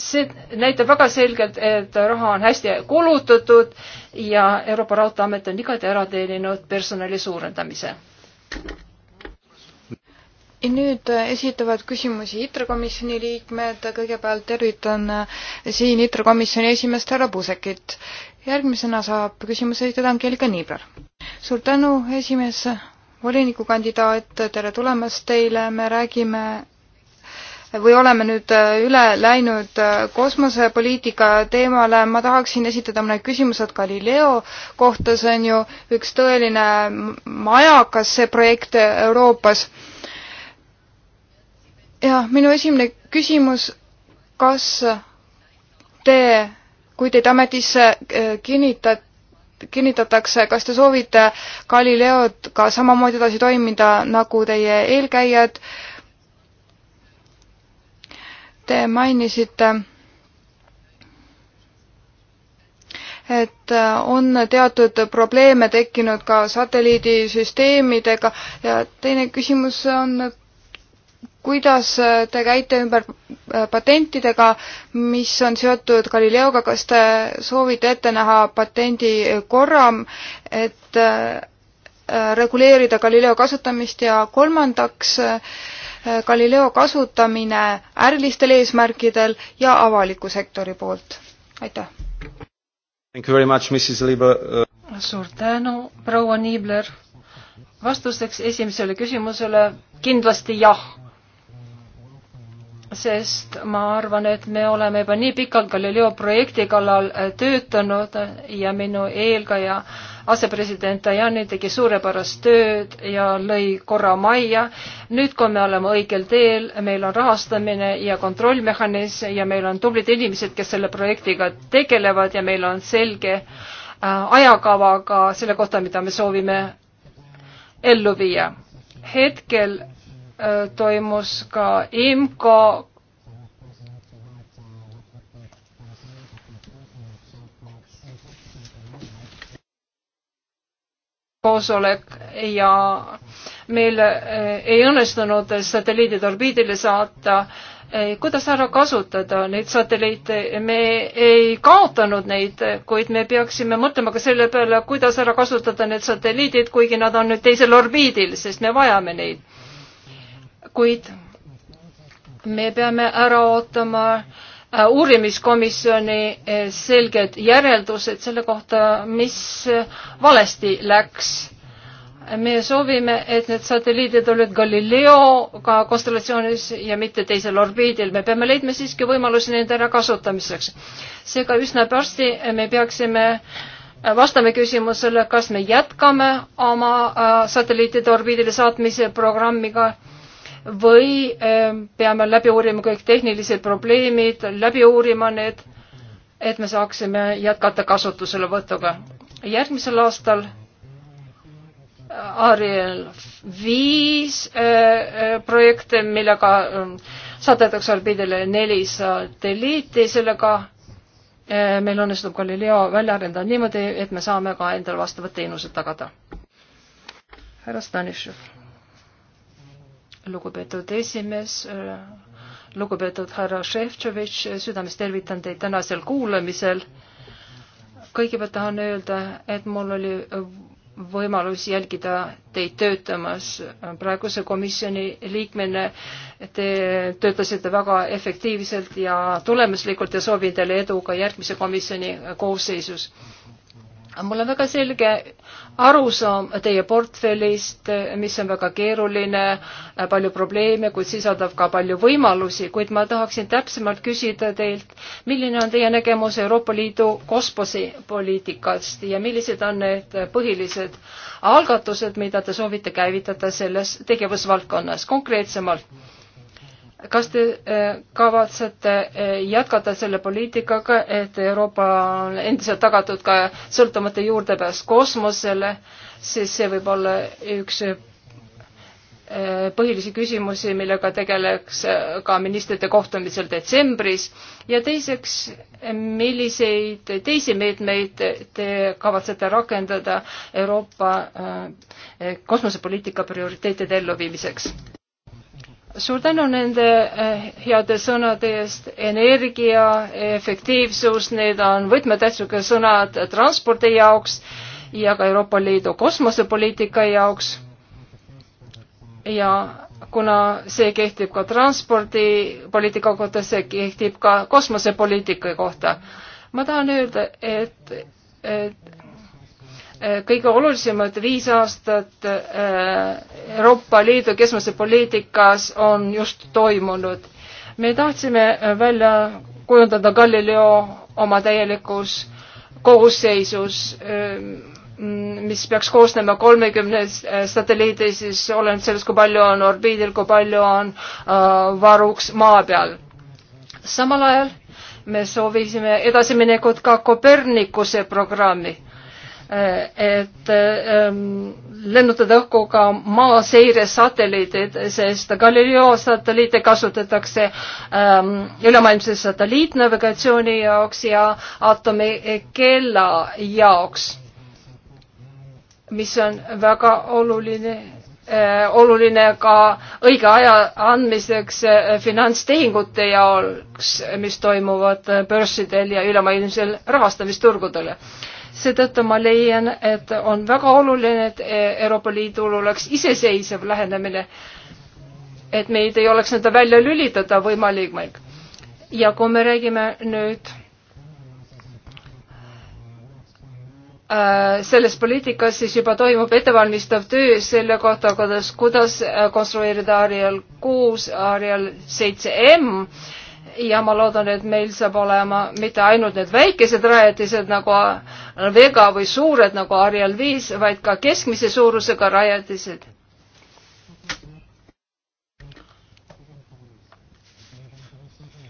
see näitab väga selgelt, et raha on hästi kulutatud ja Euroopa Raudteeamet on igati ära teeninud personali suurendamise. nüüd äh, esitavad küsimusi ITRE komisjoni liikmed, kõigepealt tervitan äh, siin ITRE komisjoni esimeest härra Puusekit. järgmisena saab küsimuse esitada Angelika Niibler. suur tänu, esimees, volinikukandidaat, tere tulemast teile, me räägime või oleme nüüd äh, üle läinud äh, kosmosepoliitika teemale, ma tahaksin esitada mõned küsimused Galileo kohta, see on ju üks tõeline majakas, see projekt Euroopas. jah, minu esimene küsimus, kas te, kui teid ametisse äh, kinnitate, kinnitatakse, kas te soovite Galileod ka samamoodi edasi toimida nagu teie eelkäijad äh, Te mainisite, et äh, on teatud probleeme tekkinud ka satelliidisüsteemidega ja teine küsimus on, kuidas te käite ümber äh, patentidega, mis on seotud Galileoga, kas te soovite ette näha patendikorra, et äh, reguleerida Galileo kasutamist ja kolmandaks äh, Äh, Galileo kasutamine ärilistel eesmärkidel ja avaliku sektori poolt. aitäh! Äh, suur tänu, proua Niibler. vastuseks esimesele küsimusele kindlasti jah. sest ma arvan, et me oleme juba nii pikalt Galileo projekti kallal äh, töötanud ja minu eelkäija äh, asepresident Tajani tegi suurepärast tööd ja lõi korra majja. nüüd, kui me oleme õigel teel, meil on rahastamine ja kontrollmehhanism ja meil on tublid inimesed, kes selle projektiga tegelevad ja meil on selge äh, ajakava ka selle kohta, mida me soovime ellu viia. hetkel äh, toimus ka IMCO koosolek ja meil eh, ei õnnestunud satelliidid orbiidile saata. Eh, kuidas ära kasutada neid satelliite, me ei kaotanud neid, kuid me peaksime mõtlema ka selle peale, kuidas ära kasutada need satelliidid, kuigi nad on nüüd teisel orbiidil, sest me vajame neid. kuid me peame ära ootama äh, Äh, uurimiskomisjoni äh, selged järeldused selle kohta, mis äh, valesti läks. me soovime, et need satelliidid olid Galileoga konstellatsioonis ja mitte teisel orbiidil. me peame leidma siiski võimalusi nende ärakasutamiseks. seega üsna varsti me peaksime vastame küsimusele, kas me jätkame oma satelliitide orbiidile saatmise programmiga või ähm, peame läbi uurima kõik tehnilised probleemid, läbi uurima need, et me saaksime jätkata kasutuselevõtuga. järgmisel aastal äh, Ariel viis äh, äh, projekte, millega ähm, saadetakse orbiidile neli satelliiti, sellega meil õnnestub Galileo välja arendada niimoodi, et me saame ka endale vastavad teenused tagada. härra Stanišev lugupeetud esimees, lugupeetud härra Šefčovitš, südamest tervitan teid tänasel kuulamisel. kõigepealt tahan öelda, et mul oli võimalus jälgida teid töötamas praeguse komisjoni liikmena. Te töötasite väga efektiivselt ja tulemuslikult ja soovin teile edu ka järgmise komisjoni koosseisus. mul on väga selge arusaam teie portfellist, mis on väga keeruline, palju probleeme, kuid sisaldab ka palju võimalusi, kuid ma tahaksin täpsemalt küsida teilt, milline on teie nägemus Euroopa Liidu kosmosepoliitikast ja millised on need põhilised algatused, mida te soovite käivitada selles tegevusvaldkonnas konkreetsemalt? kas te äh, kavatsete äh, jätkata selle poliitikaga, et Euroopa on endiselt tagatud ka sõltumatu juurdepääs kosmosele, sest see võib olla üks äh, põhilisi küsimusi, millega tegeleks ka ministrite kohtumisel detsembris ja teiseks, milliseid teisi meetmeid te kavatsete rakendada Euroopa kosmosepoliitika prioriteetide elluviimiseks? suur tänu nende eh, heade sõnade eest, energia, efektiivsus, need on võtmetähtsusega sõnad transpordi jaoks ja ka Euroopa Liidu kosmosepoliitika jaoks. ja kuna see kehtib ka transpordipoliitika kohta, see kehtib ka kosmosepoliitika kohta. ma tahan öelda, et, et Äh, kõige olulisemad viis aastat äh, Euroopa Liidu keskmise poliitikas on just toimunud. me tahtsime äh, välja kujundada Galileo oma täielikus koosseisus, mis peaks koosnema kolmekümnest satelliidist, siis olenevalt sellest, kui palju on orbiidil, kui palju on varuks maa peal. samal ajal me soovisime edasiminekut ka Kopernikuse programmi et ehm, lennutada õhku ka maaseiresatelliidid, sest Galileo satelliite kasutatakse ehm, ülemaailmse satelliitnavigatsiooni jaoks ja aatomikella jaoks, mis on väga oluline eh, oluline ka õige aja andmiseks eh, finantstehingute jaoks, mis toimuvad börsidel ja ülemaailmsel rahastamisturgudel seetõttu ma leian, et on väga oluline, et e- Euroopa Liidul oleks iseseisev lähenemine, et meid ei oleks nõnda välja lülitada võimalik. ja kui me räägime nüüd äh, selles poliitikas siis juba toimub ettevalmistav töö selle kohta, kuidas, kuidas äh, konstrueerida Ariel kuus, Ariel seitse M ja ma loodan, et meil saab olema mitte ainult need väikesed rajatised nagu Vega või suured nagu Ariel viis, vaid ka keskmise suurusega rajatised.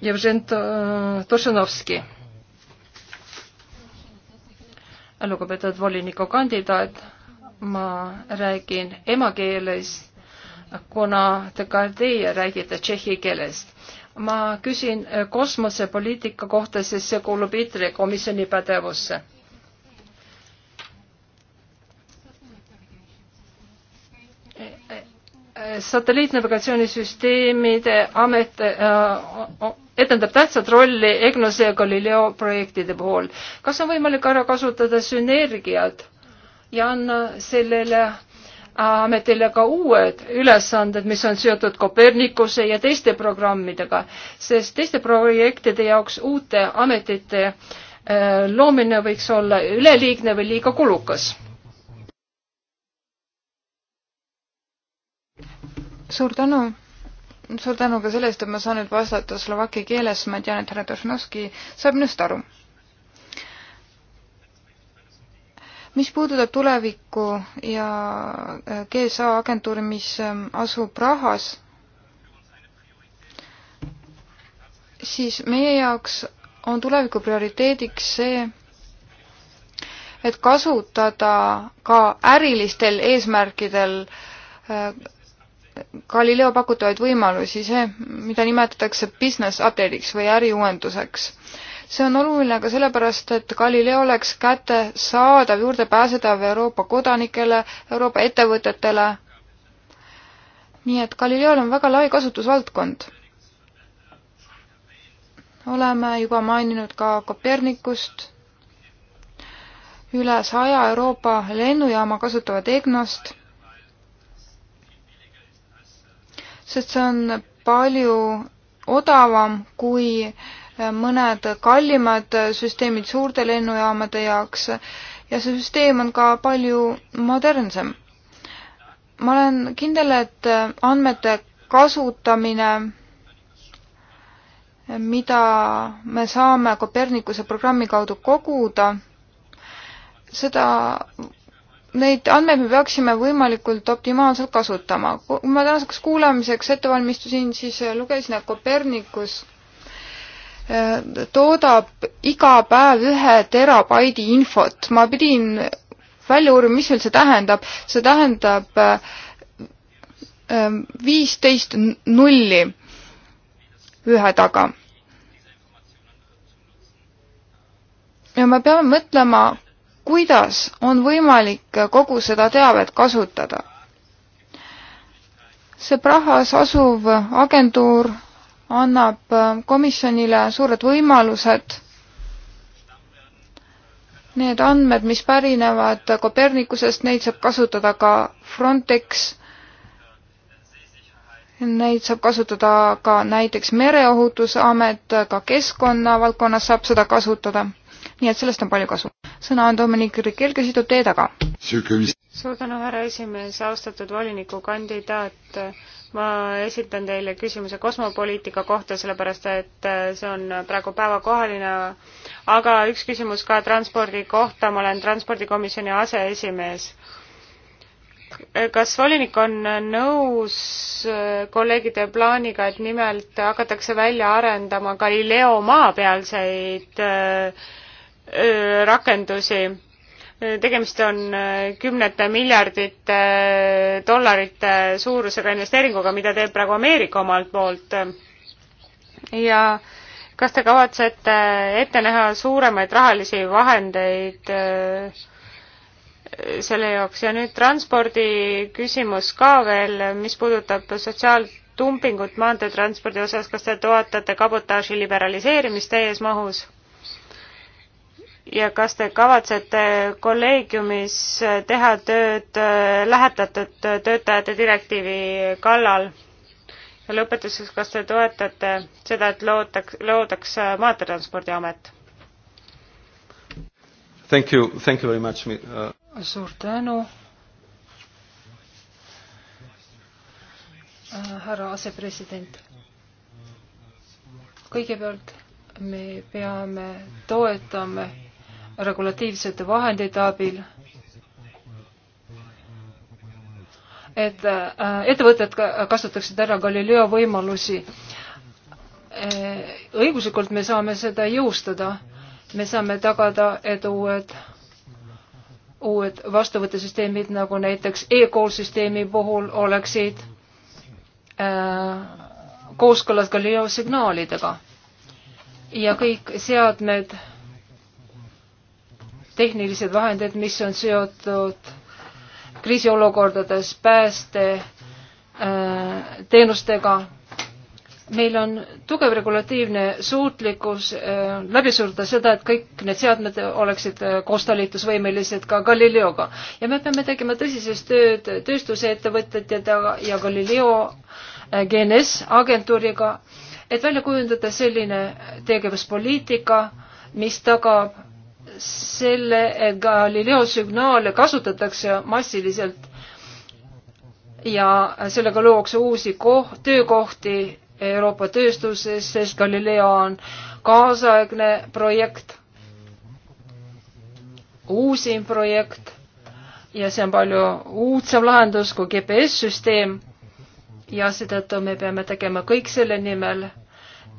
Jevžen Tošenovski. lugupeetud volinikukandidaat, ma räägin emakeeles, kuna te ka teie räägite tšehhi keelest ma küsin äh, kosmosepoliitika kohta, sest see kuulub ITRE komisjoni pädevusse. Äh, äh, satelliitnavigatsioonisüsteemide amet äh, etendab tähtsat rolli EGNOS ja Galileo projektide puhul. kas on võimalik ära kasutada sünergiat ja anda sellele ametile ka uued ülesanded, mis on seotud Kopernikuse ja teiste programmidega, sest teiste projektide jaoks uute ametite äh, loomine võiks olla üleliigne või liiga kulukas. suur tänu, suur tänu ka selle eest, et ma saan nüüd vastata slovaki keeles, ma tean, et härra Tošnovski saab minust aru mis puudutab tulevikku ja äh, GSA agentuuri, mis ähm, asub Rahas, siis meie jaoks on tuleviku prioriteediks see, et kasutada ka ärilistel eesmärkidel äh, Galileo pakutavaid võimalusi, see, mida nimetatakse business update'iks või äriuuenduseks see on oluline ka sellepärast, et Galileo oleks kättesaadav, juurdepääsetav Euroopa kodanikele, Euroopa ettevõtetele. nii et Galileol on väga lai kasutusvaldkond. oleme juba maininud ka Kopernikust, üle saja Euroopa lennujaama kasutavad EGNOst, sest see on palju odavam kui äh, mõned kallimad süsteemid suurte lennujaamade jaoks ja see süsteem on ka palju modernsem. ma olen kindel, et andmete kasutamine, mida me saame Kopernikuse programmi kaudu koguda, seda neid andmeid me peaksime võimalikult optimaalselt kasutama. kui ma tänaseks kuulamiseks ette valmistusin, siis lugesin, et Kopernikus toodab iga päev ühe terabaidi infot. ma pidin välja uurima, mis üldse tähendab. see tähendab äh, viisteist nulli ühe taga. ja me peame mõtlema, kuidas on võimalik kogu seda teavet kasutada. see Prahas asuv agentuur annab äh, komisjonile suured võimalused. Need andmed, mis pärinevad Kopernikusest, neid saab kasutada ka Frontex. Neid saab kasutada ka näiteks Mereohutusamet, ka keskkonnavaldkonnas saab seda kasutada. nii et sellest on palju kasu. sõna on Dominic Riquel, kes istub teie taga. suur tänu, härra esimees, austatud volinikukandidaat ma esitan teile küsimuse kosmopoliitika kohta, sellepärast et äh, see on praegu päevakohaline, aga üks küsimus ka transpordi kohta, ma olen transpordikomisjoni aseesimees. kas volinik on nõus äh, kolleegide plaaniga, et nimelt hakatakse välja arendama Galileo maapealseid äh, rakendusi? tegemist on äh, kümnete miljardite äh, dollarite suurusega investeeringuga, mida teeb praegu Ameerika omalt poolt. ja kas te kavatsete ette näha suuremaid rahalisi vahendeid äh, selle jaoks ja nüüd transpordi küsimus ka veel, mis puudutab sotsiaaltumpingut maanteetranspordi osas, kas te toetate kabotaaži liberaliseerimist täies mahus? ja kas te kavatsete kolleegiumis teha tööd äh, lähetatud töötajate direktiivi kallal? ja lõpetuseks, kas te toetate seda, et loodaks, loodaks äh, Maanteetranspordiamet? Thank you, thank you very much uh.... suur tänu. härra asepresident. kõigepealt me peame toetama regulatiivsete vahendite abil, et äh, ettevõtted kasutaksid ära Galileo võimalusi. Äh, õiguslikult me saame seda jõustada, me saame tagada, et uued uued vastuvõttesüsteemid nagu näiteks e-call süsteemi puhul oleksid äh, kooskõlas Galileo signaalidega. ja kõik seadmed tehnilised vahendid, mis on seotud kriisiolukordades pääste äh, teenustega. meil on tugev regulatiivne suutlikkus äh, läbi suruda seda, et kõik need seadmed oleksid äh, koostalitusvõimelised ka Galileoga ja me peame tegema tõsisest tööd tööstusettevõtjatega ja Galileo GNS agentuuriga, et välja kujundada selline tegevuspoliitika, mis tagab selle, et Galileo signaale kasutatakse massiliselt ja sellega luuakse uusi koht, töökohti Euroopa tööstuses, sest Galileo on kaasaegne projekt, uusim projekt ja see on palju uudsem lahendus kui GPS-süsteem ja seetõttu me peame tegema kõik selle nimel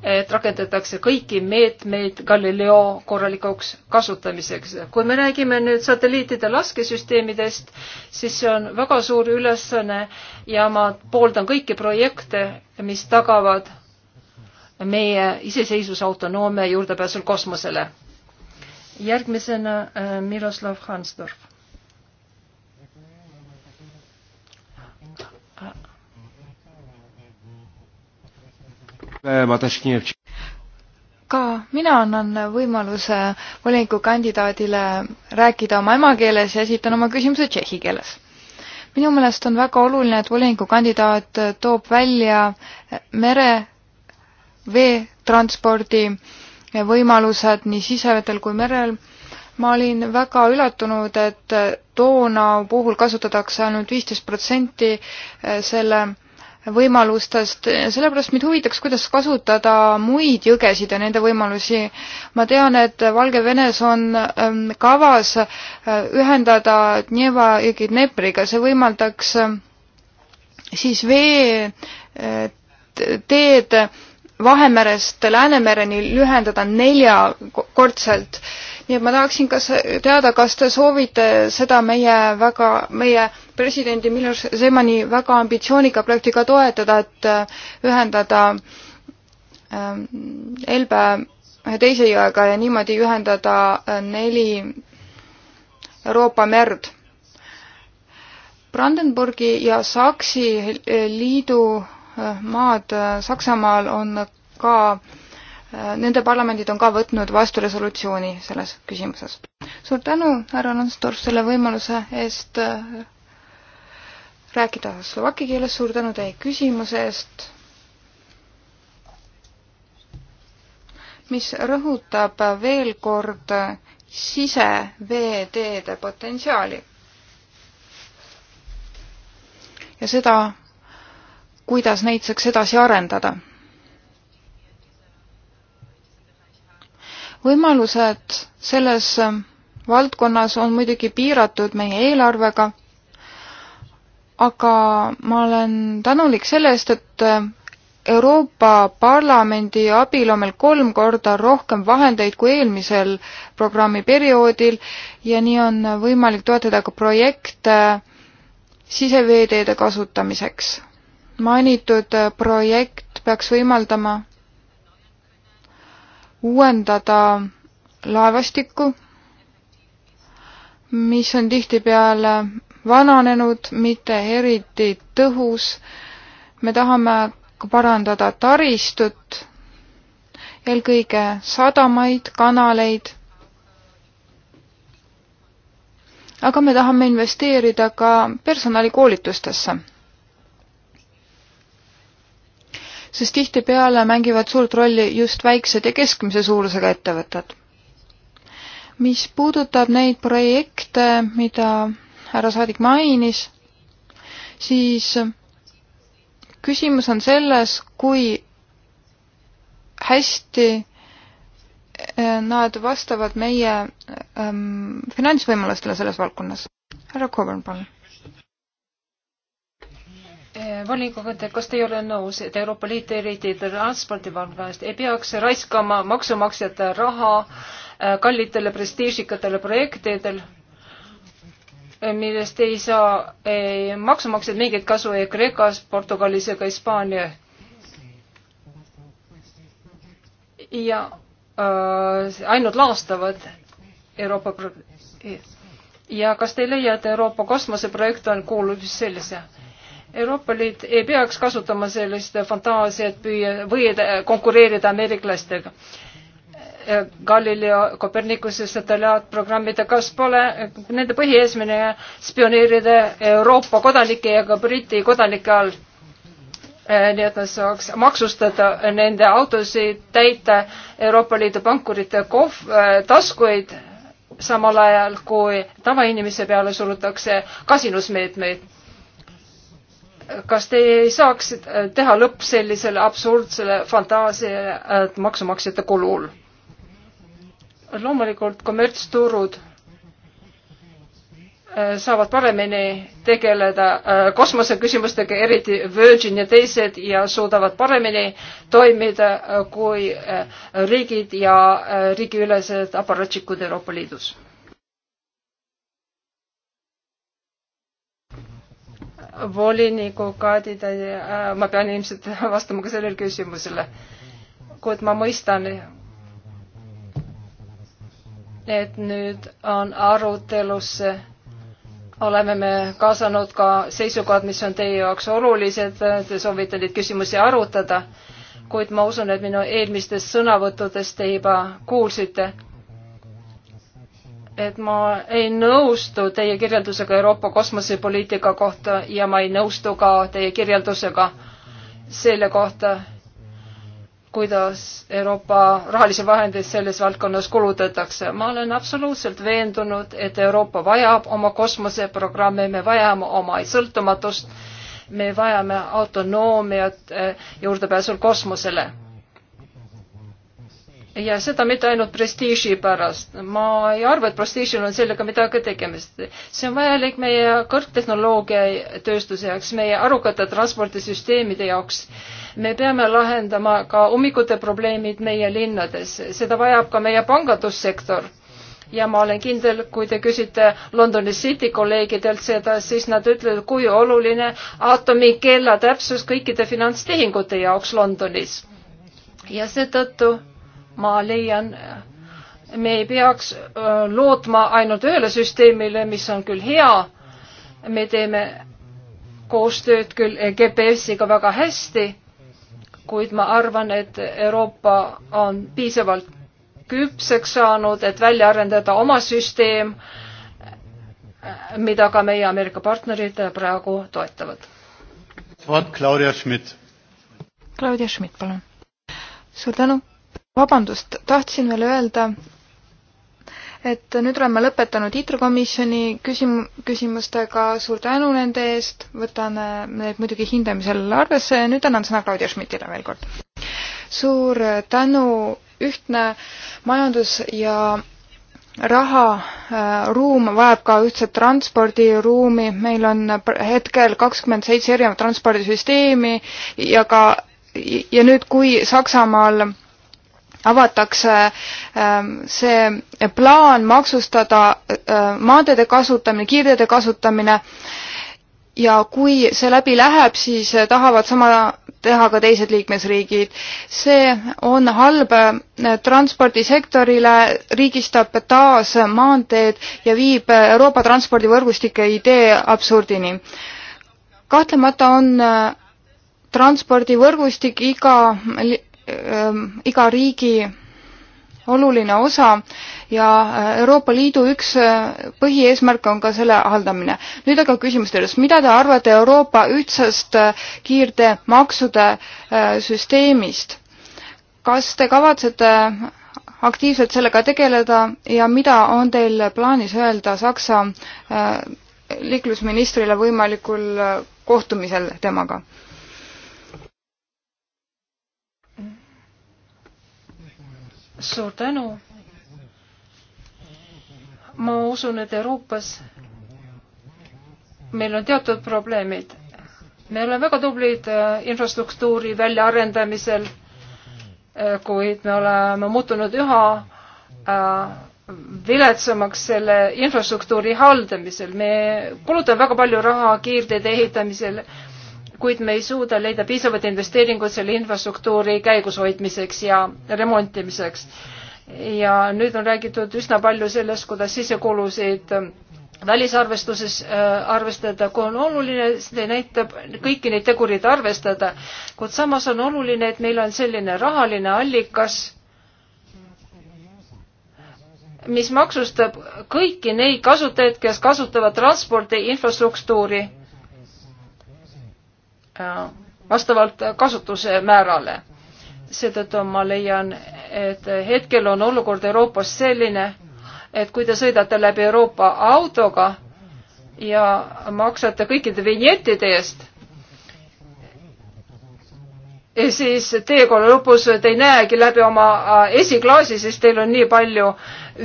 et rakendatakse kõiki meetmeid Galileo korralikuks kasutamiseks. kui me räägime nüüd satelliitide laskesüsteemidest, siis see on väga suur ülesanne ja ma pooldan kõiki projekte, mis tagavad meie iseseisvuse autonoomia juurdepääsul kosmosele. järgmisena äh, Miroslav Hansdorf ka mina annan võimaluse volinikukandidaadile rääkida oma emakeeles ja esitan oma küsimuse tšehhi keeles. minu meelest on väga oluline, et volinikukandidaat toob välja mere, veetranspordi võimalused nii sisevetel kui merel. ma olin väga üllatunud, et toona puhul kasutatakse ainult viisteist protsenti selle võimalustest, sellepärast mind huvitaks, kuidas kasutada muid jõgesid ja nende võimalusi. ma tean, et Valgevenes on ähm, kavas äh, ühendada Dneva jõgi Dnepriga, see võimaldaks äh, siis vee äh, teed Vahemerest Läänemereni lühendada neljakordselt nii et ma tahaksin kas teada, kas te soovite seda meie väga, meie presidendi Miloš Zemani väga ambitsioonika projektiga toetada, et äh, ühendada ähm, Elbe ühe teise jõega ja niimoodi ühendada äh, neli Euroopa merd. Brandenburgi ja Saksi äh, liidu maad Saksamaal on ka äh, Äh, nende parlamendid on ka võtnud vastu resolutsiooni selles küsimuses. suur tänu, härra Lansdorf, selle võimaluse eest äh, rääkida slovaki keeles, suur tänu teie küsimuse eest, mis rõhutab veel kord siseveeteede potentsiaali. ja seda, kuidas neid saaks edasi arendada võimalused selles valdkonnas on muidugi piiratud meie eelarvega, aga ma olen tänulik selle eest, et Euroopa Parlamendi abil on meil kolm korda rohkem vahendeid kui eelmisel programmiperioodil ja nii on võimalik toetada ka projekte siseveeteede kasutamiseks. mainitud projekt peaks võimaldama uuendada laevastikku, mis on tihtipeale vananenud, mitte eriti tõhus. me tahame parandada taristut, eelkõige sadamaid, kanaleid. aga me tahame investeerida ka personalikoolitustesse sest tihtipeale mängivad suurt rolli just väiksed ja keskmise suurusega ettevõtted. mis puudutab neid projekte, mida härra saadik mainis, siis küsimus on selles, kui hästi eh, nad vastavad meie ähm, finantsvõimalustele selles valdkonnas. härra Coburn, palun Eh, volinikuga, kas te ei ole nõus, et Euroopa Liit eriti transpordivalvest ei peaks raiskama maksumaksjate raha eh, kallitele prestiižikatele projektidele, eh, millest ei saa ei maksumaksjad mingit kasu ei Kreekas, Portugalis ega Hispaania. ja äh, ainult laastavad Euroopa pro- ja kas te ei leia, et Euroopa kosmoseprojekt on, kuulub just sellise Euroopa Liit ei peaks kasutama sellist fantaasiat püüa või äh, konkureerida ameeriklastega. Äh, Galileo Copernicuse satellaatprogrammide, kas pole äh, nende põhieesmine spioneerida Euroopa kodanike ja ka Briti kodanike all? nii et nad saaks maksustada nende autosid, täita Euroopa Liidu pankurite kohv-, taskuid, samal ajal kui tavainimese peale surutakse kasinusmeetmeid kas te ei saaks äh, teha lõpp sellisele absurdsele fantaasia äh, maksumaksjate kulul? loomulikult kommertsturud äh, saavad paremini tegeleda kosmoseküsimustega, eriti Virgin ja teised ja suudavad paremini toimida kui riigid ja riigiülesed aparatšikud Euroopa Liidus volinikukandidaadi, äh, ma pean ilmselt vastama ka sellele küsimusele. kuid ma mõistan, et nüüd on arutelusse, oleme me kaasanud ka seisukohad, mis on teie jaoks olulised, te soovite neid küsimusi arutada, kuid ma usun, et minu eelmistest sõnavõttudest te juba kuulsite et ma ei nõustu teie kirjeldusega Euroopa kosmosepoliitika kohta ja ma ei nõustu ka teie kirjeldusega selle kohta, kuidas Euroopa rahalisi vahendeid selles valdkonnas kulutatakse. ma olen absoluutselt veendunud, et Euroopa vajab oma kosmoseprogramme, me vajame oma sõltumatust, me vajame autonoomiat eh, juurdepääsul kosmosele ja seda mitte ainult prestiiži pärast. ma ei arva, et prestiižil on sellega midagi tegemist. see on vajalik meie kõrgtehnoloogia tööstuse jaoks, meie arukate transpordisüsteemide jaoks. me peame lahendama ka ummikute probleemid meie linnades, seda vajab ka meie pangandussektor ja ma olen kindel, kui te küsite Londoni City kolleegidelt seda, siis nad ütlevad, kui oluline aatomikella täpsus kõikide finantstehingute jaoks Londonis. ja seetõttu ma leian, me ei peaks lootma ainult ühele süsteemile, mis on küll hea, me teeme koostööd küll GPS-iga väga hästi, kuid ma arvan, et Euroopa on piisavalt küpseks saanud, et välja arendada oma süsteem, mida ka meie Ameerika partnerid praegu toetavad. Claudia Schmidt. Claudia Schmidt, palun. suur tänu vabandust, tahtsin veel öelda, et nüüd oleme lõpetanud ITRO-komisjoni küsim-, küsimustega, suur tänu nende eest, võtan need eh, muidugi hindamisel arvesse ja nüüd annan sõna Claudia Schmidtile veel kord. suur tänu, ühtne majandus ja raharuum eh, vajab ka ühtset transpordiruumi, meil on hetkel kakskümmend seitse erinevat transpordisüsteemi ja ka, ja nüüd, kui Saksamaal avatakse ähm, see plaan maksustada äh, maateede kasutamine, kiirteede kasutamine ja kui see läbi läheb, siis äh, tahavad sama teha ka teised liikmesriigid. see on halb äh, transpordisektorile, riigistab taas maanteed ja viib Euroopa transpordivõrgustike idee absurdini. kahtlemata on transpordivõrgustik iga iga riigi oluline osa ja Euroopa Liidu üks põhieesmärk on ka selle haldamine. nüüd aga küsimus teile, mida te arvate Euroopa ühtsest kiirteemaksude süsteemist? kas te kavatsete aktiivselt sellega tegeleda ja mida on teil plaanis öelda Saksa liiklusministrile võimalikul kohtumisel temaga? suur tänu. ma usun, et Euroopas meil on teatud probleemid. me oleme väga tublid äh, infrastruktuuri väljaarendamisel, äh, kuid me oleme muutunud üha äh, viletsamaks selle infrastruktuuri haldamisel. me kulutame väga palju raha kiirteede ehitamisel, kuid me ei suuda leida piisavat investeeringut selle infrastruktuuri käigushoidmiseks ja remontimiseks. ja nüüd on räägitud üsna palju sellest, kuidas sisekulusid välisarvestuses äh, arvestada, kui on oluline, see näitab kõiki neid tegureid arvestada, kuid samas on oluline, et meil on selline rahaline allikas, mis maksustab kõiki neid kasutajaid, kes kasutavad transpordi infrastruktuuri Äh, vastavalt kasutuse määrale. seetõttu ma leian, et hetkel on olukord Euroopas selline, et kui te sõidate läbi Euroopa autoga ja maksate kõikide vinjettide eest, ja siis teekonna lõpus te ei näegi läbi oma äh, esiklaasi, sest teil on nii palju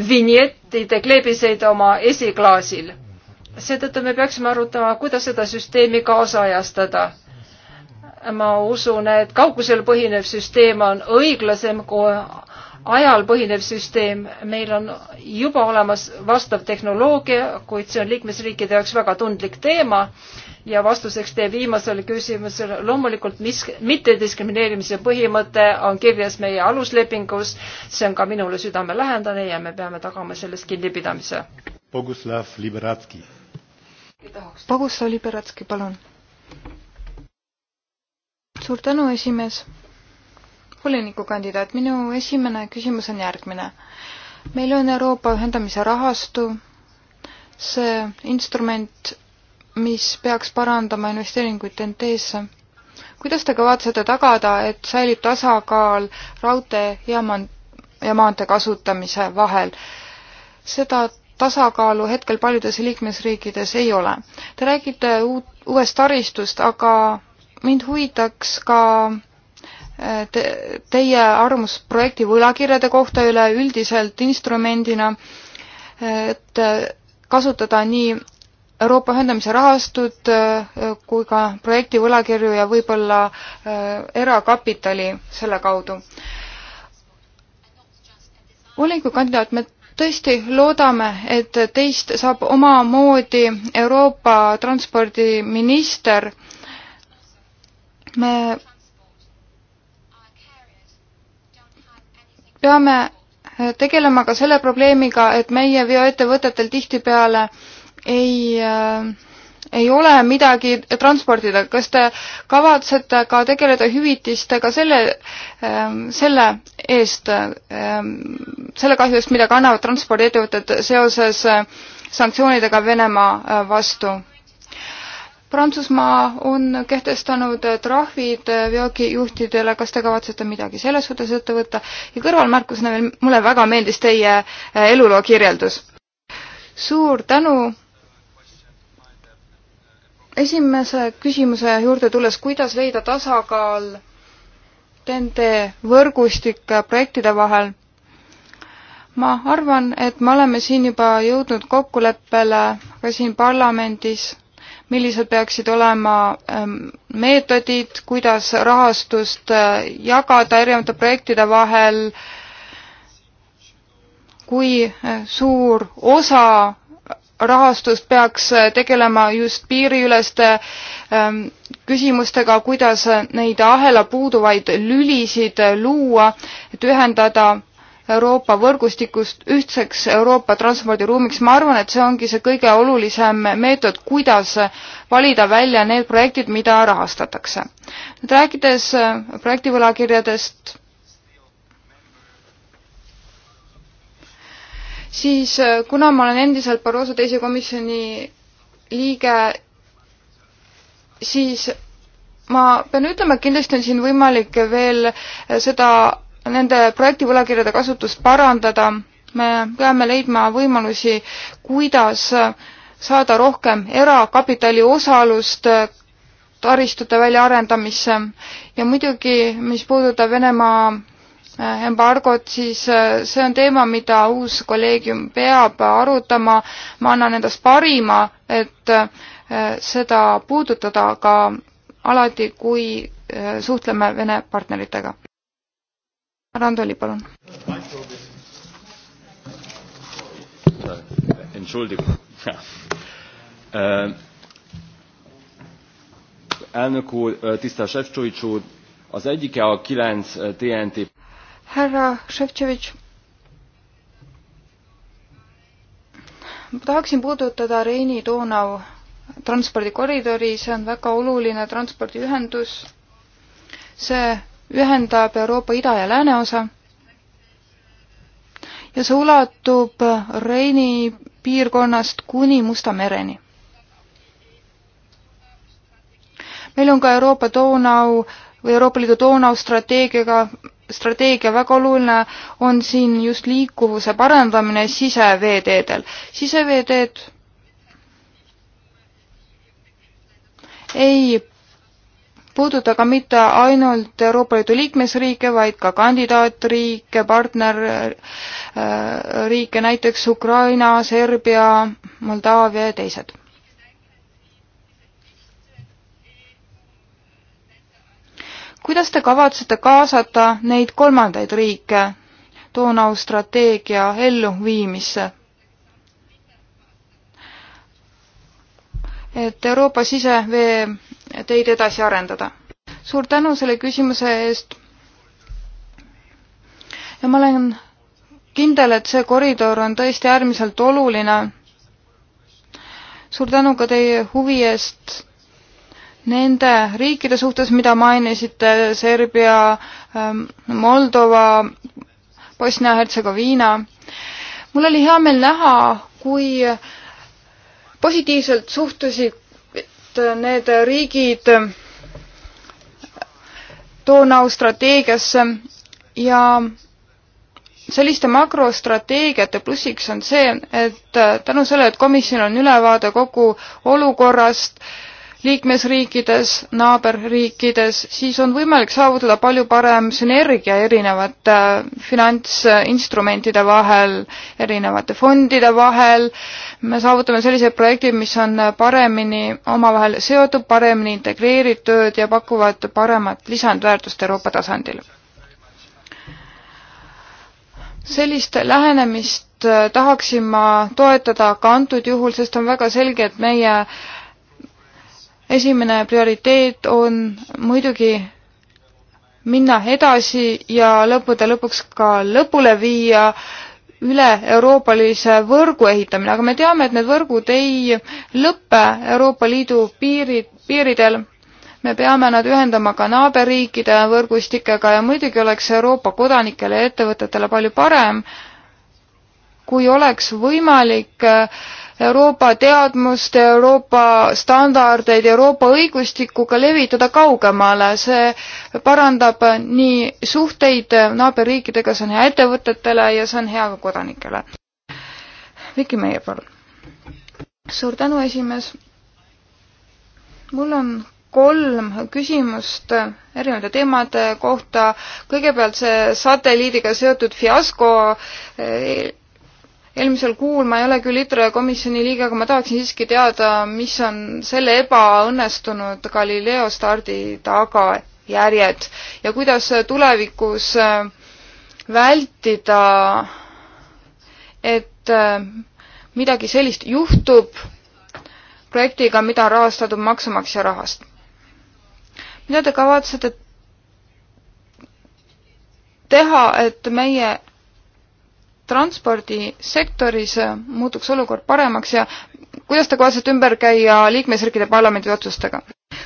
vinjettide kleebiseid oma esiklaasil. seetõttu me peaksime arutama, kuidas seda süsteemi kaasajastada ma usun, et kaugusel põhinev süsteem on õiglasem kui ajal põhinev süsteem. meil on juba olemas vastav tehnoloogia, kuid see on liikmesriikide jaoks väga tundlik teema ja vastuseks teie viimasele küsimusele, loomulikult mis, mittediskrimineerimise põhimõte on kirjas meie aluslepingus, see on ka minule südamelähedane ja me peame tagama sellest kinnipidamise. Boguslav Liberatski. Boguslav Liberatski, palun suur tänu, esimees. volinikukandidaat, minu esimene küsimus on järgmine. meil on Euroopa ühendamise rahastu, see instrument, mis peaks parandama investeeringuid TNT-sse kuidas te kavatsete tagada, et säilib tasakaal raudtee ja maan-, ja maantee kasutamise vahel? seda tasakaalu hetkel paljudes liikmesriikides ei ole. Te räägite uut, uuest taristust, aga mind huvitaks ka äh, te, teie arvamus projekti võlakirjade kohta üleüldiselt instrumendina, et äh, kasutada nii Euroopa ühendamise rahastut äh, kui ka projekti võlakirju ja võib-olla erakapitali selle kaudu. volikogu kandidaat, me tõesti loodame, et teist saab omamoodi Euroopa transpordiminister me peame eh, tegelema ka selle probleemiga, et meie veoettevõtetel tihtipeale ei äh, ei ole midagi transportida, kas te kavatsete ka tegeleda hüvitistega selle, eh, selle eest, selle kahju eest, mida kannavad transpordiettevõtted seoses sanktsioonidega Venemaa vastu? Prantsusmaa on kehtestanud trahvid veokijuhtidele, kas te kavatsete midagi selles suhtes ette võtta? ja kõrvalmärkusena veel, mulle väga meeldis teie eh, eluloo kirjeldus. suur tänu! esimese küsimuse juurde tulles, kuidas leida tasakaal TNT võrgustike projektide vahel? ma arvan, et me oleme siin juba jõudnud kokkuleppele ka siin parlamendis millised peaksid olema ähm, meetodid, kuidas rahastust äh, jagada erinevate projektide vahel, kui äh, suur osa rahastust peaks äh, tegelema just piiriüleste ähm, küsimustega, kuidas neid ahela puuduvaid lülisid luua, et ühendada Euroopa võrgustikust ühtseks Euroopa transpordiruumiks. ma arvan, et see ongi see kõige olulisem meetod, kuidas valida välja need projektid, mida rahastatakse. nüüd rääkides äh, projektivõlakirjadest, siis äh, kuna ma olen endiselt Barroso teise komisjoni liige, siis ma pean ütlema, et kindlasti on siin võimalik veel äh, seda nende projektivõlakirjade kasutust parandada, me peame leidma võimalusi, kuidas saada rohkem erakapitali osalust taristute väljaarendamisse ja muidugi, mis puudutab Venemaa äh, embargot, siis äh, see on teema, mida uus kolleegium peab arutama. ma annan endast parima, et äh, seda puudutada ka alati, kui suhtleme Vene partneritega härra Antoli, palun. Entschuldigung. Äh, elnök úr, äh, tisztelt Sefcsovics úr, az egyike a 9 äh, TNT... Härra Sefcsovics, tahaksin puudutada Reini-Donau transpordikoridori, see on väga oluline transpordiühendus. see ühendab Euroopa ida- ja lääneosa ja see ulatub Reini piirkonnast kuni Musta mereni. meil on ka Euroopa Donau või Euroopa Liidu Donau strateegiaga, strateegia väga oluline on siin just liikuvuse parandamine siseveeteedel. siseveeteed ei puuduta ka mitte ainult Euroopa Liidu liikmesriike, vaid ka kandidaatriike, partnerriike, näiteks Ukraina, Serbia, Moldaavia ja teised. kuidas te kavatsete kaasata neid kolmandaid riike Donau strateegia elluviimisse? et Euroopa siseveeteid edasi arendada. suur tänu selle küsimuse eest. ja ma olen kindel, et see koridor on tõesti äärmiselt oluline. suur tänu ka teie huvi eest nende riikide suhtes, mida mainisite, Serbia, ähm, Moldova, Bosnia-Hertsegoviina. mul oli hea meel näha, kui äh, positiivselt suhtusid need riigid Donau strateegiasse ja selliste makrostrateegiate plussiks on see, et tänu sellele, et komisjonil on ülevaade kogu olukorrast, liikmesriikides, naaberriikides, siis on võimalik saavutada palju parem sünergia erinevate äh, finantsinstrumentide vahel, erinevate fondide vahel. me saavutame sellised projektid, mis on äh, paremini omavahel seotud, paremini integreeritud ja pakuvad paremat lisandväärtust Euroopa tasandil. sellist lähenemist äh, tahaksin ma toetada ka antud juhul, sest on väga selge, et meie esimene prioriteet on muidugi minna edasi ja lõppude lõpuks ka lõpule viia üle-euroopalise võrgu ehitamine, aga me teame, et need võrgud ei lõpe Euroopa Liidu piirid, piiridel. me peame nad ühendama ka naaberriikide võrgustikega ja muidugi oleks Euroopa kodanikele ja ettevõtetele palju parem, kui oleks võimalik äh, Euroopa teadmust, Euroopa standardeid, Euroopa õigustikuga levitada kaugemale, see parandab nii suhteid naaberriikidega, see on hea ettevõtetele ja see on hea ka kodanikele. Viki Meier, palun. suur tänu, esimees. mul on kolm küsimust erinevate teemade kohta. kõigepealt see satelliidiga seotud fiasko eelmisel kuul ma ei ole küll ITRE komisjoni liige, aga ma tahaksin siiski teada, mis on selle ebaõnnestunud Galileo stardi tagajärjed ja kuidas tulevikus äh, vältida, et äh, midagi sellist juhtub projektiga, mida on rahastatud maksumaksja rahast. mida te kavatsete teha, et meie transpordisektoris äh, muutuks olukord paremaks ja kuidas te kavatsete ümber käia liikmesriikide parlamendi otsustega?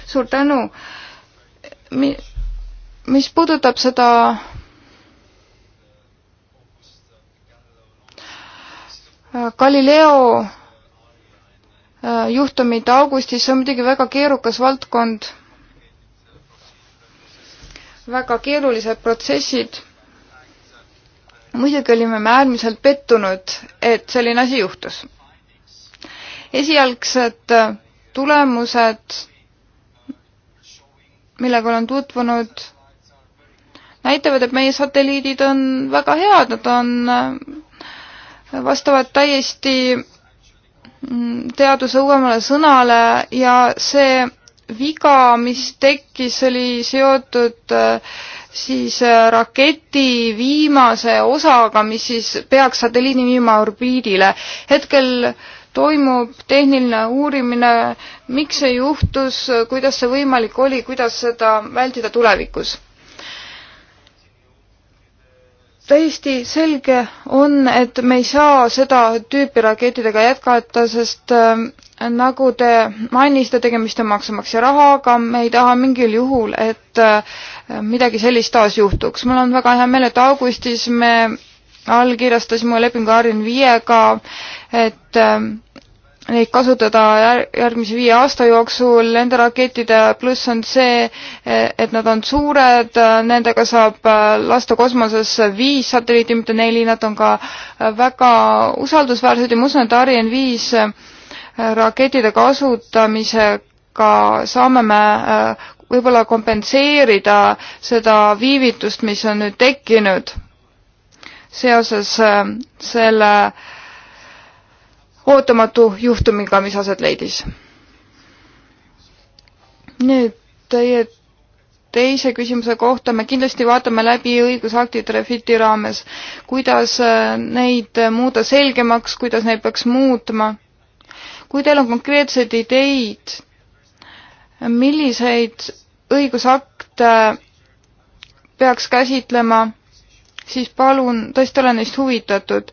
suur tänu. Mi-, mis puudutab seda äh, Galileo äh, juhtumit augustis, see on muidugi väga keerukas valdkond, väga keerulised protsessid muidugi olime me äärmiselt pettunud, et selline asi juhtus. esialgsed tulemused, millega olen tutvunud, näitavad, et meie satelliidid on väga head, nad on, äh, vastavad täiesti mm, teaduse uuemale sõnale ja see viga, mis tekkis, oli seotud äh, siis äh, raketi viimase osaga, mis siis peaks satelliidi viima orbiidile. hetkel toimub tehniline uurimine, miks see juhtus, kuidas see võimalik oli, kuidas seda vältida tulevikus? täiesti selge on, et me ei saa seda tüüpi rakettidega jätkata, sest äh, nagu te mainisite, tegemist on maksumaksja rahaga, me ei taha mingil juhul, et äh, midagi sellist taas juhtuks. mul on väga hea meel, et augustis me allkirjastasime lepingu Arin viiega, et ähm, neid kasutada järgmise viie aasta jooksul. Nende rakettide pluss on see, et nad on suured, nendega saab äh, lasta kosmosesse viis satelliiti, mitte neli, nad on ka äh, väga usaldusväärsed ja ma usun, et Ariane viis äh, rakettide kasutamisega saame me võib-olla kompenseerida seda viivitust, mis on nüüd tekkinud seoses äh, selle ootamatu juhtumiga, mis aset leidis. nüüd teie teise küsimuse kohta me kindlasti vaatame läbi õigusaktid Refiti raames, kuidas äh, neid muuta selgemaks, kuidas neid peaks muutma. kui teil on konkreetseid ideid milliseid õigusakte peaks käsitlema, siis palun, tõesti olen neist huvitatud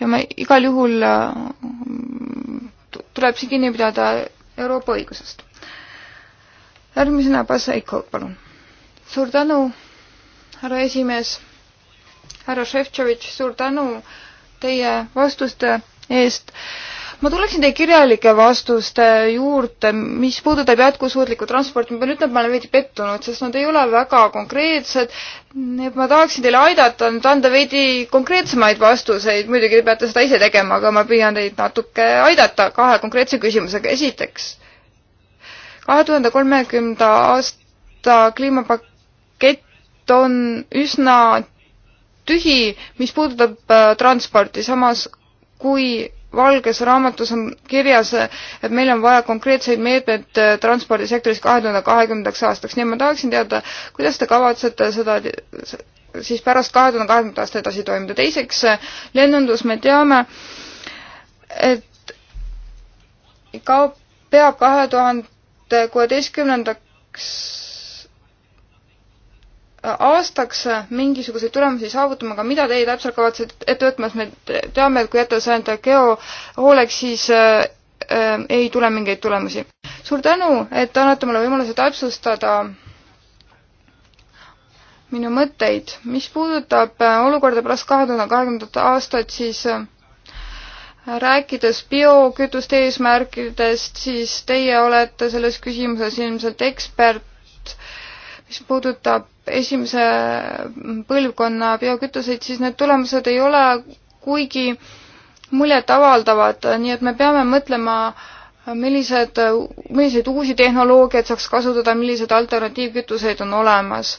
ja ma igal juhul äh, tuleb siin kinni pidada Euroopa õigusest. järgmisena Bas Eikov, palun. suur tänu, härra esimees, härra Šeftšovitš, suur tänu teie vastuste eest ma tuleksin teie kirjalike vastuste juurde, mis puudutab jätkusuutlikku transporti, ma pean ütlema, et ma olen veidi pettunud, sest nad ei ole väga konkreetsed, nii et ma tahaksin teile aidata nüüd anda veidi konkreetsemaid vastuseid, muidugi te peate seda ise tegema, aga ma püüan teid natuke aidata kahe konkreetse küsimusega, esiteks kahe tuhande kolmekümnenda aasta kliimapakett on üsna tühi, mis puudutab äh, transporti, samas kui valges raamatus on kirjas, et meil on vaja konkreetseid meetmeid äh, transpordisektoris kahe tuhande kahekümnendaks aastaks, nii et ma tahaksin teada, kuidas te kavatsete seda siis pärast kahe tuhande kahekümnendat aastat edasi toimida. teiseks, lennundus, me teame, et kaob, peab kahe tuhande kuueteistkümnendaks aastaks mingisuguseid tulemusi saavutama, aga mida teie täpselt kavatsete ette võtma, sest me teame, et kui jätta see ainult geohooleks, siis äh, äh, ei tule mingeid tulemusi. suur tänu, et annate mulle võimaluse täpsustada minu mõtteid. mis puudutab äh, olukorda pärast kahe tuhande kahekümnendat aastat, siis äh, rääkides biokütuste eesmärkidest, siis teie olete selles küsimuses ilmselt ekspert mis puudutab esimese põlvkonna biokütuseid, siis need tulemused ei ole kuigi muljetavaldavad, nii et me peame mõtlema, millised, milliseid uusi tehnoloogiaid saaks kasutada, millised alternatiivkütuseid on olemas.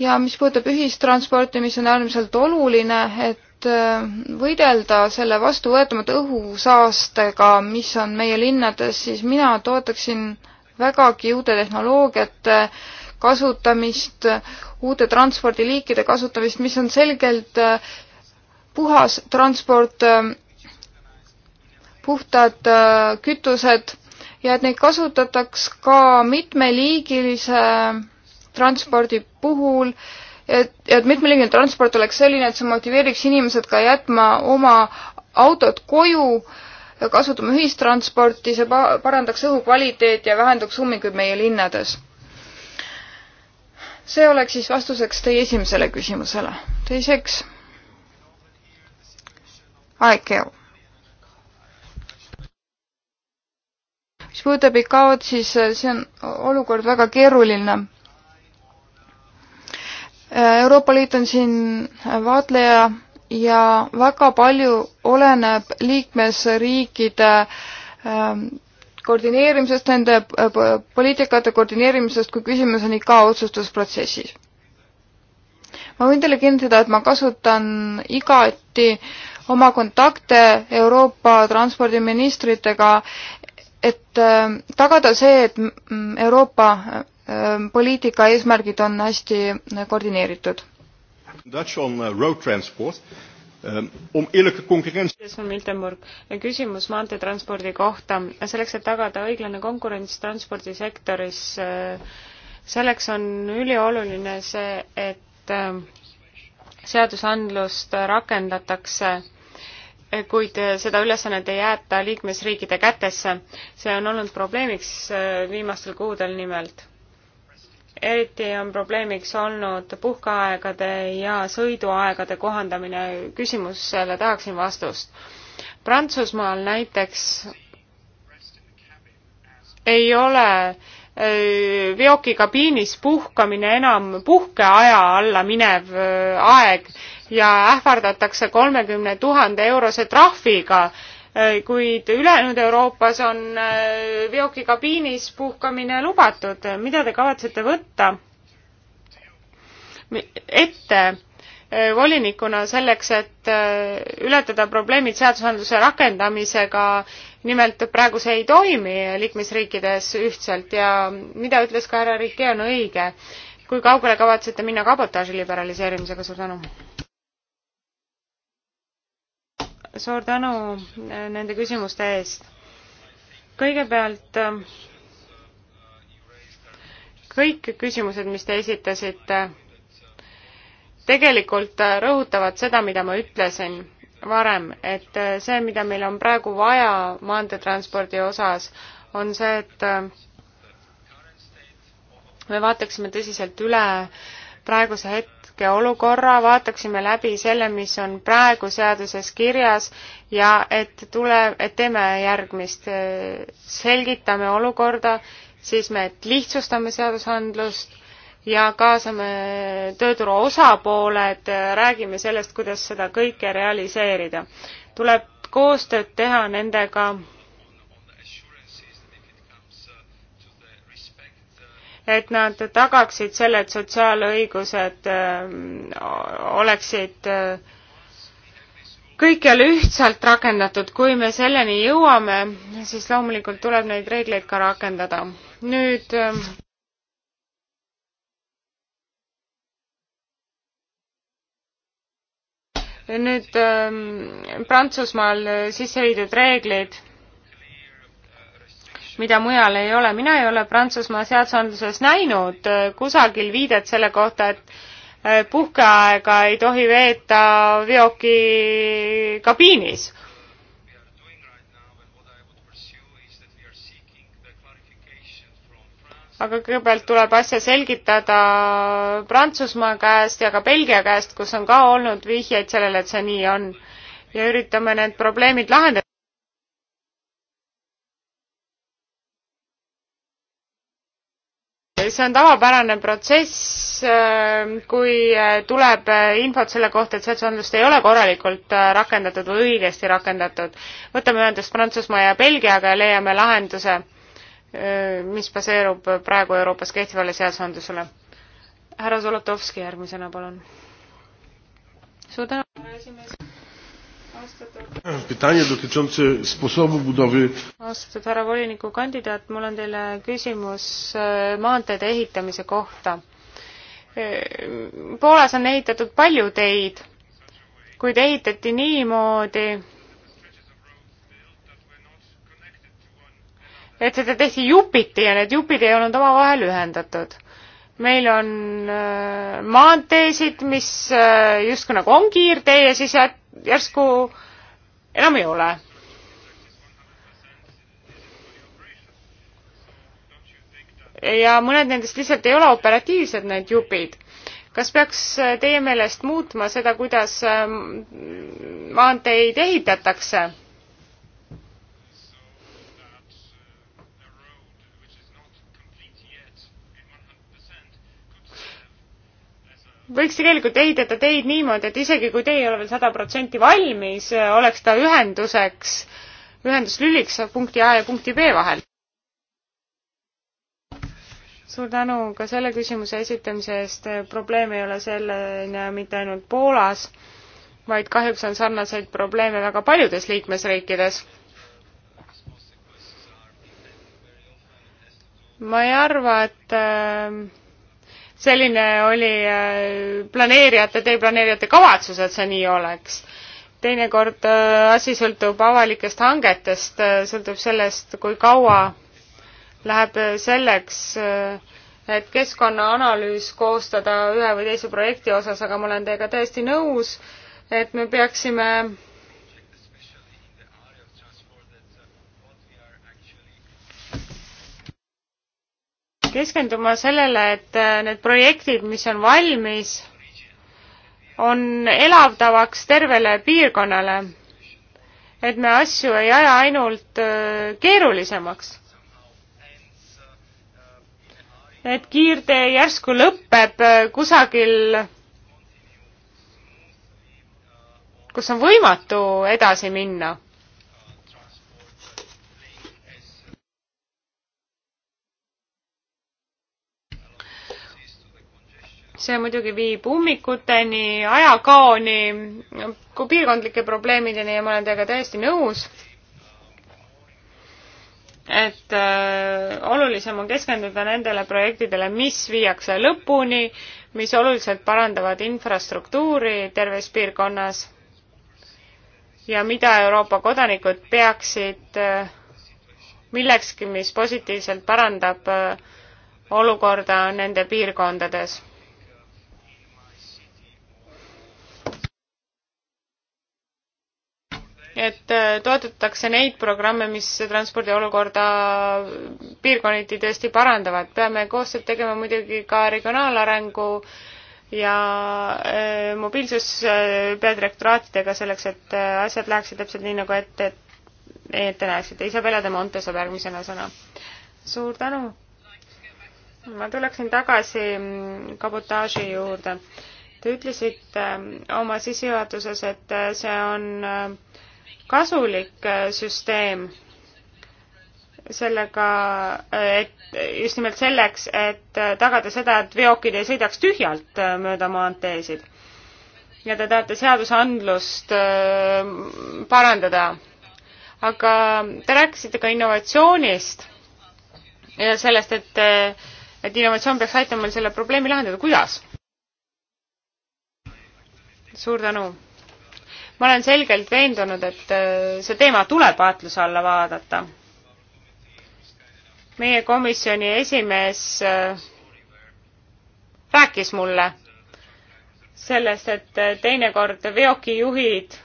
ja mis puudutab ühistransporti, mis on äärmiselt oluline, et äh, võidelda selle vastuvõetamata õhusaastega, mis on meie linnades, siis mina toetaksin vägagi uute tehnoloogiate äh, kasutamist, uute transpordiliikide kasutamist, mis on selgelt äh, puhas transport, äh, puhtad äh, kütused ja et neid kasutataks ka mitmeliigilise transpordi puhul, et, et mitmeliigiline transport oleks selline, et see motiveeriks inimesed ka jätma oma autod koju, kasutama ühistransporti, see parandaks õhukvaliteeti ja vähendaks ummikuid meie linnades see oleks siis vastuseks teie esimesele küsimusele. teiseks, ICAO. mis puudutab ICAO-d, siis äh, see on olukord väga keeruline. Äh, Euroopa Liit on siin vaatleja ja väga palju oleneb liikmesriikide ähm, koordineerimisest, nende äh, poliitikate koordineerimisest, kui küsimus on ikka otsustusprotsessis. ma võin teile kinnitada, et ma kasutan igati oma kontakte Euroopa transpordiministritega, et äh, tagada see, et mm, Euroopa äh, poliitika eesmärgid on hästi koordineeritud. Dutch on road transport Ehm, om eerlijke concurrentie. küsimus maanteetranspordi kohta. selleks, et tagada õiglane konkurents transpordisektoris, eh, selleks on ülioluline see, et eh, seadusandlust rakendatakse, eh, kuid seda ülesannet ei jäeta liikmesriikide kätesse. see on olnud probleemiks viimastel kuudel nimelt eriti on probleemiks olnud puhkeaegade ja sõiduaegade kohandamine, küsimusele tahaksin vastust. Prantsusmaal näiteks ei ole äh, veokikabiinis puhkamine enam puhkeaja alla minev äh, aeg ja ähvardatakse kolmekümne tuhande eurose trahviga Äh, kuid ülejäänud Euroopas on äh, veokikabiinis puhkamine lubatud. mida te kavatsete võtta ette äh, volinikuna selleks, et ületada probleemid seadusandluse rakendamisega, nimelt praegu see ei toimi liikmesriikides ühtselt ja mida ütles ka härra Rike, on õige. kui kaugele kavatsete minna kabotaaži liberaliseerimisega, suur tänu! suur tänu äh, nende küsimuste eest. kõigepealt äh, kõik küsimused, mis te esitasite, tegelikult äh, rõhutavad seda, mida ma ütlesin varem, et see, mida meil on praegu vaja maanteetranspordi osas, on see, et me vaataksime tõsiselt üle praeguse hetke hetkeolukorra, vaataksime läbi selle, mis on praegu seaduses kirjas ja et tule, et teeme järgmist, selgitame olukorda, siis me lihtsustame seadusandlust ja kaasame tööturu osapooled, räägime sellest, kuidas seda kõike realiseerida. tuleb koostööd teha nendega et nad tagaksid selle, et sotsiaalõigused ähm, oleksid äh, kõikjal ühtsalt rakendatud. kui me selleni jõuame, siis loomulikult tuleb neid reegleid ka rakendada. nüüd ähm, nüüd ähm, Prantsusmaal sisse viidud reeglid mida mujal ei ole. mina ei ole Prantsusmaa seadusandluses näinud äh, kusagil viidet selle kohta, et äh, puhkeaega ei tohi veeta veokikabiinis aga kõigepealt tuleb asja selgitada Prantsusmaa käest ja ka Belgia käest, kus on ka olnud vihjeid sellele, et see nii on. ja üritame need probleemid lahendada. see on tavapärane protsess, äh, kui äh, tuleb äh, infot selle kohta, et seadusandlust ei ole korralikult rakendatud või õigesti rakendatud. võtame ühendust Prantsusmaa ja Belgiaga ja leiame lahenduse, mis baseerub praegu Euroopas kehtivale seadusandlusele. härra Zolotovski järgmisena, palun. suur tänu, härra esimees austatud härra volinikukandidaat, mul on teile küsimus e, maanteede ehitamise kohta. E, Poolas on ehitatud palju teid, kuid ehitati niimoodi, et seda tehti jupiti ja need jupid ei olnud omavahel ühendatud. meil on e, maanteesid, mis justkui nagu on kiirtee ja siis jät-, järsku enam ei ole. ja mõned nendest lihtsalt ei ole operatiivsed, need jupid. kas peaks teie meelest muutma seda, kuidas ähm, maanteid ehitatakse? võiks tegelikult ehitada teid niimoodi, et isegi kui te ei ole veel sada protsenti valmis, äh, oleks ta ühenduseks, ühenduslüliks punkti A ja punkti B vahel. suur tänu ka selle küsimuse esitamise eest, probleem ei ole selline mitte ainult Poolas, vaid kahjuks on sarnaseid probleeme väga paljudes liikmesriikides ma ei arva, et äh, selline oli äh, planeerijate, teeplaneerijate kavatsus, et see nii oleks. teinekord äh, asi sõltub avalikest hangetest, äh, sõltub sellest, kui kaua läheb selleks, et keskkonnaanalüüs koostada ühe või teise projekti osas, aga ma olen teiega täiesti nõus, et me peaksime keskenduma sellele, et äh, need projektid, mis on valmis, on elavdavaks tervele piirkonnale. et me asju ei aja ainult äh, keerulisemaks. et kiirtee järsku lõpeb äh, kusagil, kus on võimatu edasi minna see muidugi viib ummikuteni, ajakaoni, piirkondlike probleemideni ja ma olen teiega täiesti nõus, et äh, olulisem on keskenduda nendele projektidele, mis viiakse lõpuni, mis oluliselt parandavad infrastruktuuri terves piirkonnas ja mida Euroopa kodanikud peaksid äh, millekski, mis positiivselt parandab äh, olukorda nende piirkondades et äh, toetatakse neid programme, mis transpordi olukorda piirkonniti tõesti parandavad. peame koostööd tegema muidugi ka regionaalarengu ja äh, mobiilsuspeadirektoraatidega selleks, et äh, asjad läheksid täpselt nii, nagu ette, ette näeksite. Isabella de Monte saab järgmisena sõna. suur tänu! ma tuleksin tagasi mm, kabotaaži juurde. Te ütlesite äh, oma sissejuhatuses, et äh, see on äh, kasulik äh, süsteem sellega, äh, et just nimelt selleks, et äh, tagada seda, et veokid ei sõidaks tühjalt mööda maanteesid. ja te tahate seadusandlust parandada. aga te rääkisite ka innovatsioonist ja sellest, et, et innovatsioon peaks aitama meil selle probleemi lahendada. kuidas? suur tänu ma olen selgelt veendunud, et äh, see teema tuleb vaatluse alla vaadata. meie komisjoni esimees äh, rääkis mulle sellest, et äh, teinekord veokijuhid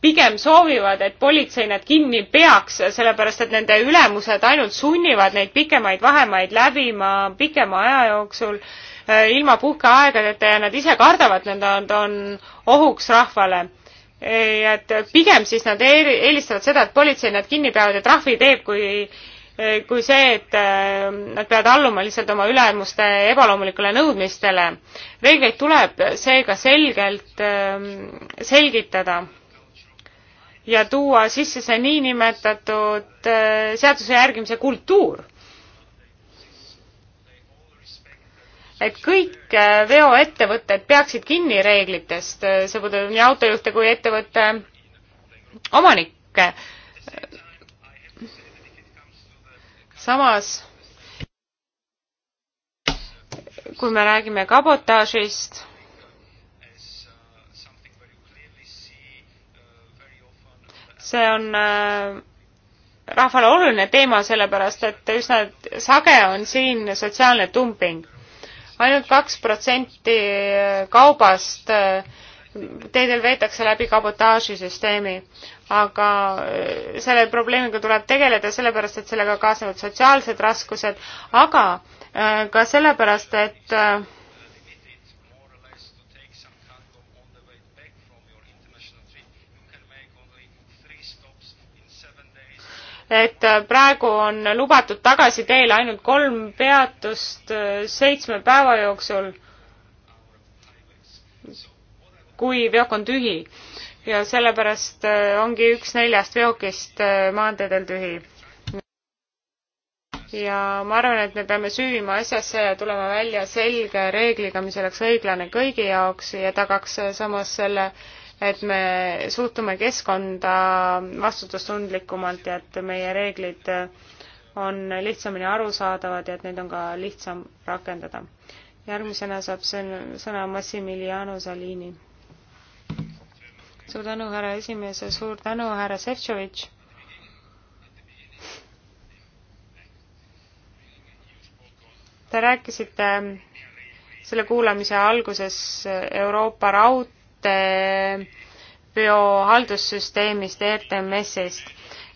pigem soovivad, et politsei nad kinni peaks, sellepärast et nende ülemused ainult sunnivad neid pikemaid vahemaid läbima pikema aja jooksul Äh, ilma puhkeaegadeta ja nad ise kardavad, et nad on ohuks rahvale. Eh, et pigem siis nad eelistavad seda, et politsei nad kinni peavad ja trahvi teeb, kui eh, kui see, et äh, nad peavad alluma lihtsalt oma ülemuste ebaloomulikule nõudmistele. reegleid tuleb seega selgelt ähm, selgitada ja tuua sisse see niinimetatud äh, seaduse järgimise kultuur et kõik äh, veoettevõtted peaksid kinni reeglitest, äh, see puudutab nii autojuhte kui ettevõtte omanikke. samas kui me räägime kabotaažist, see on äh, rahvale oluline teema, sellepärast et üsna sage on siin sotsiaalne dumping ainult kaks protsenti kaubast teedel veetakse läbi kabotaažisüsteemi, aga äh, selle probleemiga tuleb tegeleda, sellepärast et sellega kaasnevad sotsiaalsed raskused, aga äh, ka sellepärast, et äh, et praegu on lubatud tagasi teele ainult kolm peatust eh, seitsme päeva jooksul, kui veok on tühi. ja sellepärast eh, ongi üks neljast veokist eh, maanteedel tühi. ja ma arvan, et me peame süüvima asjasse ja tulema välja selge reegliga, mis oleks õiglane kõigi jaoks ja tagaks samas selle äh, et me suhtume keskkonda vastutustundlikumalt ja et meie reeglid on lihtsamini arusaadavad ja et neid on ka lihtsam rakendada. järgmisena saab sõna Massimiliano Salini. suur tänu, härra esimees ja suur tänu, härra Šefčovitš. Te rääkisite selle kuulamise alguses Euroopa raud-, biohaldussüsteemist RTMS-ist.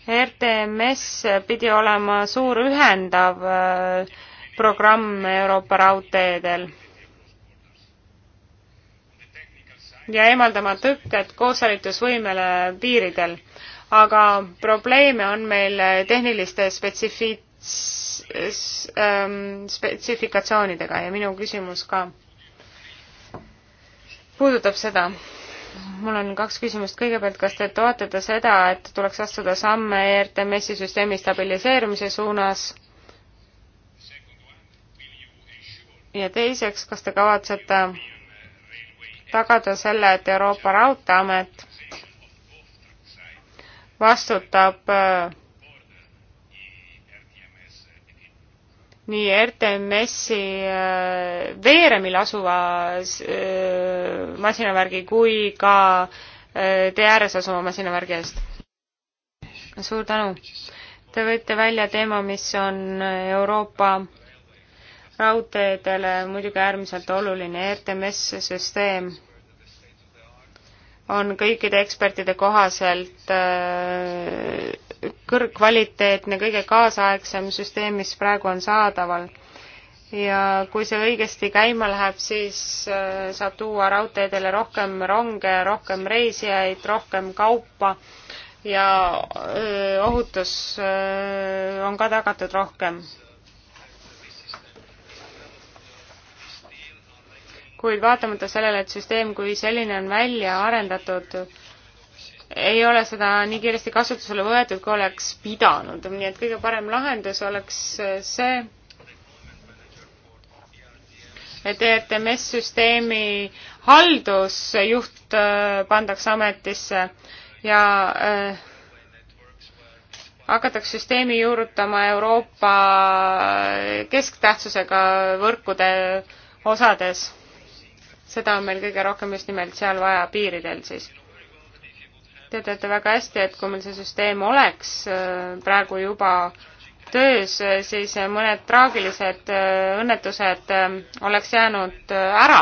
RTMS pidi olema suur ühendav äh, programm Euroopa raudteedel ja eemaldama tõkked koosalitusvõimele piiridel. aga probleeme on meil tehniliste spetsifits- ähm,, spetsifikatsioonidega ja minu küsimus ka puudutab seda, mul on kaks küsimust, kõigepealt, kas te toetate seda, et tuleks astuda samme ERTMS-i süsteemi stabiliseerumise suunas? ja teiseks, kas te kavatsete tagada selle, et Euroopa Raudteeamet vastutab äh, nii RTMS-i äh, Veeremil asuva äh, masinavärgi kui ka äh, tee ääres asuva masinavärgi eest. suur tänu! Te võite välja teema, mis on Euroopa raudteedele muidugi äärmiselt oluline, RTMS süsteem on kõikide ekspertide kohaselt äh, kõrgkvaliteetne, kõige kaasaegsem süsteem, mis praegu on saadaval. ja kui see õigesti käima läheb, siis äh, saab tuua raudteedele rohkem ronge, rohkem reisijaid, rohkem kaupa ja äh, ohutus äh, on ka tagatud rohkem. kuid vaatamata sellele, et süsteem kui selline on välja arendatud, ei ole seda nii kiiresti kasutusele võetud, kui oleks pidanud, nii et kõige parem lahendus oleks see, et ERTMS-süsteemi haldusjuht äh, pandakse ametisse ja äh, hakataks süsteemi juurutama Euroopa äh, kesktähtsusega võrkude osades. seda on meil kõige rohkem just nimelt seal vaja, piiridel siis Te teate väga hästi, et kui meil see süsteem oleks äh, praegu juba töös, äh, siis äh, mõned traagilised õnnetused oleks jäänud ära.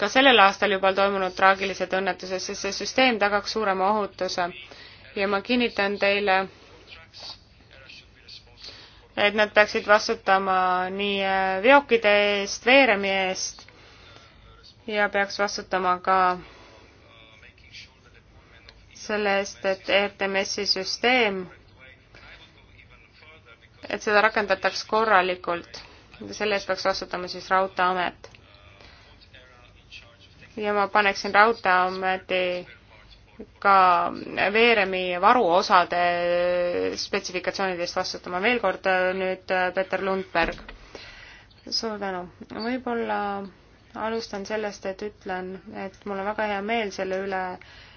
ka sellel aastal juba toimunud traagilised õnnetused, sest see süsteem tagaks suurema ohutuse. ja ma kinnitan teile, et nad peaksid vastutama nii veokide eest, veeremi eest ja peaks vastutama ka selle eest, et ERTMS-i süsteem, et seda rakendataks korralikult. selle eest peaks vastutama siis Raudteeamet. ja ma paneksin Raudteeameti ka veeremi varuosade spetsifikatsioonidest vastutama. veel kord nüüd äh, Peter Lundberg. suur tänu. võib-olla alustan sellest, et ütlen, et mul on väga hea meel selle üle,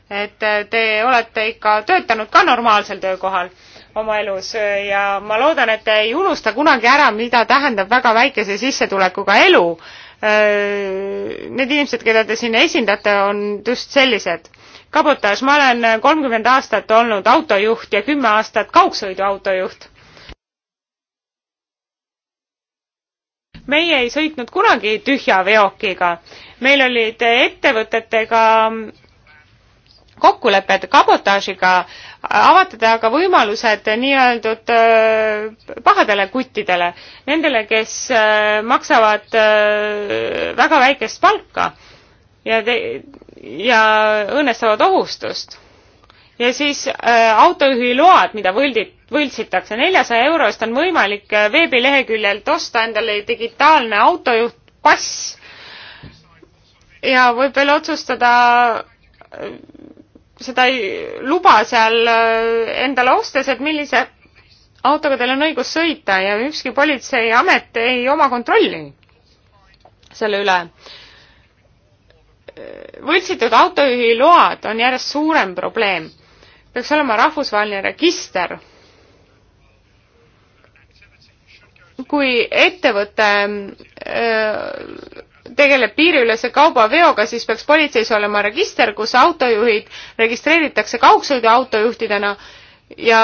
et te olete ikka töötanud ka normaalsel töökohal oma elus ja ma loodan, et te ei unusta kunagi ära, mida tähendab väga väikese sissetulekuga elu. Äh, need inimesed, keda te siin esindate, on just sellised. kabotaaž, ma olen kolmkümmend aastat olnud autojuht ja kümme aastat kaugsõiduautojuht. meie ei sõitnud kunagi tühja veokiga, meil olid ettevõtetega kokkulepped kabotaažiga, avatada aga võimalused nii-öeldud äh, pahadele kuttidele, nendele, kes äh, maksavad äh, väga väikest palka ja te-, ja õõnestavad ohustust. ja siis autojuhiload, mida võldi-, võltsitakse, neljasaja euro eest on võimalik veebileheküljelt osta endale digitaalne autojuht, pass ja võib veel otsustada seda ei luba seal äh, endale ostes, et millise autoga teil on õigus sõita ja ükski politseiamet ei oma kontrolli selle üle. võltsitud autojuhi load on järjest suurem probleem. peaks olema rahvusvaheline register. kui ettevõte öö, äh, tegeleb piiriülese kaubaveoga, siis peaks politseis olema register, kus autojuhid registreeritakse kaugsõiduautojuhtidena ja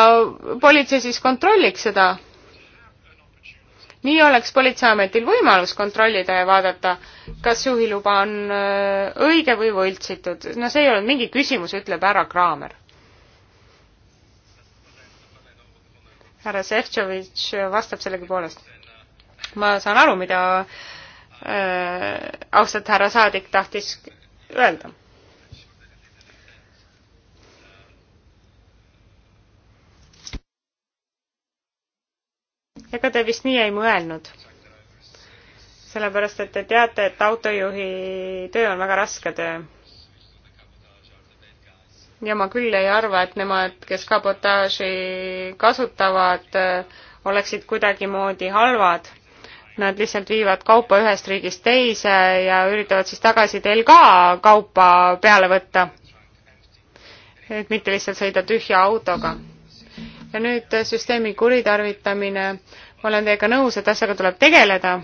politsei siis kontrolliks seda. nii oleks Politseiametil võimalus kontrollida ja vaadata, kas juhiluba on äh, õige või võltsitud. no see ei olnud mingi küsimus, ütleb härra Kraamer. härra Šefčovitš vastab sellegipoolest. ma saan aru, mida Äh, austatud härra saadik tahtis öelda. ega te vist nii ei mõelnud? sellepärast, et te teate, et autojuhi töö on väga raske töö. ja ma küll ei arva, et nemad, kes kabotaaži kasutavad, äh, oleksid kuidagimoodi halvad nad lihtsalt viivad kaupa ühest riigist teise ja üritavad siis tagasi teil ka kaupa peale võtta. et mitte lihtsalt sõida tühja autoga. ja nüüd süsteemi kuritarvitamine. ma olen teiega nõus, et asjaga tuleb tegeleda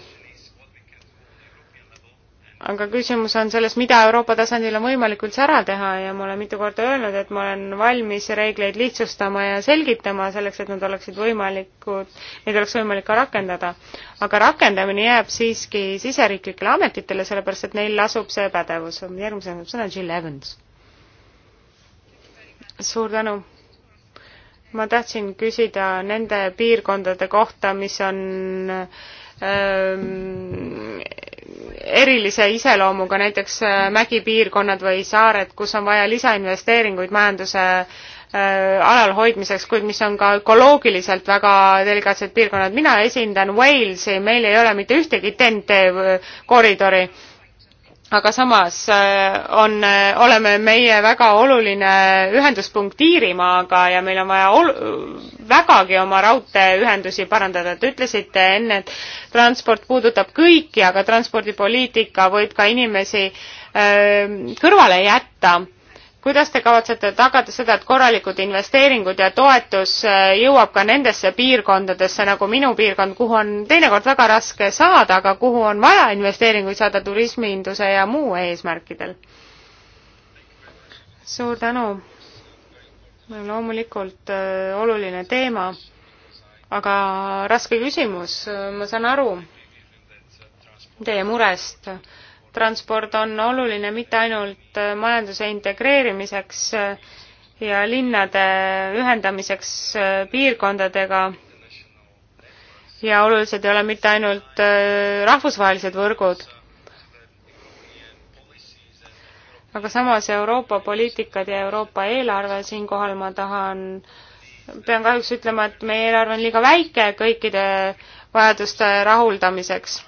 aga küsimus on selles, mida Euroopa tasandil on võimalik üldse ära teha ja ma olen mitu korda öelnud, et ma olen valmis reegleid lihtsustama ja selgitama selleks, et nad oleksid võimalikud, neid oleks võimalik ka rakendada. aga rakendamine jääb siiski siseriiklikele ametitele, sellepärast et neil lasub see pädevus. järgmisena saab sõna Jill Evans. suur tänu. ma tahtsin küsida nende piirkondade kohta, mis on öö, ähm, erilise iseloomuga, näiteks äh, mägipiirkonnad või saared, kus on vaja lisainvesteeringuid majanduse äh, alal hoidmiseks, kuid mis on ka ökoloogiliselt väga delikaatsed piirkonnad. mina esindan Walesi, meil ei ole mitte ühtegi TNT äh, koridori aga samas äh, on, äh, oleme meie väga oluline ühenduspunkt Iirimaaga ja meil on vaja ol-, vägagi oma raudteeühendusi parandada. Te ütlesite enne, et transport puudutab kõiki, aga transpordipoliitika võib ka inimesi öö, äh, kõrvale jätta kuidas te kavatsete tagada seda, et korralikud investeeringud ja toetus äh, jõuab ka nendesse piirkondadesse, nagu minu piirkond, kuhu on teinekord väga raske saada, aga kuhu on vaja investeeringuid saada turismihinduse ja muu eesmärkidel? suur tänu! loomulikult äh, oluline teema, aga raske küsimus, äh, ma saan aru teie murest transport on oluline mitte ainult äh, majanduse integreerimiseks äh, ja linnade ühendamiseks äh, piirkondadega ja olulised ei ole mitte ainult rahvusvahelised võrgud, aga samas Euroopa poliitikad ja Euroopa eelarve, siinkohal ma tahan, pean kahjuks ütlema, et meie eelarve on liiga väike kõikide vajaduste rahuldamiseks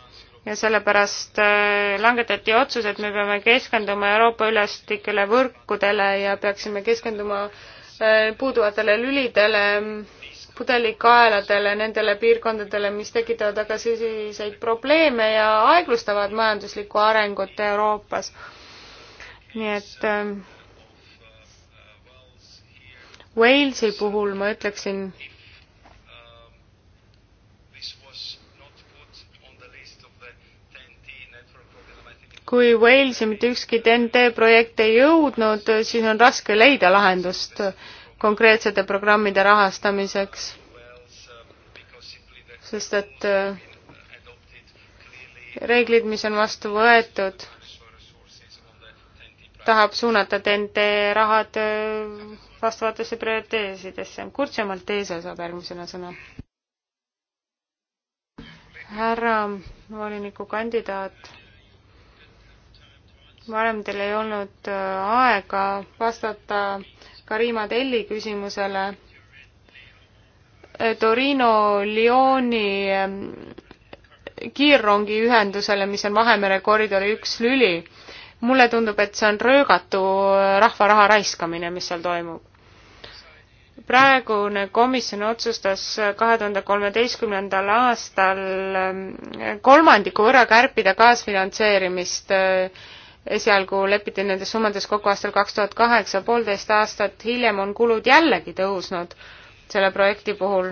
ja sellepärast äh, langetati otsus, et me peame keskenduma Euroopa ülestikele võrkudele ja peaksime keskenduma äh, puuduvatele lülidele, pudelikaeladele, nendele piirkondadele, mis tekitavad väga sisiseid probleeme ja aeglustavad majanduslikku arengut Euroopas. nii et äh, Walesi puhul ma ütleksin, kui Walesi mitte ükski TNT projekt ei jõudnud, siis on raske leida lahendust konkreetsete programmide rahastamiseks. sest et äh, reeglid, mis on vastu võetud, tahab suunata TNT rahad äh, vastavatesse prioriteesidesse. Kurtse Maltese saab järgmisena sõna. härra volinikukandidaat varem teil ei olnud äh, aega vastata Karima Telli küsimusele. Äh, Torino Lyoni ähm, kiirrongiühendusele, mis on Vahemere koridori üks lüli. mulle tundub, et see on röögatu äh, rahva raha raiskamine, mis seal toimub. praegune komisjon otsustas kahe tuhande kolmeteistkümnendal aastal ähm, kolmandiku võrra kärpida kaasfinantseerimist äh, esialgu lepiti nendes summades kokku aastal kaks tuhat kaheksa, poolteist aastat hiljem on kulud jällegi tõusnud selle projekti puhul.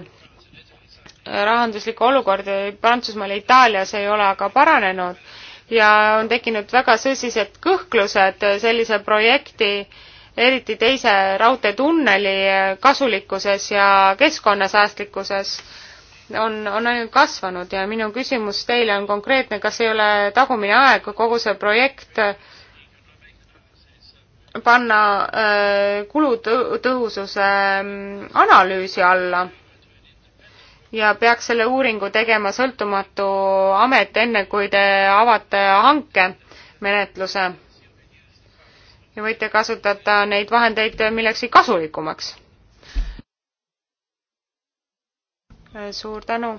rahanduslik olukord Prantsusmaal ja Itaalias ei ole aga paranenud ja on tekkinud väga sõsised kõhklused sellise projekti eriti teise raudteetunneli kasulikkuses ja keskkonnasäästlikkuses on, on ainult kasvanud ja minu küsimus teile on konkreetne, kas ei ole tagumine aeg kogu see projekt panna äh, kulutõhususe mm, analüüsi alla ja peaks selle uuringu tegema sõltumatu amet, enne kui te avate hankemenetluse ja võite kasutada neid vahendeid millekski kasulikumaks Äh, suur tänu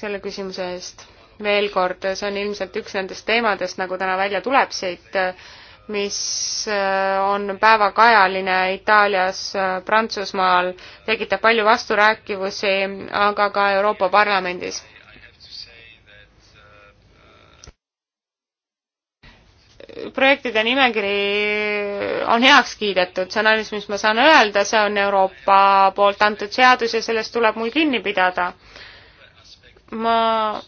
selle küsimuse eest. veel kord, see on ilmselt üks nendest teemadest, nagu täna välja tuleb siit, mis äh, on päevakajaline Itaalias, äh, Prantsusmaal, tekitab palju vasturääkivusi, aga ka Euroopa Parlamendis projektide nimekiri on heaks kiidetud, see on ainus, mis ma saan öelda, see on Euroopa poolt antud seadus ja sellest tuleb mul kinni pidada. ma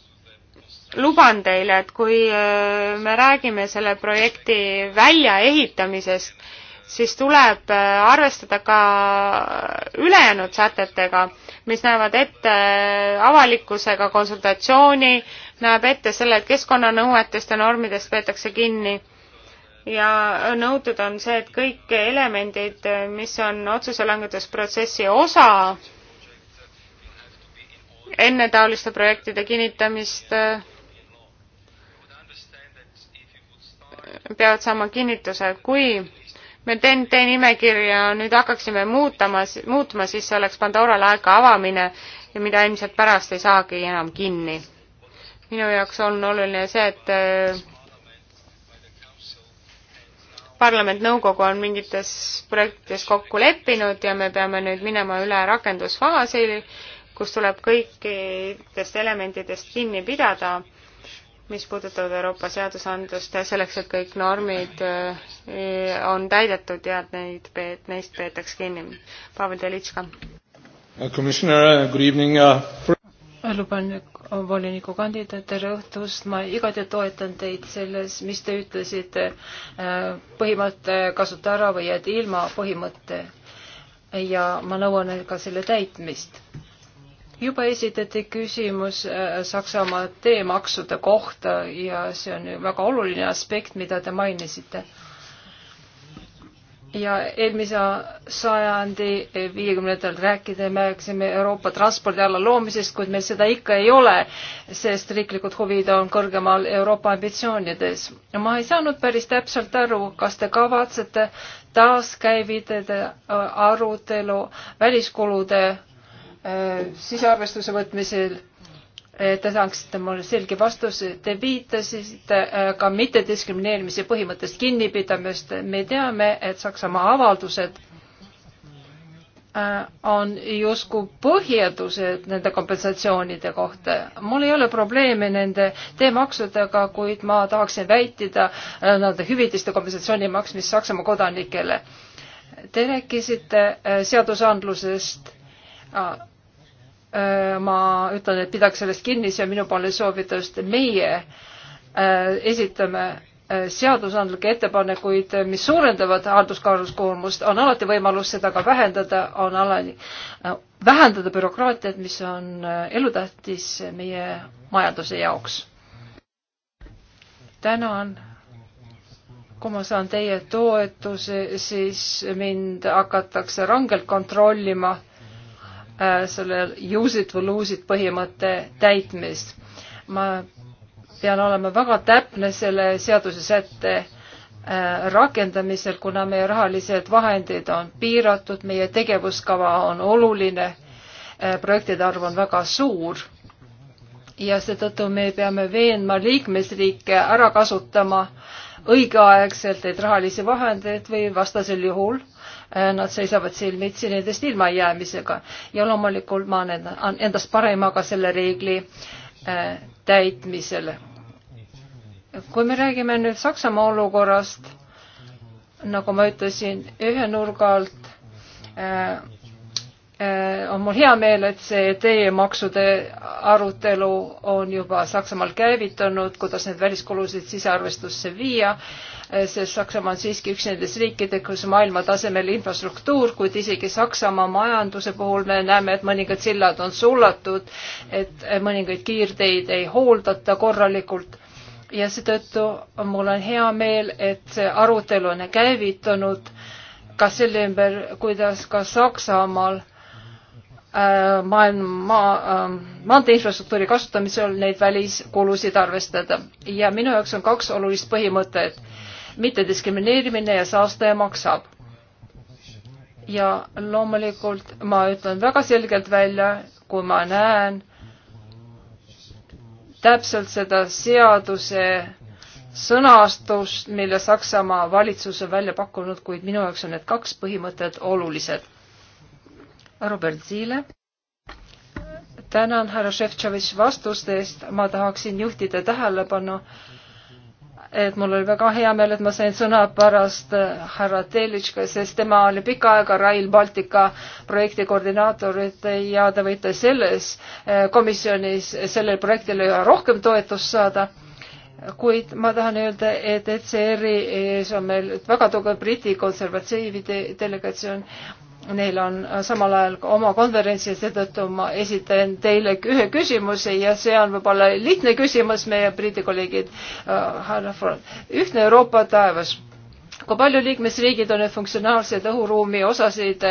luban teile, et kui äh, me räägime selle projekti väljaehitamisest, siis tuleb äh, arvestada ka ülejäänud sätetega, mis näevad ette äh, avalikkusega konsultatsiooni, näeb ette selle, et keskkonnanõuetest ja normidest peetakse kinni ja nõutud on see, et kõik elemendid, mis on otsuse langetusprotsessi osa enne taoliste projektide kinnitamist, peavad saama kinnituse, kui me TNT nimekirja nüüd hakkaksime muutama, muutma, siis see oleks Pandora laeka avamine ja mida ilmselt pärast ei saagi enam kinni. minu jaoks on oluline see, et parlament, nõukogu on mingites projektides kokku leppinud ja me peame nüüd minema üle rakendusfaasi, kus tuleb kõikidest elementidest kinni pidada, mis puudutavad Euroopa seadusandlust, selleks et kõik normid äh, on täidetud ja et neid, neist peetaks kinni. Pavel Telitska. Uh, commissioner, good evening uh, luban voliniku kandidaat, tere õhtust, ma igati toetan teid selles, mis te ütlesite, äh, põhimõtte kasuta ära või jääd ilma põhimõtte ja ma nõuan ka selle täitmist juba esitati küsimus äh, Saksamaa teemaksude kohta ja see on väga oluline aspekt, mida te mainisite ja eelmise sajandi viiekümnendatel rääkida, me rääkisime Euroopa transpordi alla loomisest, kuid meil seda ikka ei ole, sest riiklikud huvid on kõrgemal Euroopa ambitsioonides. ma ei saanud päris täpselt aru, kas te kavatsete taaskäivitada arutelu väliskulude äh, sisearvestuse võtmisel et te saaksite mulle selge vastuse. Te viitasite äh, ka mittediskrimineerimise põhimõttest kinnipidamist. me teame, et Saksamaa avaldused äh, on justkui põhjendused nende kompensatsioonide kohta. mul ei ole probleemi nende teemaksudega, kuid ma tahaksin väitida äh, nende hüvitiste kompensatsiooni maksmist Saksamaa kodanikele. Te rääkisite seadusandlusest Äh, ma ütlen, et pidaks sellest kinni, see on minu poole soovitus, meie äh, esitame äh, seadusandlikke ettepanekuid, mis suurendavad halduskaaluskoormust, on alati võimalus seda ka vähendada, on alati, vähendada bürokraatiat, mis on elutähtis meie majanduse jaoks. tänan kui ma saan teie toetuse, siis mind hakatakse rangelt kontrollima Äh, selle use it või lose it põhimõtte täitmist. ma pean olema väga täpne selle seadusesätte äh, rakendamisel, kuna meie rahalised vahendid on piiratud, meie tegevuskava on oluline, äh, projektide arv on väga suur ja seetõttu me peame veenma liikmesriike ära kasutama õigeaegselt neid rahalisi vahendeid või vastasel juhul Äh, nad seisavad silmitsi nendest ilmajäämisega ja loomulikult ma annan endast parema ka selle reegli äh, täitmisel. kui me räägime nüüd Saksamaa olukorrast, nagu ma ütlesin, ühe nurga alt äh, Äh, on mul hea meel, et see teie maksude arutelu on juba Saksamaal käivitunud, kuidas need väliskulusid sisearvestusse viia, äh, sest Saksamaa on siiski üks nendest riikidest, kus maailma tasemel infrastruktuur, kuid isegi Saksamaa majanduse puhul me näeme, et mõningad sillad on sullatud, et äh, mõningaid kiirteid ei hooldata korralikult ja seetõttu mul on hea meel, et see arutelu on käivitunud ka selle ümber, kuidas ka Saksamaal Äh, maailma ähm, maanteeinfrastruktuuri kasutamisel neid väliskulusid arvestada. ja minu jaoks on kaks olulist põhimõtet. mittediskrimineerimine ja saastaja maksab. ja loomulikult ma ütlen väga selgelt välja, kui ma näen täpselt seda seaduse sõnastust, mille Saksamaa valitsus on välja pakkunud, kuid minu jaoks on need kaks põhimõtet olulised Robert Ziile. tänan, härra Šefčovitš vastuste eest, ma tahaksin juhtida tähelepanu, et mul oli väga hea meel, et ma sain sõna pärast äh, härra Telitška, sest tema oli pikka aega Rail Baltica projekti koordinaator ja te võite selles äh, komisjonis sellele projektile rohkem toetust saada. kuid ma tahan öelda, et ECR-i ees on meil väga tugev Briti konservatiivide delegatsioon Neil on äh, samal ajal ka oma konverents ja seetõttu ma esitan teile ühe küsimuse ja see on võib-olla lihtne küsimus, meie Briti kolleegid äh,. ühtne Euroopa taevas kui palju liikmesriigid on nüüd funktsionaalseid õhuruumi osasid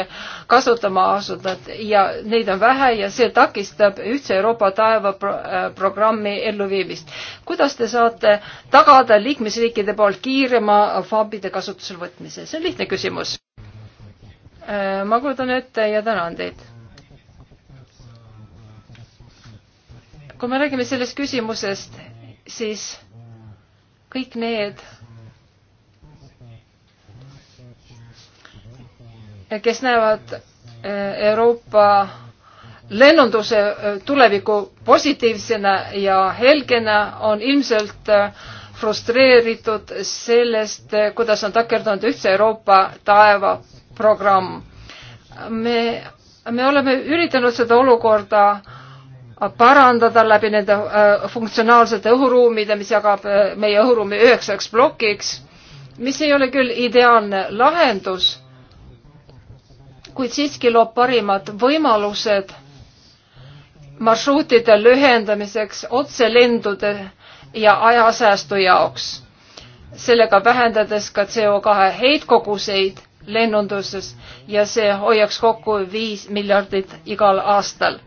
kasutama asunud ja neid on vähe ja see takistab ühtse Euroopa taeva pro äh, programmi elluviimist. kuidas te saate tagada liikmesriikide poolt kiirema FAB-ide kasutusele võtmise? see on lihtne küsimus Äh, ma kujutan ette ja tänan teid. kui me räägime sellest küsimusest, siis kõik need, kes näevad äh, Euroopa lennunduse äh, tuleviku positiivsena ja helgena, on ilmselt frustreeritud sellest, kuidas on takerdunud ühtse Euroopa taeva programm. me, me oleme üritanud seda olukorda parandada läbi nende äh, funktsionaalsete õhuruumide, mis jagab äh, meie õhuruumi üheksaks plokiks, mis ei ole küll ideaalne lahendus, kuid siiski loob parimad võimalused marsruutide lühendamiseks otselendude ja ajasäästu jaoks, sellega vähendades ka CO2 heitkoguseid lennunduses ja see hoiaks kokku viis miljardit igal aastal.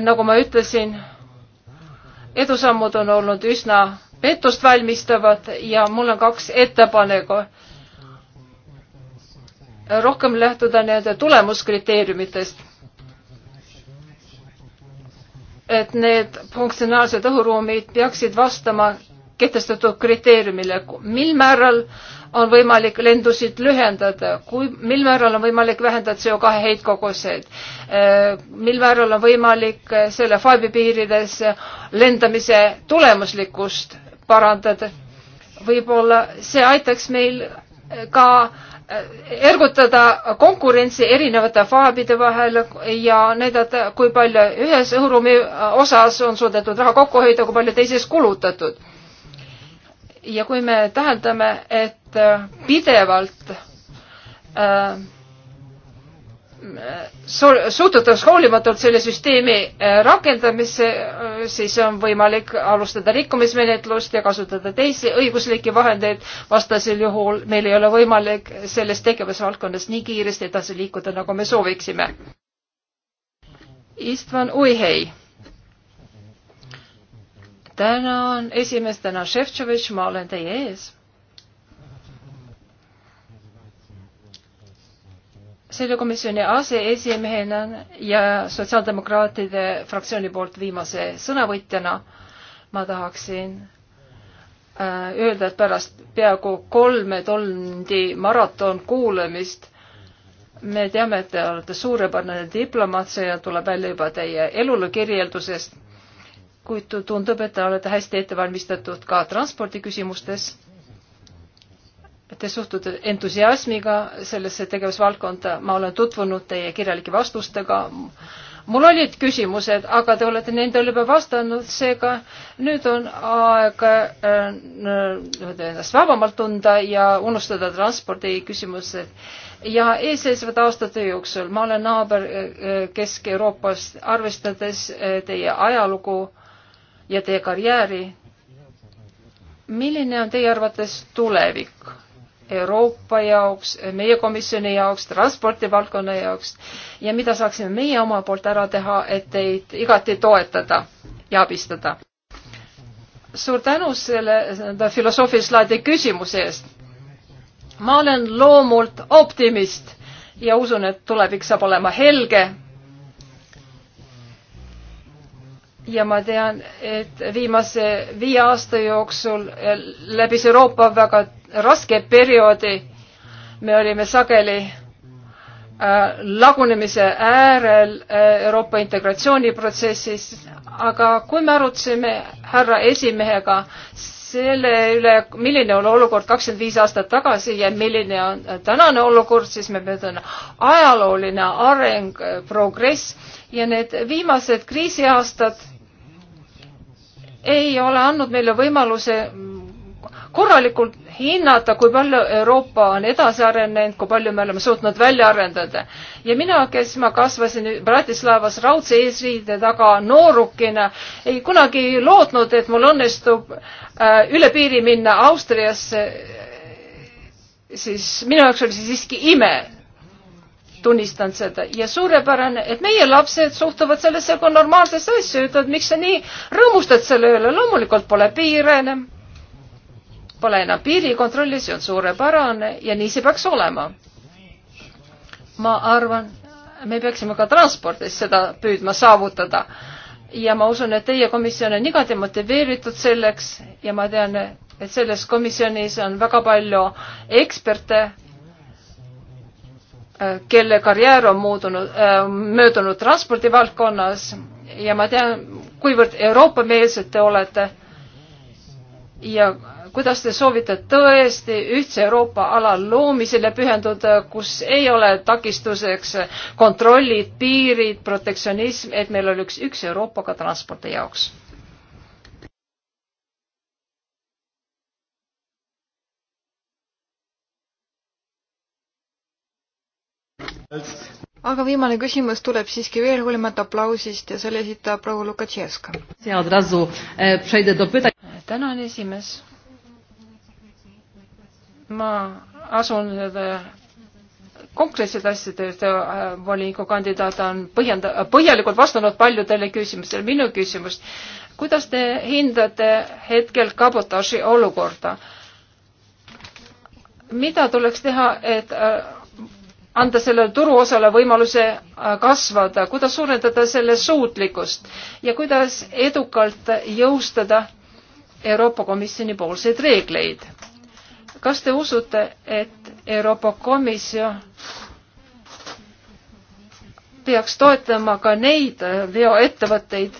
nagu ma ütlesin, edusammud on olnud üsna pettust valmistavad ja mul on kaks ettepaneku. rohkem lähtuda nende tulemuskriteeriumitest. et need funktsionaalsed õhuruumid peaksid vastama kehtestatud kriteeriumile, mil määral on võimalik lendusid lühendada, kui, mil määral on võimalik vähendada CO2 heitkoguseid, äh, mil määral on võimalik selle FIBE piirides lendamise tulemuslikkust parandada. võib-olla see aitaks meil ka äh, ergutada konkurentsi erinevate faabide vahel ja näidata, kui palju ühes õhuruumi osas on suudetud raha kokku hoida, kui palju teises kulutatud ja kui me täheldame, et äh, pidevalt äh, suhtutakse hoolimatult selle süsteemi äh, rakendamisse, äh, siis on võimalik alustada rikkumismenetlust ja kasutada teisi õiguslikke vahendeid. vastasel juhul meil ei ole võimalik selles tegevusvaldkonnas nii kiiresti edasi liikuda, nagu me sooviksime. Istvan Uihei tänan, esimees, tänan, Šefčovitš, ma olen teie ees. selle komisjoni aseesimehena ja sotsiaaldemokraatide fraktsiooni poolt viimase sõnavõtjana ma tahaksin äh, öelda, et pärast peaaegu kolme tundi maratonkuulamist me teame, et te olete suurepärane diplomaat, see tuleb välja juba teie elulukirjeldusest kuid tundub, et te olete hästi ette valmistatud ka transpordiküsimustes. Te suhtute entusiasmiga sellesse tegevusvaldkonda, ma olen tutvunud teie kirjalike vastustega. mul olid küsimused, aga te olete nendele juba vastanud, seega nüüd on aeg äh, ennast vabamalt tunda ja unustada transpordiküsimused ja eelseisvate aastate jooksul ma olen naaber äh, Kesk-Euroopast, arvestades äh, teie ajalugu ja teie karjääri. milline on teie arvates tulevik Euroopa jaoks, meie komisjoni jaoks, transpordivaldkonna jaoks ja mida saaksime meie oma poolt ära teha, et teid igati toetada ja abistada? suur tänu selle nii-öelda filosoofilise laadi küsimuse eest. ma olen loomult optimist ja usun, et tulevik saab olema helge ja ma tean, et viimase viie aasta jooksul eh, läbis Euroopa väga raske perioodi. me olime sageli äh, lagunemise äärel äh, Euroopa integratsiooniprotsessis, aga kui me arutasime härra esimehega selle üle, milline oli olukord kakskümmend viis aastat tagasi ja milline on tänane olukord, siis me mõtleme ajalooline areng, progress ja need viimased kriisiaastad ei ole andnud meile võimaluse korralikult hinnata, kui palju Euroopa on edasi arenenud, kui palju me oleme suutnud välja arendada. ja mina, kes ma kasvasin Bratislavas raudse eesriide taga noorukina, ei kunagi lootnud, et mul õnnestub äh, üle piiri minna Austriasse. siis minu jaoks oli see siiski ime tunnistan seda ja suurepärane, et meie lapsed suhtuvad sellesse kui normaalsesse asja, ütlevad, miks sa nii rõõmustad selle üle, loomulikult pole piire enam. Pole enam piirikontrolli, see on suurepärane ja nii see peaks olema. ma arvan, me peaksime ka transpordis seda püüdma saavutada ja ma usun, et teie komisjon on igati motiveeritud selleks ja ma tean, et selles komisjonis on väga palju eksperte Äh, kelle karjäär on muudunud, äh, möödunud transpordivaldkonnas ja ma tean, kuivõrd Euroopa-meelsed te olete ja kuidas te soovite tõesti ühtse Euroopa ala loomisele pühenduda, kus ei ole takistuseks kontrollid, piirid, protektsionism, et meil oleks üks Euroopa ka transpordi jaoks? aga viimane küsimus tuleb siiski veel hoolimata aplausist ja selle esitab proua Lukatševska. E, tänan, esimees. ma asun konkreetsed asjad, et volikogu kandidaat on põhjenda-, põhjalikult vastanud paljudele küsimustele. minu küsimus, kuidas te hindate hetkel kabotaaži olukorda? mida tuleks teha, et e, anda sellele turuosale võimaluse äh, kasvada, kuidas suurendada selle suutlikkust ja kuidas edukalt jõustada Euroopa Komisjoni poolseid reegleid. kas te usute, et Euroopa Komisjon peaks toetama ka neid äh, veoettevõtteid,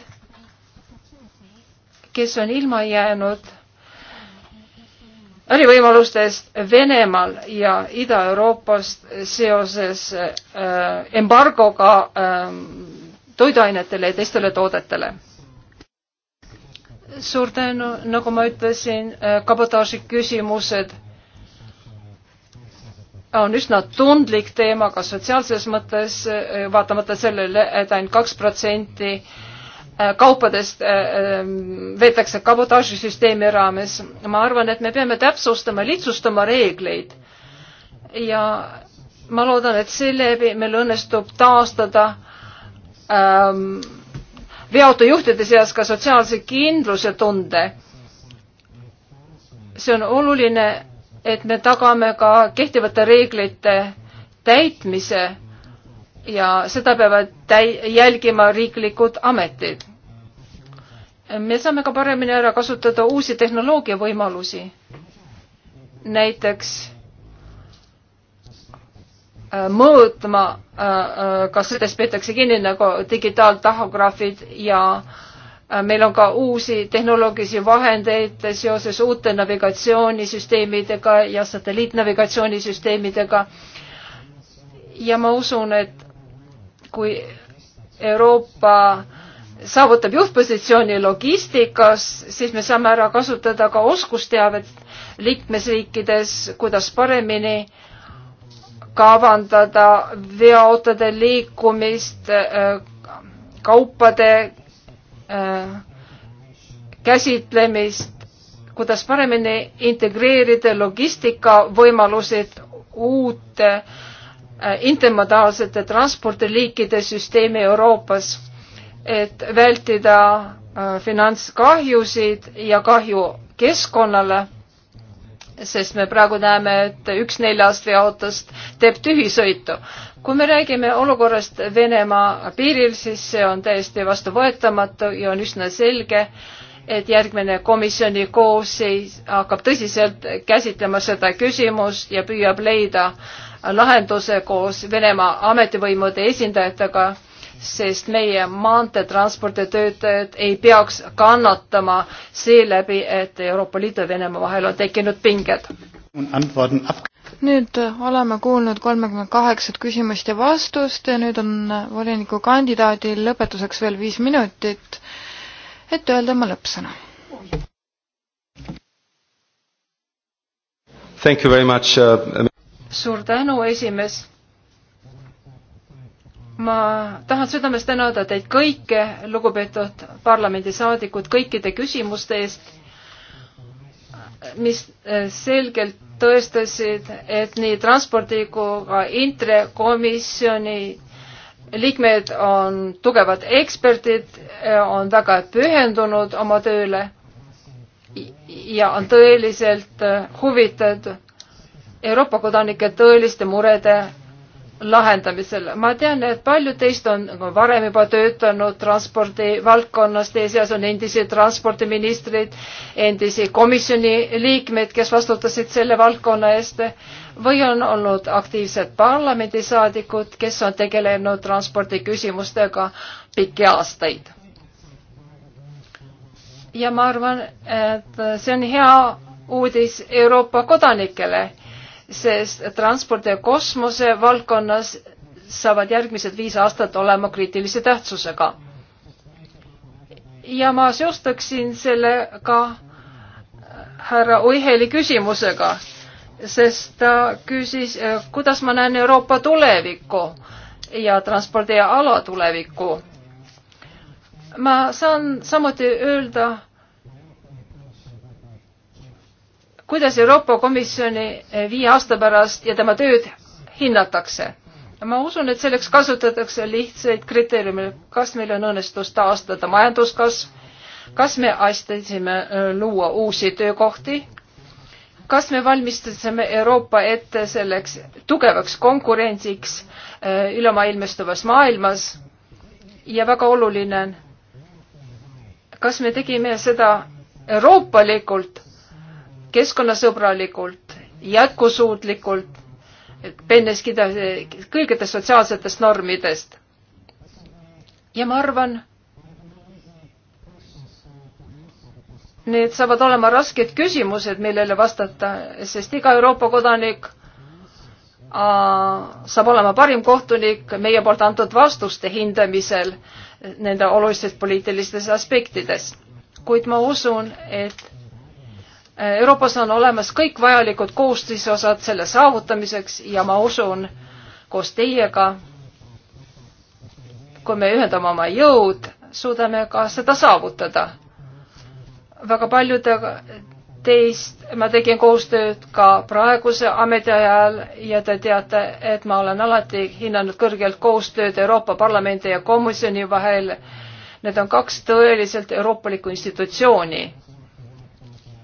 kes on ilma jäänud ärivõimalustest Venemaal ja Ida-Euroopast seoses äh, embargoga äh, toiduainetele ja teistele toodetele. suur tänu, nagu ma ütlesin äh,, kabotaaži küsimused on üsna tundlik teema ka sotsiaalses mõttes, äh, vaatamata sellele, et ainult kaks protsenti äh, Äh, kaupadest äh, ähm, veetakse kabotaažisüsteemi raames. ma arvan, et me peame täpsustama, lihtsustama reegleid. ja ma loodan, et seeläbi meil õnnestub taastada ähm, veoautojuhtide seas ka sotsiaalse kindluse tunde. see on oluline, et me tagame ka kehtivate reeglite täitmise ja seda peavad täi-, jälgima riiklikud ametid. me saame ka paremini ära kasutada uusi tehnoloogia võimalusi. näiteks äh, mõõtma, äh, äh, kas sellest peetakse kinni nagu digitaaltahograafid ja meil on ka uusi tehnoloogilisi vahendeid seoses uute navigatsioonisüsteemidega ja satelliitnavigatsioonisüsteemidega. ja ma usun, et kui Euroopa saavutab juhtpositsiooni logistikas, siis me saame ära kasutada ka oskusteavet liikmesriikides, kuidas paremini kavandada veoautode liikumist, äh, kaupade äh, käsitlemist, kuidas paremini integreerida logistikavõimalused uute äh, Äh, intermodaalsete transpordiliikide süsteemi Euroopas, et vältida äh, finantskahjusid ja kahju keskkonnale, sest me praegu näeme, et üks neljast veoautost teeb tühisõitu. kui me räägime olukorrast Venemaa piiril, siis see on täiesti vastuvõetamatu ja on üsna selge, et järgmine komisjoni koosseis hakkab tõsiselt käsitlema seda küsimust ja püüab leida äh, lahenduse koos Venemaa ametivõimude esindajatega, sest meie maanteetransporditöötajad ei peaks kannatama seeläbi, et Euroopa Liidu ja Venemaa vahel on tekkinud pinged. nüüd äh, oleme kuulnud kolmekümne kaheksat küsimust ja vastust ja nüüd on äh, volinikukandidaadil lõpetuseks veel viis minutit, et öelda oma lõppsõna. Thank you very much uh, suur tänu, esimees. ma tahan südamest tänada teid kõiki, lugupeetud parlamendisaadikud, kõikide küsimuste eest, mis eh, selgelt tõestasid, et nii transpordi kui ka intrekomisjoni liikmed on tugevad eksperdid, eh, on väga pühendunud oma tööle ja on tõeliselt eh, huvitatud Euroopa kodanike tõeliste murede lahendamisel. ma tean, et paljud teist on varem juba töötanud transpordivaldkonnas, teie seas on endisi transpordiministrid, endisi komisjoni liikmeid, kes vastutasid selle valdkonna eest või on olnud aktiivsed parlamendisaadikud, kes on tegelenud transpordiküsimustega pikki aastaid. ja ma arvan, et see on hea uudis Euroopa kodanikele sest transpordi ja kosmose valdkonnas saavad järgmised viis aastat olema kriitilise tähtsusega. ja ma seostaksin selle ka äh, härra Uiheli küsimusega, sest ta küsis, äh, kuidas ma näen Euroopa tulevikku ja transpordiala tulevikku. ma saan samuti öelda, kuidas Euroopa Komisjoni eh, viie aasta pärast ja tema tööd hinnatakse? ma usun, et selleks kasutatakse lihtsaid kriteeriume, kas meil on õnnestus taastada majanduskasv, kas me aitasime eh, luua uusi töökohti, kas me valmistasime Euroopa ette selleks tugevaks konkurentsiks eh, ülemaailmastuvas maailmas ja väga oluline on, kas me tegime seda euroopalikult keskkonnasõbralikult, jätkusuutlikult, penneskida kõigitest sotsiaalsetest normidest. ja ma arvan, need saavad olema rasked küsimused, millele vastata, sest iga Euroopa kodanik saab olema parim kohtunik meie poolt antud vastuste hindamisel nende olulistes poliitilistes aspektides. kuid ma usun, et Äh, Euroopas on olemas kõik vajalikud koostisosad selle saavutamiseks ja ma usun koos teiega, kui me ühendame oma jõud, suudame ka seda saavutada. väga paljude teist ma tegin koostööd ka praeguse ametiajal ja te teate, et ma olen alati hinnanud kõrgelt koostööd Euroopa Parlamendi ja komisjoni vahel. Need on kaks tõeliselt euroopalikku institutsiooni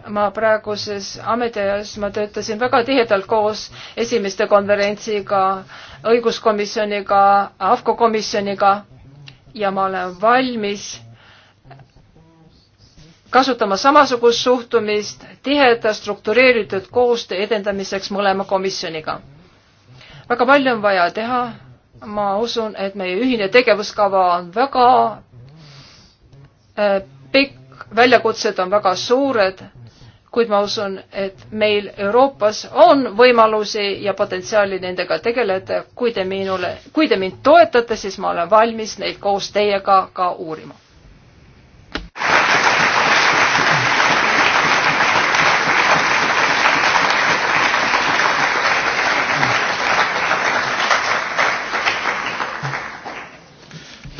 ma praeguses ametiajas, ma töötasin väga tihedalt koos esimeste konverentsiga, õiguskomisjoniga, AFCO komisjoniga ja ma olen valmis kasutama samasugust suhtumist tiheda struktureeritud koostöö edendamiseks mõlema komisjoniga. väga palju on vaja teha, ma usun, et meie ühine tegevuskava on väga äh, pikk, väljakutsed on väga suured kuid ma usun, et meil Euroopas on võimalusi ja potentsiaali nendega tegeleda. kui te minule, kui te mind toetate, siis ma olen valmis neid koos teiega ka uurima.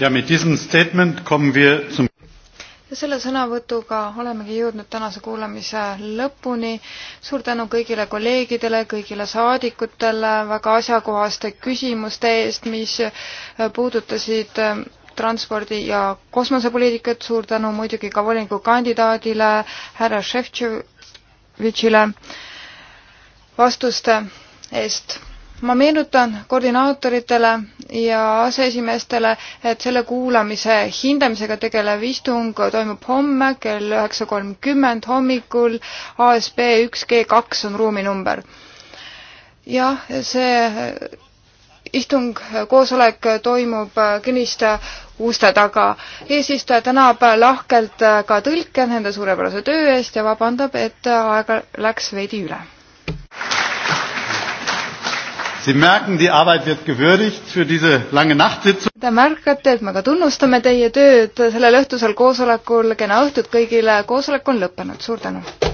ja mit diesem Statement kommen wir zum ja selle sõnavõtuga olemegi jõudnud tänase kuulamise lõpuni. suur tänu kõigile kolleegidele, kõigile saadikutele väga asjakohaste küsimuste eest, mis puudutasid äh, transpordi ja kosmosepoliitikat, suur tänu muidugi ka volinikukandidaadile härra Šeftšovitšile vastuste eest ma meenutan koordinaatoritele ja aseesimeestele, et selle kuulamise hindamisega tegelev istung toimub homme kell üheksa kolmkümmend hommikul ASB üks G kaks on ruuminumber. jah, see istung, koosolek toimub kinniste uste taga. eesistuja tänab lahkelt ka tõlke nende suurepärase töö eest ja vabandab, et aega läks veidi üle. Sie merken, die Arbeit wird gewürdigt für diese lange Nachtsitzung. Te märkate, et me ka tunnustame teie tööd sellel õhtusel koosolekul. kena õhtut kõigile, koosolek on lõppenud, suur tänu.